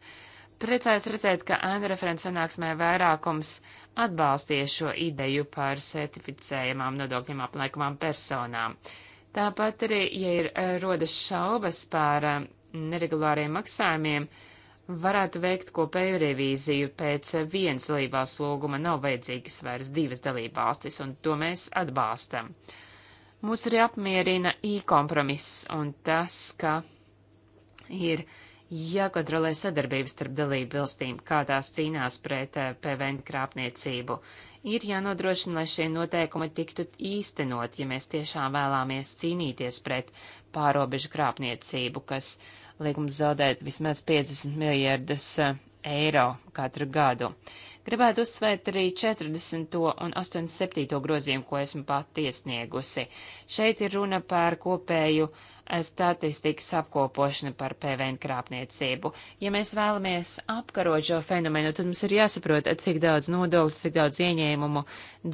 Priecājos redzēt, ka ēna referents sanāksmē vairākums atbalstīja šo ideju par certificējumām nodokļiem apliekamām personām. Tāpat arī, ja ir eh, rodas šaubas par eh, neregulāriem maksājumiem, varētu veikt kopēju revīziju pēc vienas dalībās lūguma nav vajadzīgas vairs divas dalībvalstis, un to mēs atbalstam. Mūs arī apmierina īkompromiss un tas, ka ir uh, jākontrolē sadarbības starp dalībvalstīm, kā tās cīnās pret eh, PVN krāpniecību. Ir jānodrošina, lai šie noteikumi tiktu īstenot, ja mēs tiešām vēlamies cīnīties pret pārobežu krāpniecību, kas liek mums zaudēt vismaz 50 miljardus eh, eiro katru gadu. Gribētu uzsvērt arī 40. un 87. grozījumu, ko esmu pati iesniegusi. Šeit ir runa par kopēju uh, statistikas apkopošana par PVN krāpniecību. Ja mēs vēlamies apkarot šo fenomenu, tad mums ir jāsaprot, cik daudz nodokļu, cik daudz ieņēmumu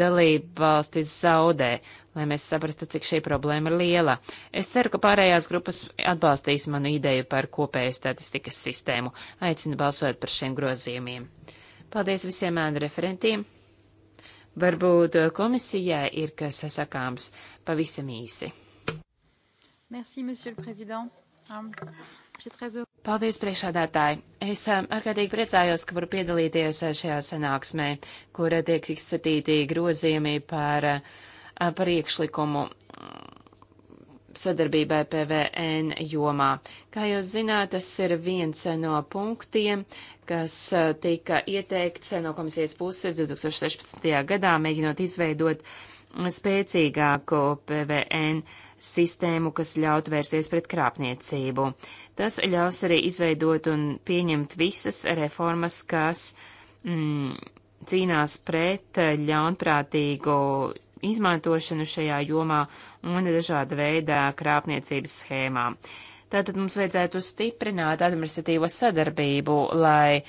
dalība valstis zaudē, lai mēs saprastu, cik šī problēma ir liela. Es ceru, ka pārējās grupas atbalstīs manu ideju par kopēju statistikas sistēmu. Aicinu balsot par šiem grozījumiem. Paldies visiem ēnu referentiem! Varbūt uh, komisijai ir kas sakāms pavisam īsi. Merci, monsieur le président. Um, Paldies, priekšādātāji! Es um, ārkārtīgi priecājos, ka varu piedalīties uh, šajā sanāksmē, kur uh, tiek izskatīti grozījumi par uh, priekšlikumu mm, sadarbībai PVN jomā. Kā jūs zināt, tas ir viens no punktiem, kas tika ieteikts no komisijas puses 2016. gadā, mēģinot izveidot mm, spēcīgāku PVN sistēmu, kas ļaut vērsties pret krāpniecību. Tas ļaus arī izveidot un pieņemt visas reformas, kas mm, cīnās pret ļaunprātīgu izmantošanu šajā jomā un dažāda veidā krāpniecības schēmām. Tātad mums vajadzētu stiprināt administratīvo sadarbību, lai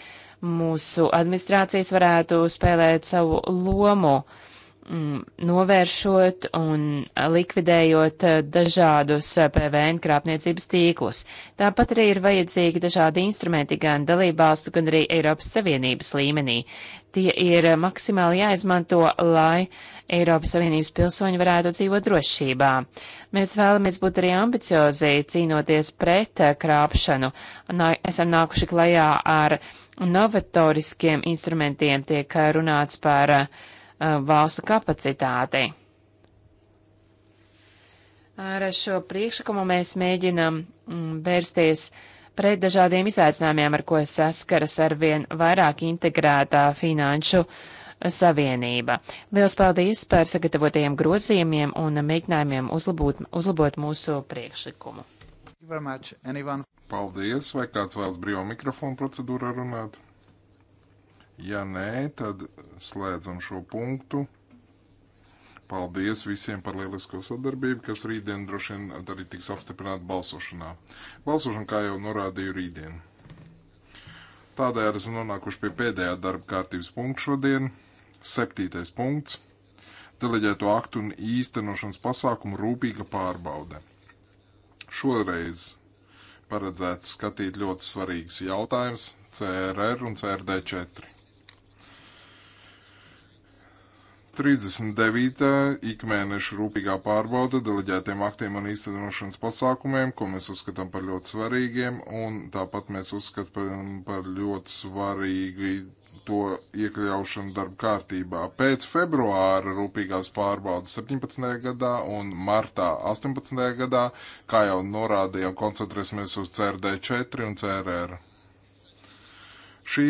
mūsu administrācijas varētu spēlēt savu lomu uh, Mm, novēršot un likvidējot eh, dažādus eh, PVN krāpniecības tīklus. Tāpat arī ir vajadzīgi dažādi instrumenti gan dalībvalstu, gan arī Eiropas Savienības līmenī. Tie ir eh, maksimāli jāizmanto, lai Eiropas Savienības pilsoņi varētu dzīvot drošībā. Mēs vēlamies būt arī ambiciozi cīnoties pret krāpšanu. Nā, esam nākuši klajā ar novatoriskiem instrumentiem, tiek runāts par uh, Uh, valstu kapacitātei. Ar šo priekšlikumu mēs mēģinam mm, vērsties pret dažādiem izaicinājumiem, ar ko saskaras ar vien vairāk integrētā finanšu savienība. Lielas paldies par sagatavotajiem grozījumiem un mēģinājumiem uzlabot, uzlabot mūsu priekšlikumu. Paldies, vai kāds vēlas brīvo mikrofonu procedūrā runāt? Ja nē, tad slēdzam šo punktu. Paldies visiem par lielisko sadarbību, kas rītdien droši vien arī tiks apstiprināta balsošanā. Balsošana, kā jau norādīju, rītdien. Tādējādi esam nonākuši pie pēdējā darba kārtības punkta šodien. Septītais punkts - deleģēto aktu un īstenošanas pasākumu rūpīga pārbaude. Šoreiz paredzēts skatīt ļoti svarīgs jautājums - CRR un CRD4. 39. ikmēneša rūpīgā pārbauda deleģētiem aktiem un īstenošanas pasākumiem, ko mēs uzskatām par ļoti svarīgiem, un tāpat mēs uzskatām par ļoti svarīgi to iekļaušanu darba kārtībā. Pēc februāra rūpīgās pārbaudas 17. gadā un martā 18. gadā, kā jau norādījām, koncentrēsimies uz CRD4 un CRR. Šī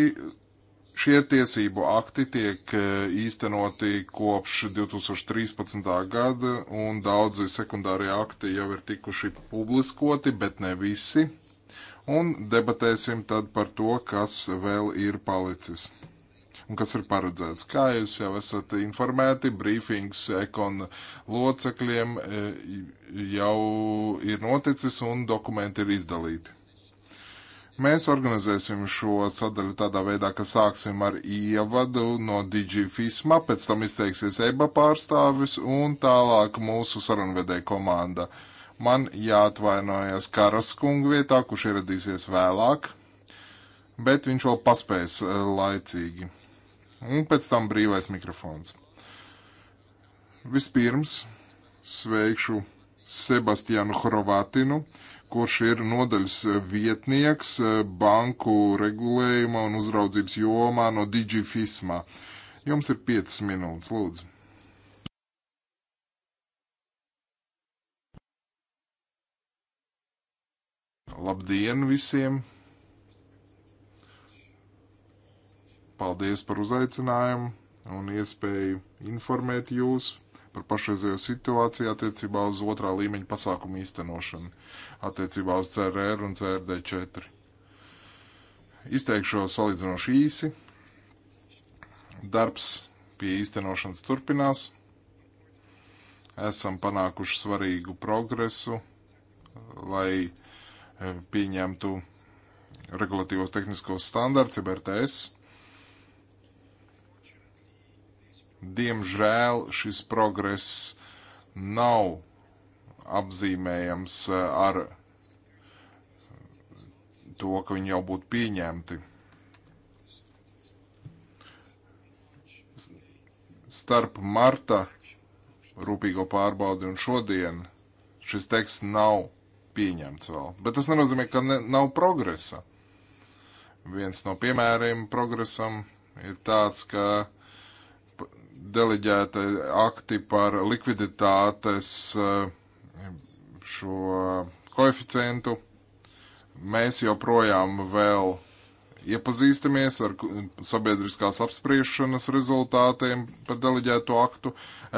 Šie tiesību akti tiek e, īstenoti kopš 2013. gada, un daudzi sekundārie akti jau ir tikuši publiskoti, bet ne visi. Un debatēsim tad par to, kas vēl ir palicis un kas ir paredzēts. Kā jūs jau esat informēti, brīfings ekon locekļiem e, jau ir noticis un dokumenti ir izdalīti. Mēs organizēsim šo sadaļu tādā veidā, ka sāksim ar ievadu no DigiFisma, pēc tam izteiksies EBA pārstāvis un tālāk mūsu sarunvedēja komanda. Man jāatvainojas Karas kungu vietā, kurš ieradīsies vēlāk, bet viņš vēl paspēs eh, laicīgi. Un pēc tam brīvais mikrofons. Vispirms sveikšu Sebastianu Horvatinu kurš ir nodaļas vietnieks eh, banku regulējuma un uzraudzības jomā no Digifisma. Jums ir 5 minūtes, lūdzu. Labdien visiem! Paldies par uzaicinājumu un iespēju informēt jūs par pašreizējo situāciju attiecībā uz otrā līmeņa pasākumu īstenošanu attiecībā uz CRR un CRD4. Izteikšos salīdzinoši īsi. Darbs pie īstenošanas turpinās. Esam panākuši svarīgu progresu, lai eh, pieņemtu regulatīvos tehniskos standārts, jeb RTS Diemžēl šis progress nav apzīmējams eh, ar to, ka viņi jau būtu pieņemti. Starp marta rūpīgo pārbaudi un šodien šis teksts nav pieņemts vēl. Bet tas nenozīmē, ka ne, nav progresa. Viens no piemēriem progresam ir tāds, ka deleģēta akti par likviditātes eh, šo koeficientu. Mēs joprojām vēl iepazīstamies ar sabiedriskās apspriešanas rezultātiem par deleģēto aktu,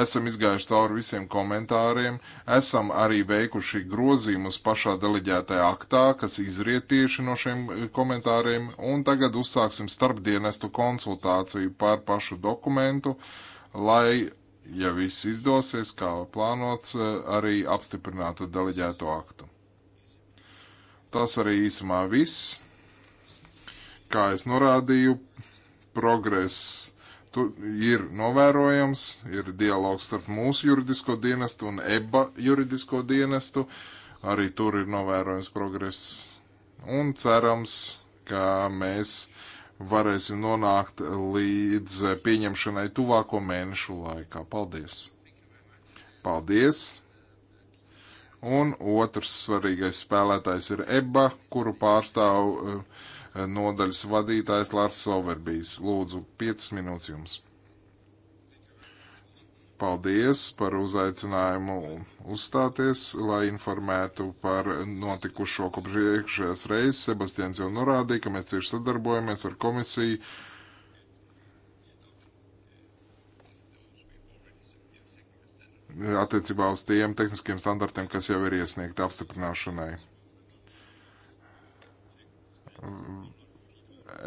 esam izgājuši cauri visiem komentāriem, esam arī veikuši grozījumus pašā deleģētajā aktā, kas izriet tieši no šiem komentāriem, un tagad uzsāksim starpdienestu konsultāciju par pašu dokumentu, uh, lai, ja viss izdosies, kā plānots, eh, arī apstiprinātu deleģēto aktu. Tas arī īsumā viss. Kā es norādīju, progress tur ir novērojams, ir dialogs starp mūsu juridisko dienestu un EBA juridisko dienestu. Arī tur ir novērojams progress. Un cerams, ka mēs varēsim nonākt līdz pieņemšanai tuvāko mēnešu laikā. Paldies! Paldies! Un otrs svarīgais spēlētājs ir EBA, kuru pārstāv eh, nodaļas vadītājs Lārs Soverbijs. Lūdzu, 5 minūtes jums. Paldies par uzaicinājumu uzstāties, lai informētu par notikušo kopš iekšējās reizes. Sebastians jau norādīja, ka mēs cieši sadarbojamies ar komisiju. attiecībā uz tiem tehniskiem standartiem, kas jau ir iesniegti apstiprināšanai.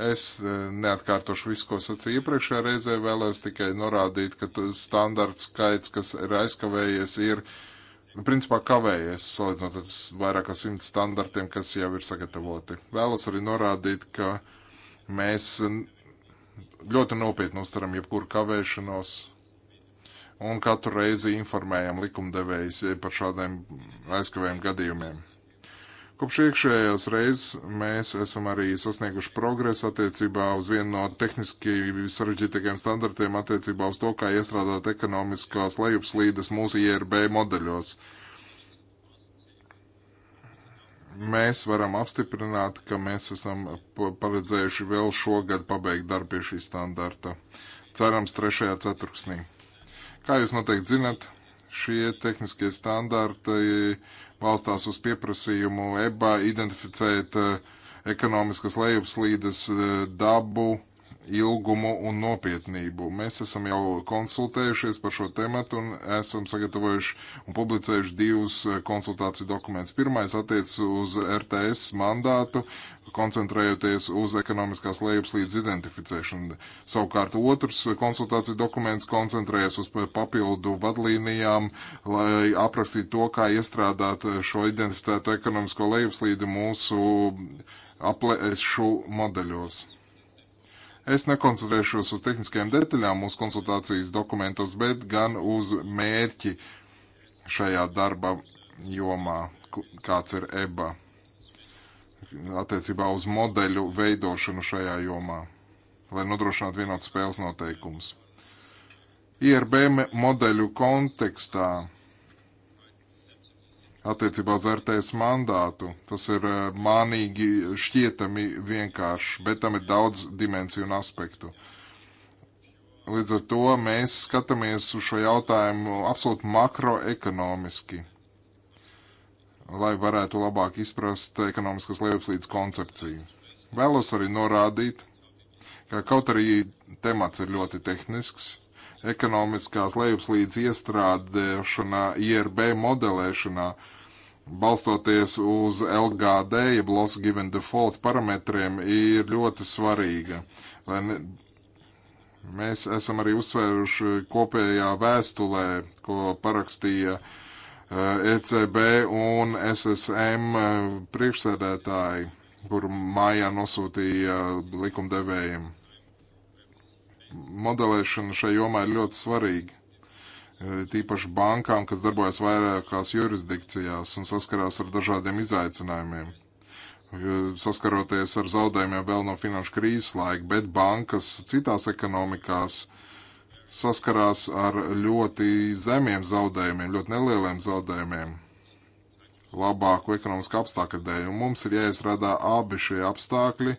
Es eh, neatkārtošu visu, ko sacīju iepriekšējā reizē, vēlējos tikai norādīt, ka standarts skaits, kas ir aizkavējies, ir principā kavējies, salīdzinot ar vairāk kā simt standartiem, kas jau ir sagatavoti. Vēlos arī norādīt, ka mēs ļoti nopietni uztaram jebkuru kavēšanos un katru reizi informējam likumdevējus eh, par šādiem aizkavējiem gadījumiem. Kopš iekšējās reizes mēs esam arī sasnieguši progresu attiecībā uz vienu no tehniski sarežģītākajiem standartiem attiecībā uz to, kā iestrādāt ekonomiskās lejupslīdes mūsu IRB modeļos. Mēs varam apstiprināt, ka mēs esam paredzējuši vēl šogad pabeigt darbu pie šī standarta. Cerams, trešajā ceturksnī. Kā jūs noteikti zinat, šie tehniskie standarti balstās uz pieprasījumu EBA identificēt eh, ekonomiskas lejupslīdes eh, dabu ilgumu un nopietnību. Mēs esam jau konsultējušies par šo tematu un esam sagatavojuši un publicējuši divus eh, konsultāciju dokumentus. Pirmais attiec uz RTS mandātu, koncentrējoties uz ekonomiskās lejupslīdes identificēšanu. Savukārt otrs eh, konsultāciju dokuments koncentrējas uz papildu vadlīnijām, lai aprakstītu to, kā iestrādāt eh, šo identificēto ekonomisko lejupslīdi mūsu aplēšu modeļos. Es nekoncentrēšos uz tehniskajām detaļām mūsu konsultācijas dokumentos, bet gan uz mērķi šajā darba jomā, kāds ir EBA attiecībā uz modeļu veidošanu šajā jomā, lai nodrošinātu vienotas spēles noteikumus. IRB modeļu kontekstā attiecībā uz RTS mandātu. Tas ir eh, mānīgi šķietami vienkārši, bet tam ir daudz dimensiju un aspektu. Līdz ar to mēs skatāmies uz šo jautājumu absolūti makroekonomiski, lai varētu labāk izprast ekonomiskās lejupslīdes koncepciju. Vēlos arī norādīt, ka kaut arī temats ir ļoti tehnisks, ekonomiskās lejupslīdes iestrādēšanā, IRB modelēšanā, balstoties uz LGD, jeb Loss Given Default parametriem, ir ļoti svarīga. Lai ne... Mēs esam arī uzsvēruši kopējā vēstulē, ko parakstīja ECB eh, e un SSM eh, priekšsēdētāji, kuru mājā nosūtīja eh, likumdevējiem modelēšana šajā jomā ir ļoti svarīga. E, tīpaši bankām, kas darbojas vairākās jurisdikcijās un saskarās ar dažādiem izaicinājumiem. E, saskaroties ar zaudējumiem vēl no finanšu krīzes laika, bet bankas citās ekonomikās saskarās ar ļoti zemiem zaudējumiem, ļoti nelieliem zaudējumiem labāku ekonomisku apstākļu dēļ. Un mums ir jāizstrādā abi šie apstākļi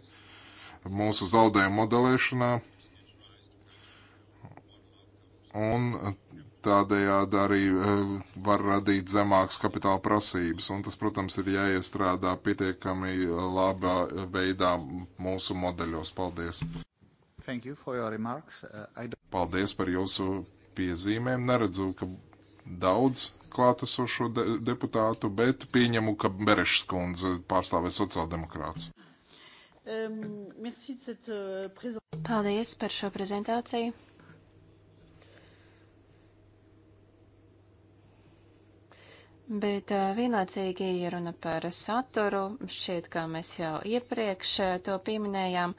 mūsu zaudējumu modelēšanā un tādējādi arī eh, var radīt zemākas kapitāla prasības. Un tas, protams, ir jāiestrādā pietiekami eh, labā veidā mūsu modeļos. Paldies! Thank you for your remarks. Uh, Paldies par jūsu piezīmēm. Neredzu, ka daudz klātesošo de deputātu, bet pieņemu, ka Berešs kundze pārstāvē sociāldemokrāts. Um, cette, uh, Paldies par šo prezentāciju. Bet vienlaicīgi, ja runa par saturu, šķiet, ka mēs jau iepriekš to pieminējām,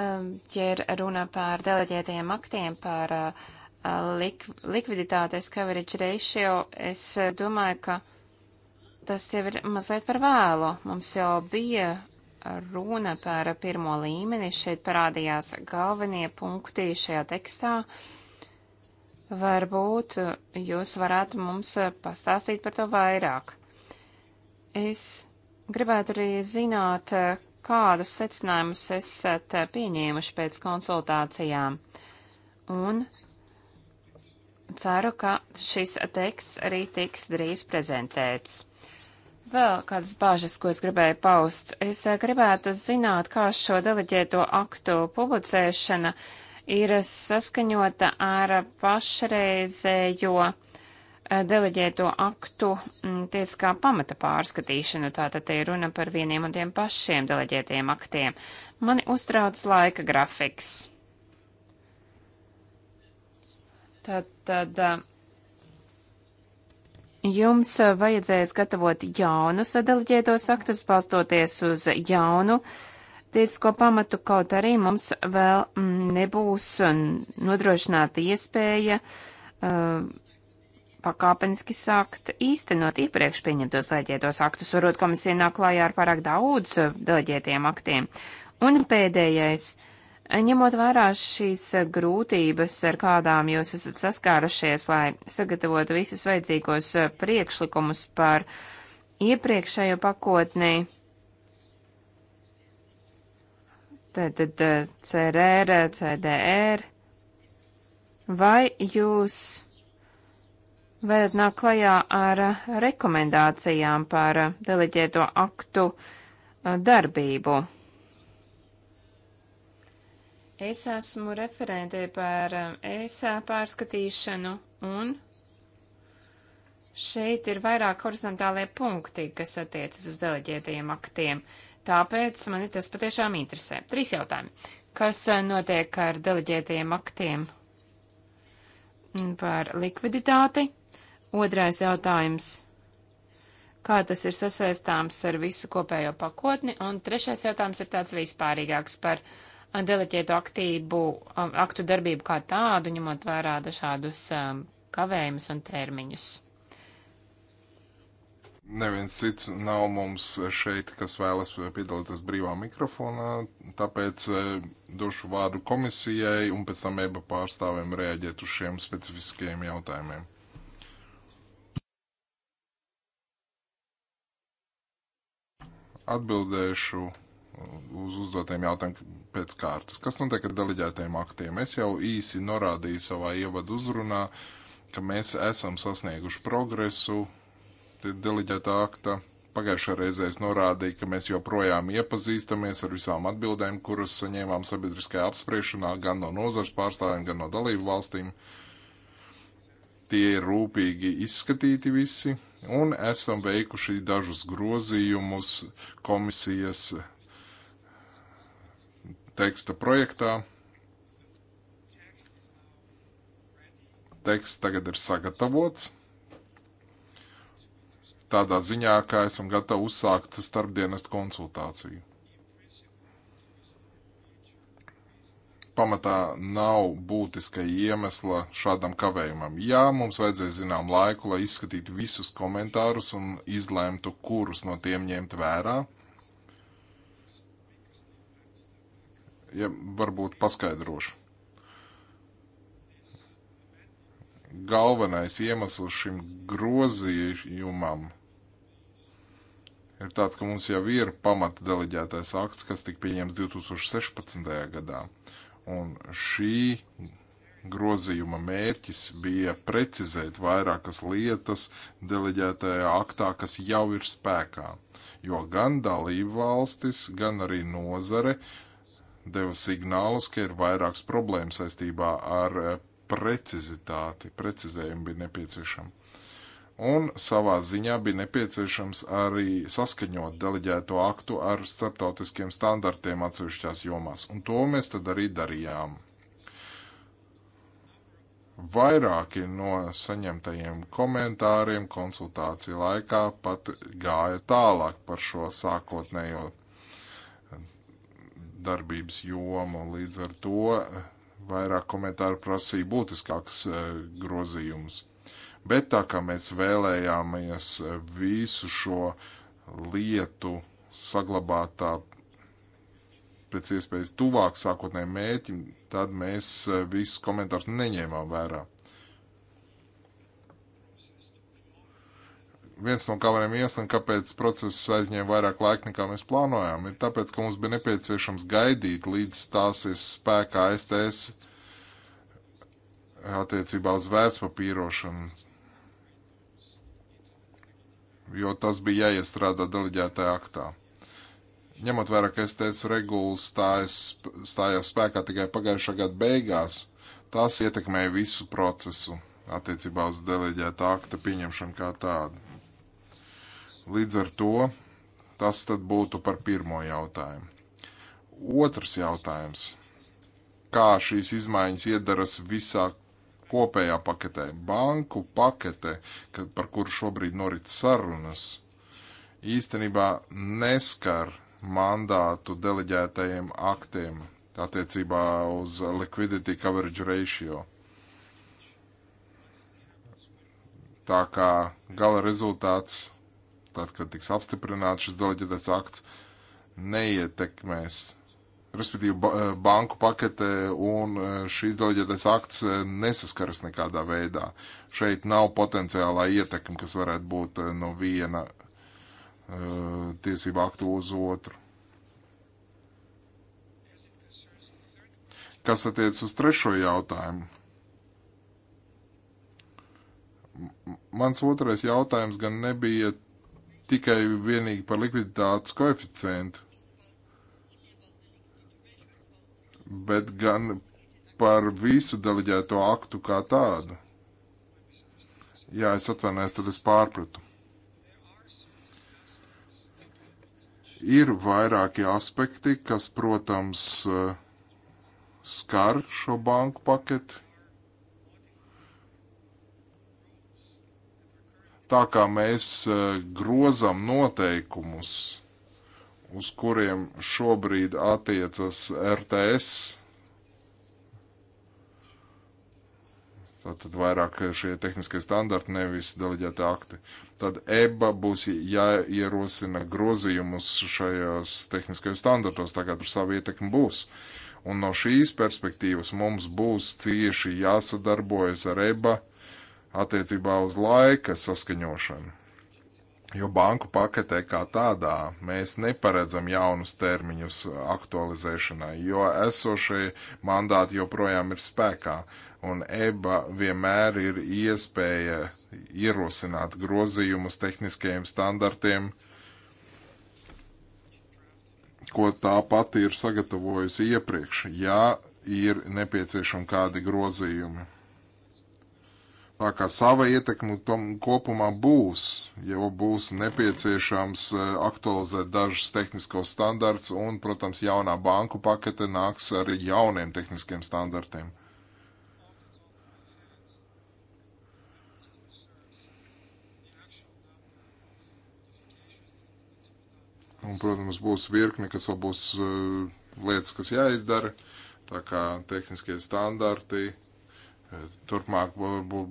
ja ir runa par deleģētajiem aktiem, par lik likviditātes coverage ratio, es domāju, ka tas jau ir mazliet par vēlu. Mums jau bija runa par pirmo līmeni, šeit parādījās galvenie punkti šajā tekstā. Uh, Varbūt jūs varētu mums pastāstīt par to vairāk. Es gribētu arī zināt, kādus secinājumus esat pieņēmuši pēc konsultācijām. Un ceru, ka šis teksts arī tiks drīz prezentēts. Vēl kādas bāžas, ko es gribēju paust. Es gribētu zināt, kā šo deleģēto aktu publicēšana uh, ir saskaņota ar pašreizējo eh, deleģēto aktu mm, tiesiskā pamata pārskatīšanu. Tātad te ir runa par vieniem un tiem pašiem deleģētiem aktiem. Mani uztrauc laika grafiks. Tātad eh, jums vajadzēs gatavot jaunus deleģētos aktus, balstoties uz jaunu uh, Tiesisko pamatu kaut arī mums vēl mm, nebūs mm, nodrošināta iespēja uh, pakāpeniski sākt īstenot iepriekš pieņemtos leģētos aktus, varot komisija nāk klājā ar pārāk daudz uh, leģētiem aktiem. Un pēdējais, ņemot vērā šīs grūtības, ar kādām jūs esat saskārušies, lai sagatavotu visus vajadzīgos uh, priekšlikumus par iepriekšējo pakotni, tātad CRR, CDR, vai jūs varat nākt klajā ar rekomendācijām par deleģēto aktu darbību? Es esmu referentē par ESA pārskatīšanu un šeit ir vairāk horizontālie punkti, kas attiecas uz deleģētajiem aktiem. Uh, Tāpēc mani tas patiešām interesē. Trīs jautājumi. Kas eh, notiek ar deleģētajiem aktiem par likviditāti? Otrais jautājums. Kā tas ir sasaistāms ar visu kopējo pakotni? Un trešais jautājums ir tāds vispārīgāks par deleģēto aktību, aktu darbību kā tādu, ņemot vērā dažādus eh, kavējumus un termiņus. Neviens cits nav mums šeit, kas vēlas piedalīties brīvā mikrofonā, tāpēc e, došu vārdu komisijai un pēc tam eba pārstāvēm reaģēt uz šiem specifiskajiem jautājumiem. Atbildēšu e, uz uzdotiem jautājumiem pēc kārtas. Kas notiek ar deleģētajiem aktiem? Es jau īsi norādīju savā ievadu uzrunā, ka mēs esam sasnieguši progresu deleģēta akta. Pagājušā reizē es norādīju, ka mēs joprojām iepazīstamies ar visām atbildēm, kuras saņēmām sabiedriskajā apspriešanā gan no nozars pārstāvjiem, gan no dalību valstīm. Tie ir rūpīgi izskatīti visi, un esam veikuši dažus grozījumus komisijas teksta projektā. Teksts tagad ir sagatavots tādā ziņā, ka esam gatavi uzsākt starpdienestu konsultāciju. pamatā nav būtiska iemesla šādam kavējumam. Jā, mums vajadzēja zinām laiku, lai izskatītu visus komentārus un izlēmtu, kurus no tiem ņemt vērā. Ja varbūt paskaidrošu. Galvenais iemesls šim grozījumam ir tāds, ka mums jau ir pamata deleģētais akts, kas tika pieņems 2016. gadā. Un šī grozījuma mērķis bija precizēt vairākas lietas deleģētajā aktā, kas jau ir spēkā, jo gan dalību valstis, gan arī nozare deva signālus, ka ir vairākas problēmas saistībā ar precizitāti, precizējumu bija nepieciešama un savā ziņā bija nepieciešams arī saskaņot deleģēto aktu ar starptautiskiem standartiem atsevišķās jomās, un to mēs tad arī darījām. Vairāki no saņemtajiem komentāriem konsultāciju laikā pat gāja tālāk par šo sākotnējo darbības jomu, līdz ar to vairāk komentāru prasīja būtiskāks eh, grozījumus. Bet tā kā mēs vēlējāmies visu šo lietu saglabāt tā pēc iespējas tuvāk sākotnējiem mēķim, tad mēs e, visus komentārus neņēmām vērā. Viens no galvenajiem iemesliem, kāpēc process aizņēma vairāk laika nekā mēs plānojām, ir tāpēc, ka mums bija nepieciešams gaidīt, līdz stāsies spēkā STS attiecībā uz vērtspapīrošanu jo tas bija jāiestrādā deleģētajā aktā. Ņemot vērā, ka STS regula stājās spēkā tikai pagājušā gada beigās, tās ietekmēja visu procesu attiecībā uz deleģēta akta pieņemšanu kā tādu. Līdz ar to tas tad būtu par pirmo jautājumu. Otrs jautājums. Kā šīs izmaiņas iedaras visā kopējā paketē. Banku pakete, kad, par kuru šobrīd norit sarunas, īstenībā neskar mandātu deleģētajiem aktiem attiecībā uz liquidity coverage ratio. Tā kā gala rezultāts, tad, kad tiks apstiprināts šis deleģētais akts, neietekmēs respektīvi eh, banku pakete un eh, šīs deleģētais akts eh, nesaskaras nekādā veidā. Šeit nav potenciālā ietekme, kas varētu būt no viena uh, tiesību aktu uz otru. Kas attiec uz trešo jautājumu? Mans otrais jautājums gan nebija tikai vienīgi par likviditātes koeficientu bet gan par visu deleģēto aktu kā tādu. Jā, es atvainojos, tad es pārpratu. Ir vairāki aspekti, kas, protams, skar šo banku paketi. Tā kā mēs eh, grozam noteikumus uz kuriem šobrīd attiecas RTS, tātad vairāk šie tehniskie standarti, nevis deleģēti akti, tad EBA būs jāierosina grozījumus šajos tehniskajos standartos, tā kā tur savu ietekmi būs. Un no šīs perspektīvas mums būs cieši jāsadarbojas ar EBA attiecībā uz laika saskaņošanu. Jo banku paketē kā tādā mēs neparedzam jaunus termiņus aktualizēšanai, jo esošie mandāti joprojām ir spēkā, un EBA vienmēr ir iespēja ierosināt grozījumus tehniskajiem standartiem, ko tā pati ir sagatavojusi iepriekš, ja ir nepieciešami kādi grozījumi. Tā kā sava ietekme kopumā būs, jo būs nepieciešams e, aktualizēt dažus tehniskos standarts un, protams, jaunā banku pakete nāks ar jauniem tehniskiem standartiem. Un, protams, būs virkne, kas vēl būs e, lietas, kas jāizdara, tā kā tehniskie standarti turpmāk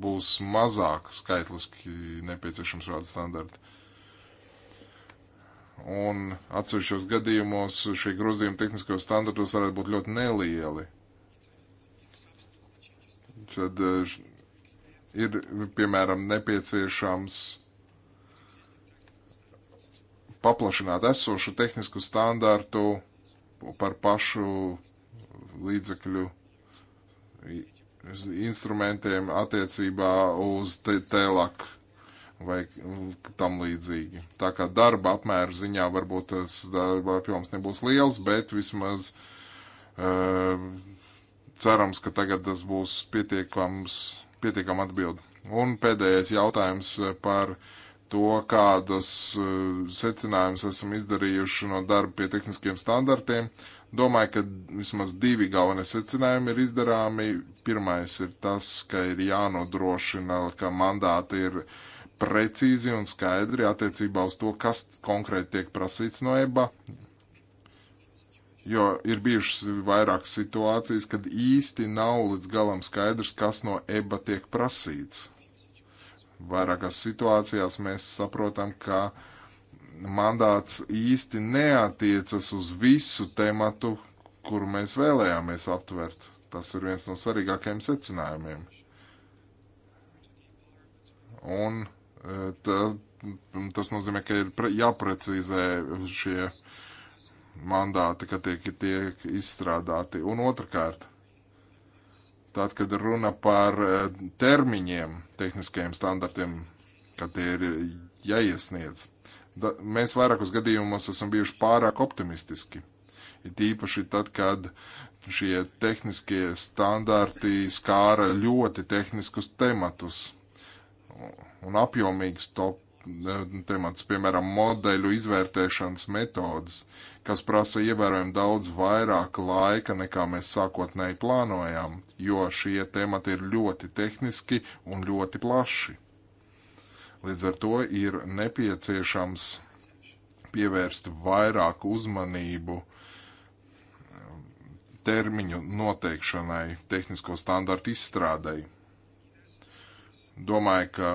būs mazāk skaitliski nepieciešams šādi standarti. Un atsevišķos gadījumos šie grozījumi tehniskajos standartos varētu būt ļoti nelieli. Tad eh, ir, piemēram, nepieciešams paplašināt esošu tehnisku standārtu par pašu līdzekļu instrumentiem attiecībā uz tēlāk vai tam līdzīgi. Tā kā darba apmēra ziņā varbūt tas darba apjoms nebūs liels, bet vismaz uh, cerams, ka tagad tas būs pietiekams, pietiekam atbildi. Un pēdējais jautājums par uh, to, kādus eh, secinājumus esam izdarījuši no darba pie tehniskiem standartiem. Domāju, ka vismaz divi galvenie secinājumi ir izdarāmi. Pirmais ir tas, ka ir jānodrošina, ka mandāti ir precīzi un skaidri attiecībā uz to, kas konkrēti tiek prasīts no EBA. Jo ir bijušas vairākas situācijas, kad īsti nav līdz galam skaidrs, kas no EBA tiek prasīts. Vairākās situācijās mēs saprotam, ka mandāts īsti neatiecas uz visu tematu, kuru mēs vēlējāmies aptvert. Tas ir viens no svarīgākajiem secinājumiem. Un e, tā, tas nozīmē, ka ir jāprecizē šie mandāti, kad tiek, tiek izstrādāti. Un otrkārt, Tad, kad runa par e, termiņiem, tehniskajiem standartiem, kad tie ir jāiesniedz, da, mēs vairākos gadījumos esam bijuši pārāk optimistiski. It īpaši tad, kad šie tehniskie standarti skāra ļoti tehniskus tematus un apjomīgus e, tematus, piemēram, modeļu izvērtēšanas metodas, kas prasa ievērojami daudz vairāk laika, nekā mēs sākotnēji plānojām, jo šie temati ir ļoti tehniski un ļoti plaši. Līdz ar to ir nepieciešams pievērst vairāk uzmanību um, termiņu noteikšanai, tehnisko standartu izstrādai. Domāju, ka,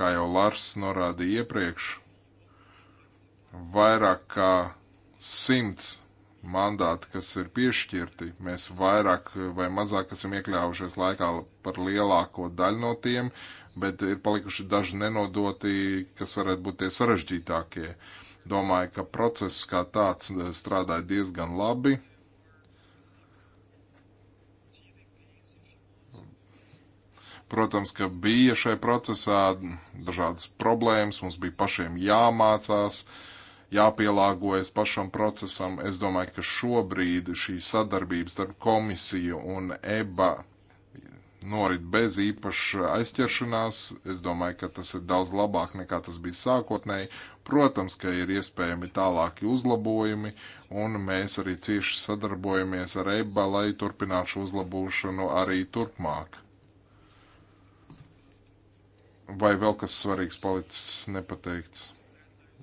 kā jau Lars norādīja iepriekš, vairāk kā simts mandāti, kas ir piešķirti, mēs vairāk vai mazāk esam iekļāvušies laikā par lielāko daļu no tiem, bet ir palikuši daži nenodoti, kas varētu būt tie sarežģītākie. Domāju, ka process kā tāds strādāja diezgan labi. Protams, ka bija šajā procesā dažādas problēmas, mums bija pašiem jāmācās, uh, jāpielāgojas pašam procesam. Es domāju, ka šobrīd šī sadarbības starp komisiju un EBA norit bez īpaša aizķeršanās. Es domāju, ka tas ir daudz labāk nekā tas bija sākotnēji. Protams, ka ir iespējami tālāki uzlabojumi, un mēs arī cieši sadarbojamies ar EBA, lai turpinātu šo uzlabošanu arī turpmāk. Vai vēl kas svarīgs palicis nepateikts?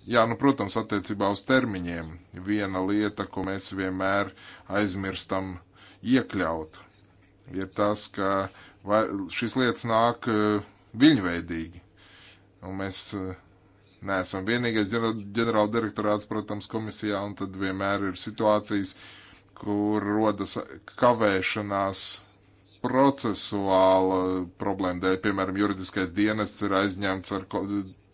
Jā, nu, protams, attiecībā uz termiņiem viena lieta, ko mēs vienmēr aizmirstam iekļaut, ir tas, ka vai, šis lietas nāk e, viļņveidīgi. Un mēs e, neesam vienīgais ģenerāla direktorāts, protams, komisijā, un tad vienmēr ir situācijas, kur rodas kavēšanās procesuāla problēma dēļ. Piemēram, juridiskais dienests ir aizņemts ar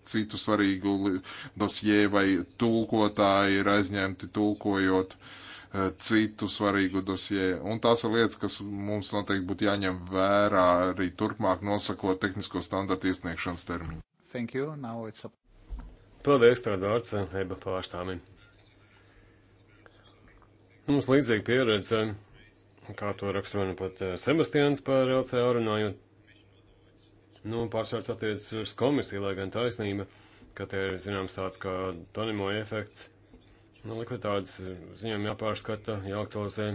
citu svarīgu dosie vai tulkotāji ir aizņemti tulkojot eh, citu svarīgu dosie. Un tās ir lietas, kas mums noteikti būtu jāņem vērā arī turpmāk nosakot tehnisko standartu iesniegšanas termiņu. Thank you. Now it's up. Paldies, tāda vārds EBA eh, pārstāvim. Nu, mums līdzīga pieredze, kā to raksturo nu pat eh, Sebastians par LCA runājot. Nu, pārsvars attiecas uz komisiju, lai gan taisnība, ka te ir, zināms, tāds kā Tonimo efekts. Nu, likviditātes eh, ziņām jāpārskata, jāaktualizē.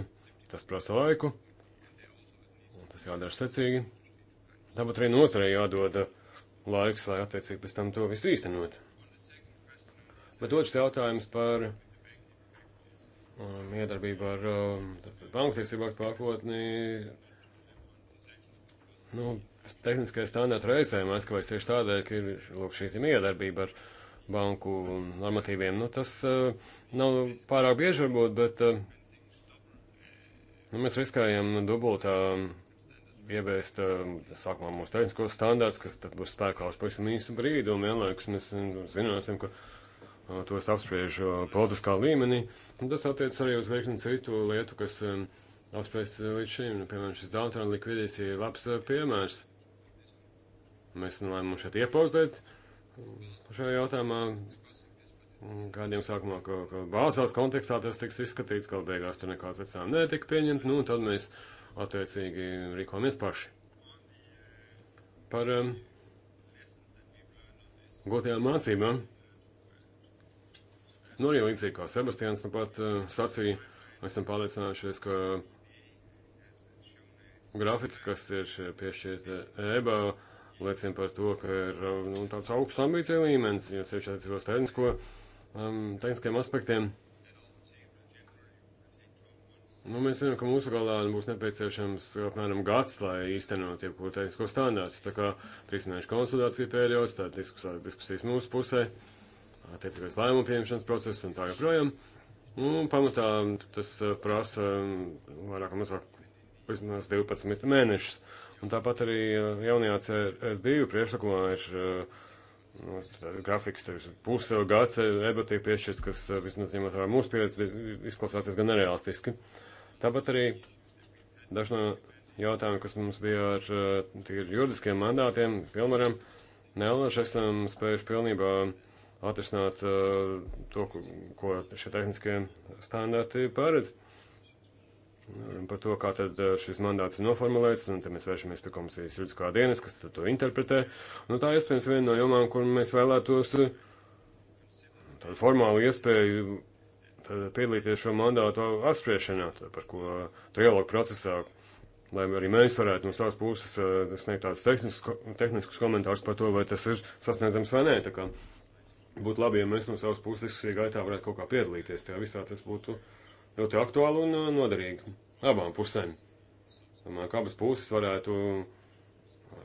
Tas prasa laiku. Un tas jādara secīgi. Tāpat arī nozarei jādod eh, laiks, lai attiecīgi pēc tam to visu īstenot. Bet otrs jautājums par um, iedarbību ar um, banktiesību aktu pārkotni. Nu, tehniskais standarta reizēm atskaits tieši tādēļ, ka ir lūk, šī miedarbība ar banku normatīviem. Nu, tas uh, nav pārāk bieži varbūt, bet uh, nu, mēs riskējam dubultā eh, ieviest uh, sākumā mūsu tehniskos standārts, kas tad būs spēkā uz pavisam īsu brīdi, un vienlaikus mēs zināsim, ka uh, tos apspriež uh, politiskā līmenī. Un tas attiec arī uz virkni citu lietu, kas um, apspriests līdz šim. Nu, piemēram, šis downtown likvidācija ir labs piemērs. Mēs nolēmām šeit iepauzēt šajā jautājumā. Kādiem sākumā, ka, ka bāzās kontekstā tas tiks izskatīts, ka beigās tur nekāds secinājums netika pieņemt, nu, tad mēs attiecīgi rīkojamies paši. Par um, gotajām mācībām. Nu, arī līdzīgi kā Sebastians nu pat uh, sacīja, esam pārliecinājušies, ka grafika, kas ir piešķirta EBA, uh, liecina par to, ka ir nu, tāds augsts ambīcija līmenis, jo sevišķi attiecībos tehnisko, um, tehniskiem aspektiem. Nu, mēs zinām, ka mūsu galā būs nepieciešams apmēram gads, lai īstenot jebkuru tehnisko standārtu. Tā kā trīs mēnešu konsultācija periods, tad diskusijas, diskusijas mūsu pusē, attiecīgais lēmumu pieņemšanas process un tā joprojām. Nu, pamatā tas uh, prasa um, vairāk vai mazāk vismaz 12 mēnešus. Uh, Un tāpat arī eh, jaunajā CR2 priekšlikumā ir eh, nu, grafiks, puse gads EBA eh, tiek piešķirts, kas vismaz ņemot vērā mūsu pieredzi, izklausās gan nereālistiski. Tāpat arī daži no jautājumiem, kas mums bija ar juridiskiem mandātiem, Pilmaram, Nelnaši esam spējuši pilnībā atrisināt uh, to, ko, ko šie tehniskie standarti paredz par to, kā tad eh, šis mandāts ir noformulēts, un te mēs vēršamies pie komisijas juridiskā dienas, kas tad to interpretē. Nu, tā iespējams viena no jomām, kur mēs vēlētos eh, tādu formālu iespēju tad, piedalīties šo mandātu apspriešanā, tad, par ko trialogu procesā, lai arī mēs varētu no savas puses eh, sniegt tādus tehniskus, tehniskus komentārus par to, vai tas ir sasniedzams vai nē. Tā kā būtu labi, ja mēs no savas puses diskusiju gaitā varētu kaut kā piedalīties, tajā visā tas būtu. Uh, ļoti aktuāli un uh, noderīgi abām pusēm. Domāju, ka abas puses varētu uh,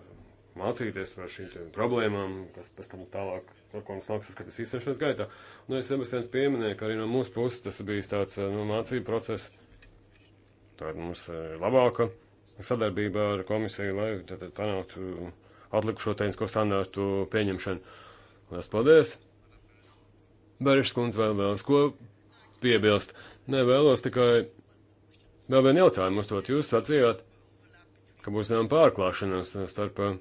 mācīties par šīm problēmām, kas pēc tam tālāk, ar ko mums nāks skatīt īstenošanas gaitā. Un nu, arī Sebastians pieminēja, ka arī no mūsu puses tas bijis tāds uh, nu, mācību process. Tāda mums ir labāka sadarbība ar komisiju, lai tad panāktu atlikušo tehnisko standārtu pieņemšanu. Lielas paldies! Barišs kundze vēl vēlas ko piebilst. Nē, vēlos tikai vēl vienu jautājumu uzdot. Jūs sacījāt, ka būs zinām pārklāšanās starp eh,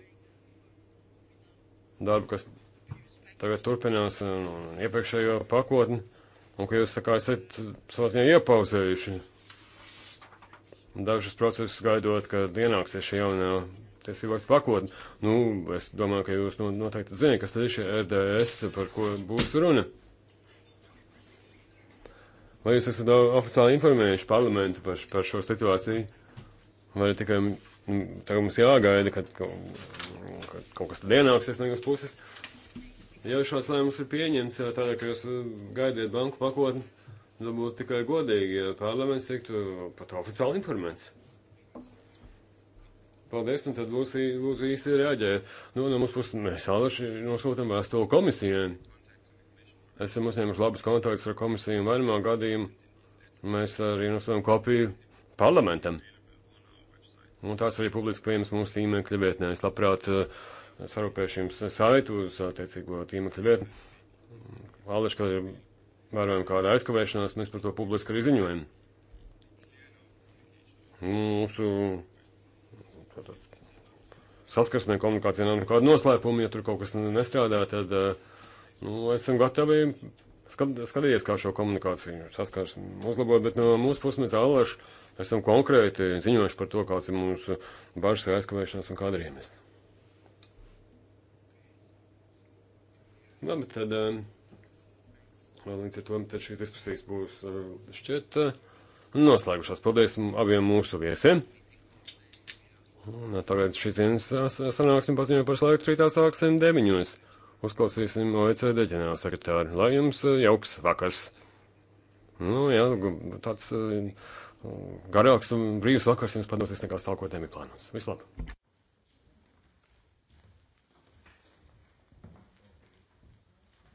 darbu, kas tagad turpinās un nu, iepriekšējo pakotni, un ka jūs, kā esat savā ziņā iepauzējuši dažus procesus gaidot, kad ienāksies šī jaunā tiesību aktu pakotne. Nu, es domāju, ka jūs noteikti zināt, kas tad ir šie RDS, par ko būs runa. Vai jūs esat oficiāli informējuši parlamentu par, par šo situāciju? Vai nu tikai tagad mums jāgaida, kad, kad kaut kas tad ienāksies no jūsu puses? Ja šāds lēmums ir pieņemts, tādēļ, ka jūs uh, gaidiet banku pakotni, tad būtu tikai godīgi, ja parlaments tiktu par to oficiāli informēts. Paldies, un tad lūdzu īsi reaģēt. Nu, no mums puses mēs alaši nosūtam vēstuli komisijai esam uzņēmuši labus kontaktus ar komisiju un vairumā gadījumu mēs arī nosūtām kopiju parlamentam. Un tās arī publiski pieejams mūsu tīmekļa vietnē. Es labprāt eh, sarūpēšu jums saitu uz attiecīgo tīmekļa vietni. Aldeši, kad ir vērojama kāda aizkavēšanās, mēs par to publiski arī ziņojam. Mūsu saskarsmē komunikācijā nav nekāda noslēpuma, ja tur kaut kas nestrādā, tad uh, Nu, esam gatavi skatīties, kā šo komunikāciju saskarsim, uzlabot, bet no mūsu puses mēs ālaši esam konkrēti ziņojuši par to, kāds ir mūsu bažas aizkavēšanās un kāda ir iemesla. Labi, tad eh, līdz ar to tad šīs diskusijas būs eh, šķiet eh, noslēgušās. Paldies abiem mūsu viesiem. Un, tagad šīs dienas sanāksim paziņoja par slēgtu rītā sāksim deviņos uzklausīsim OECD ģenerālsekretāru. Lai jums eh, jauks vakars. Nu, jā, tāds eh, garāks un brīvs vakars jums padosies nekā sākotnēji plānos. Vislabāk!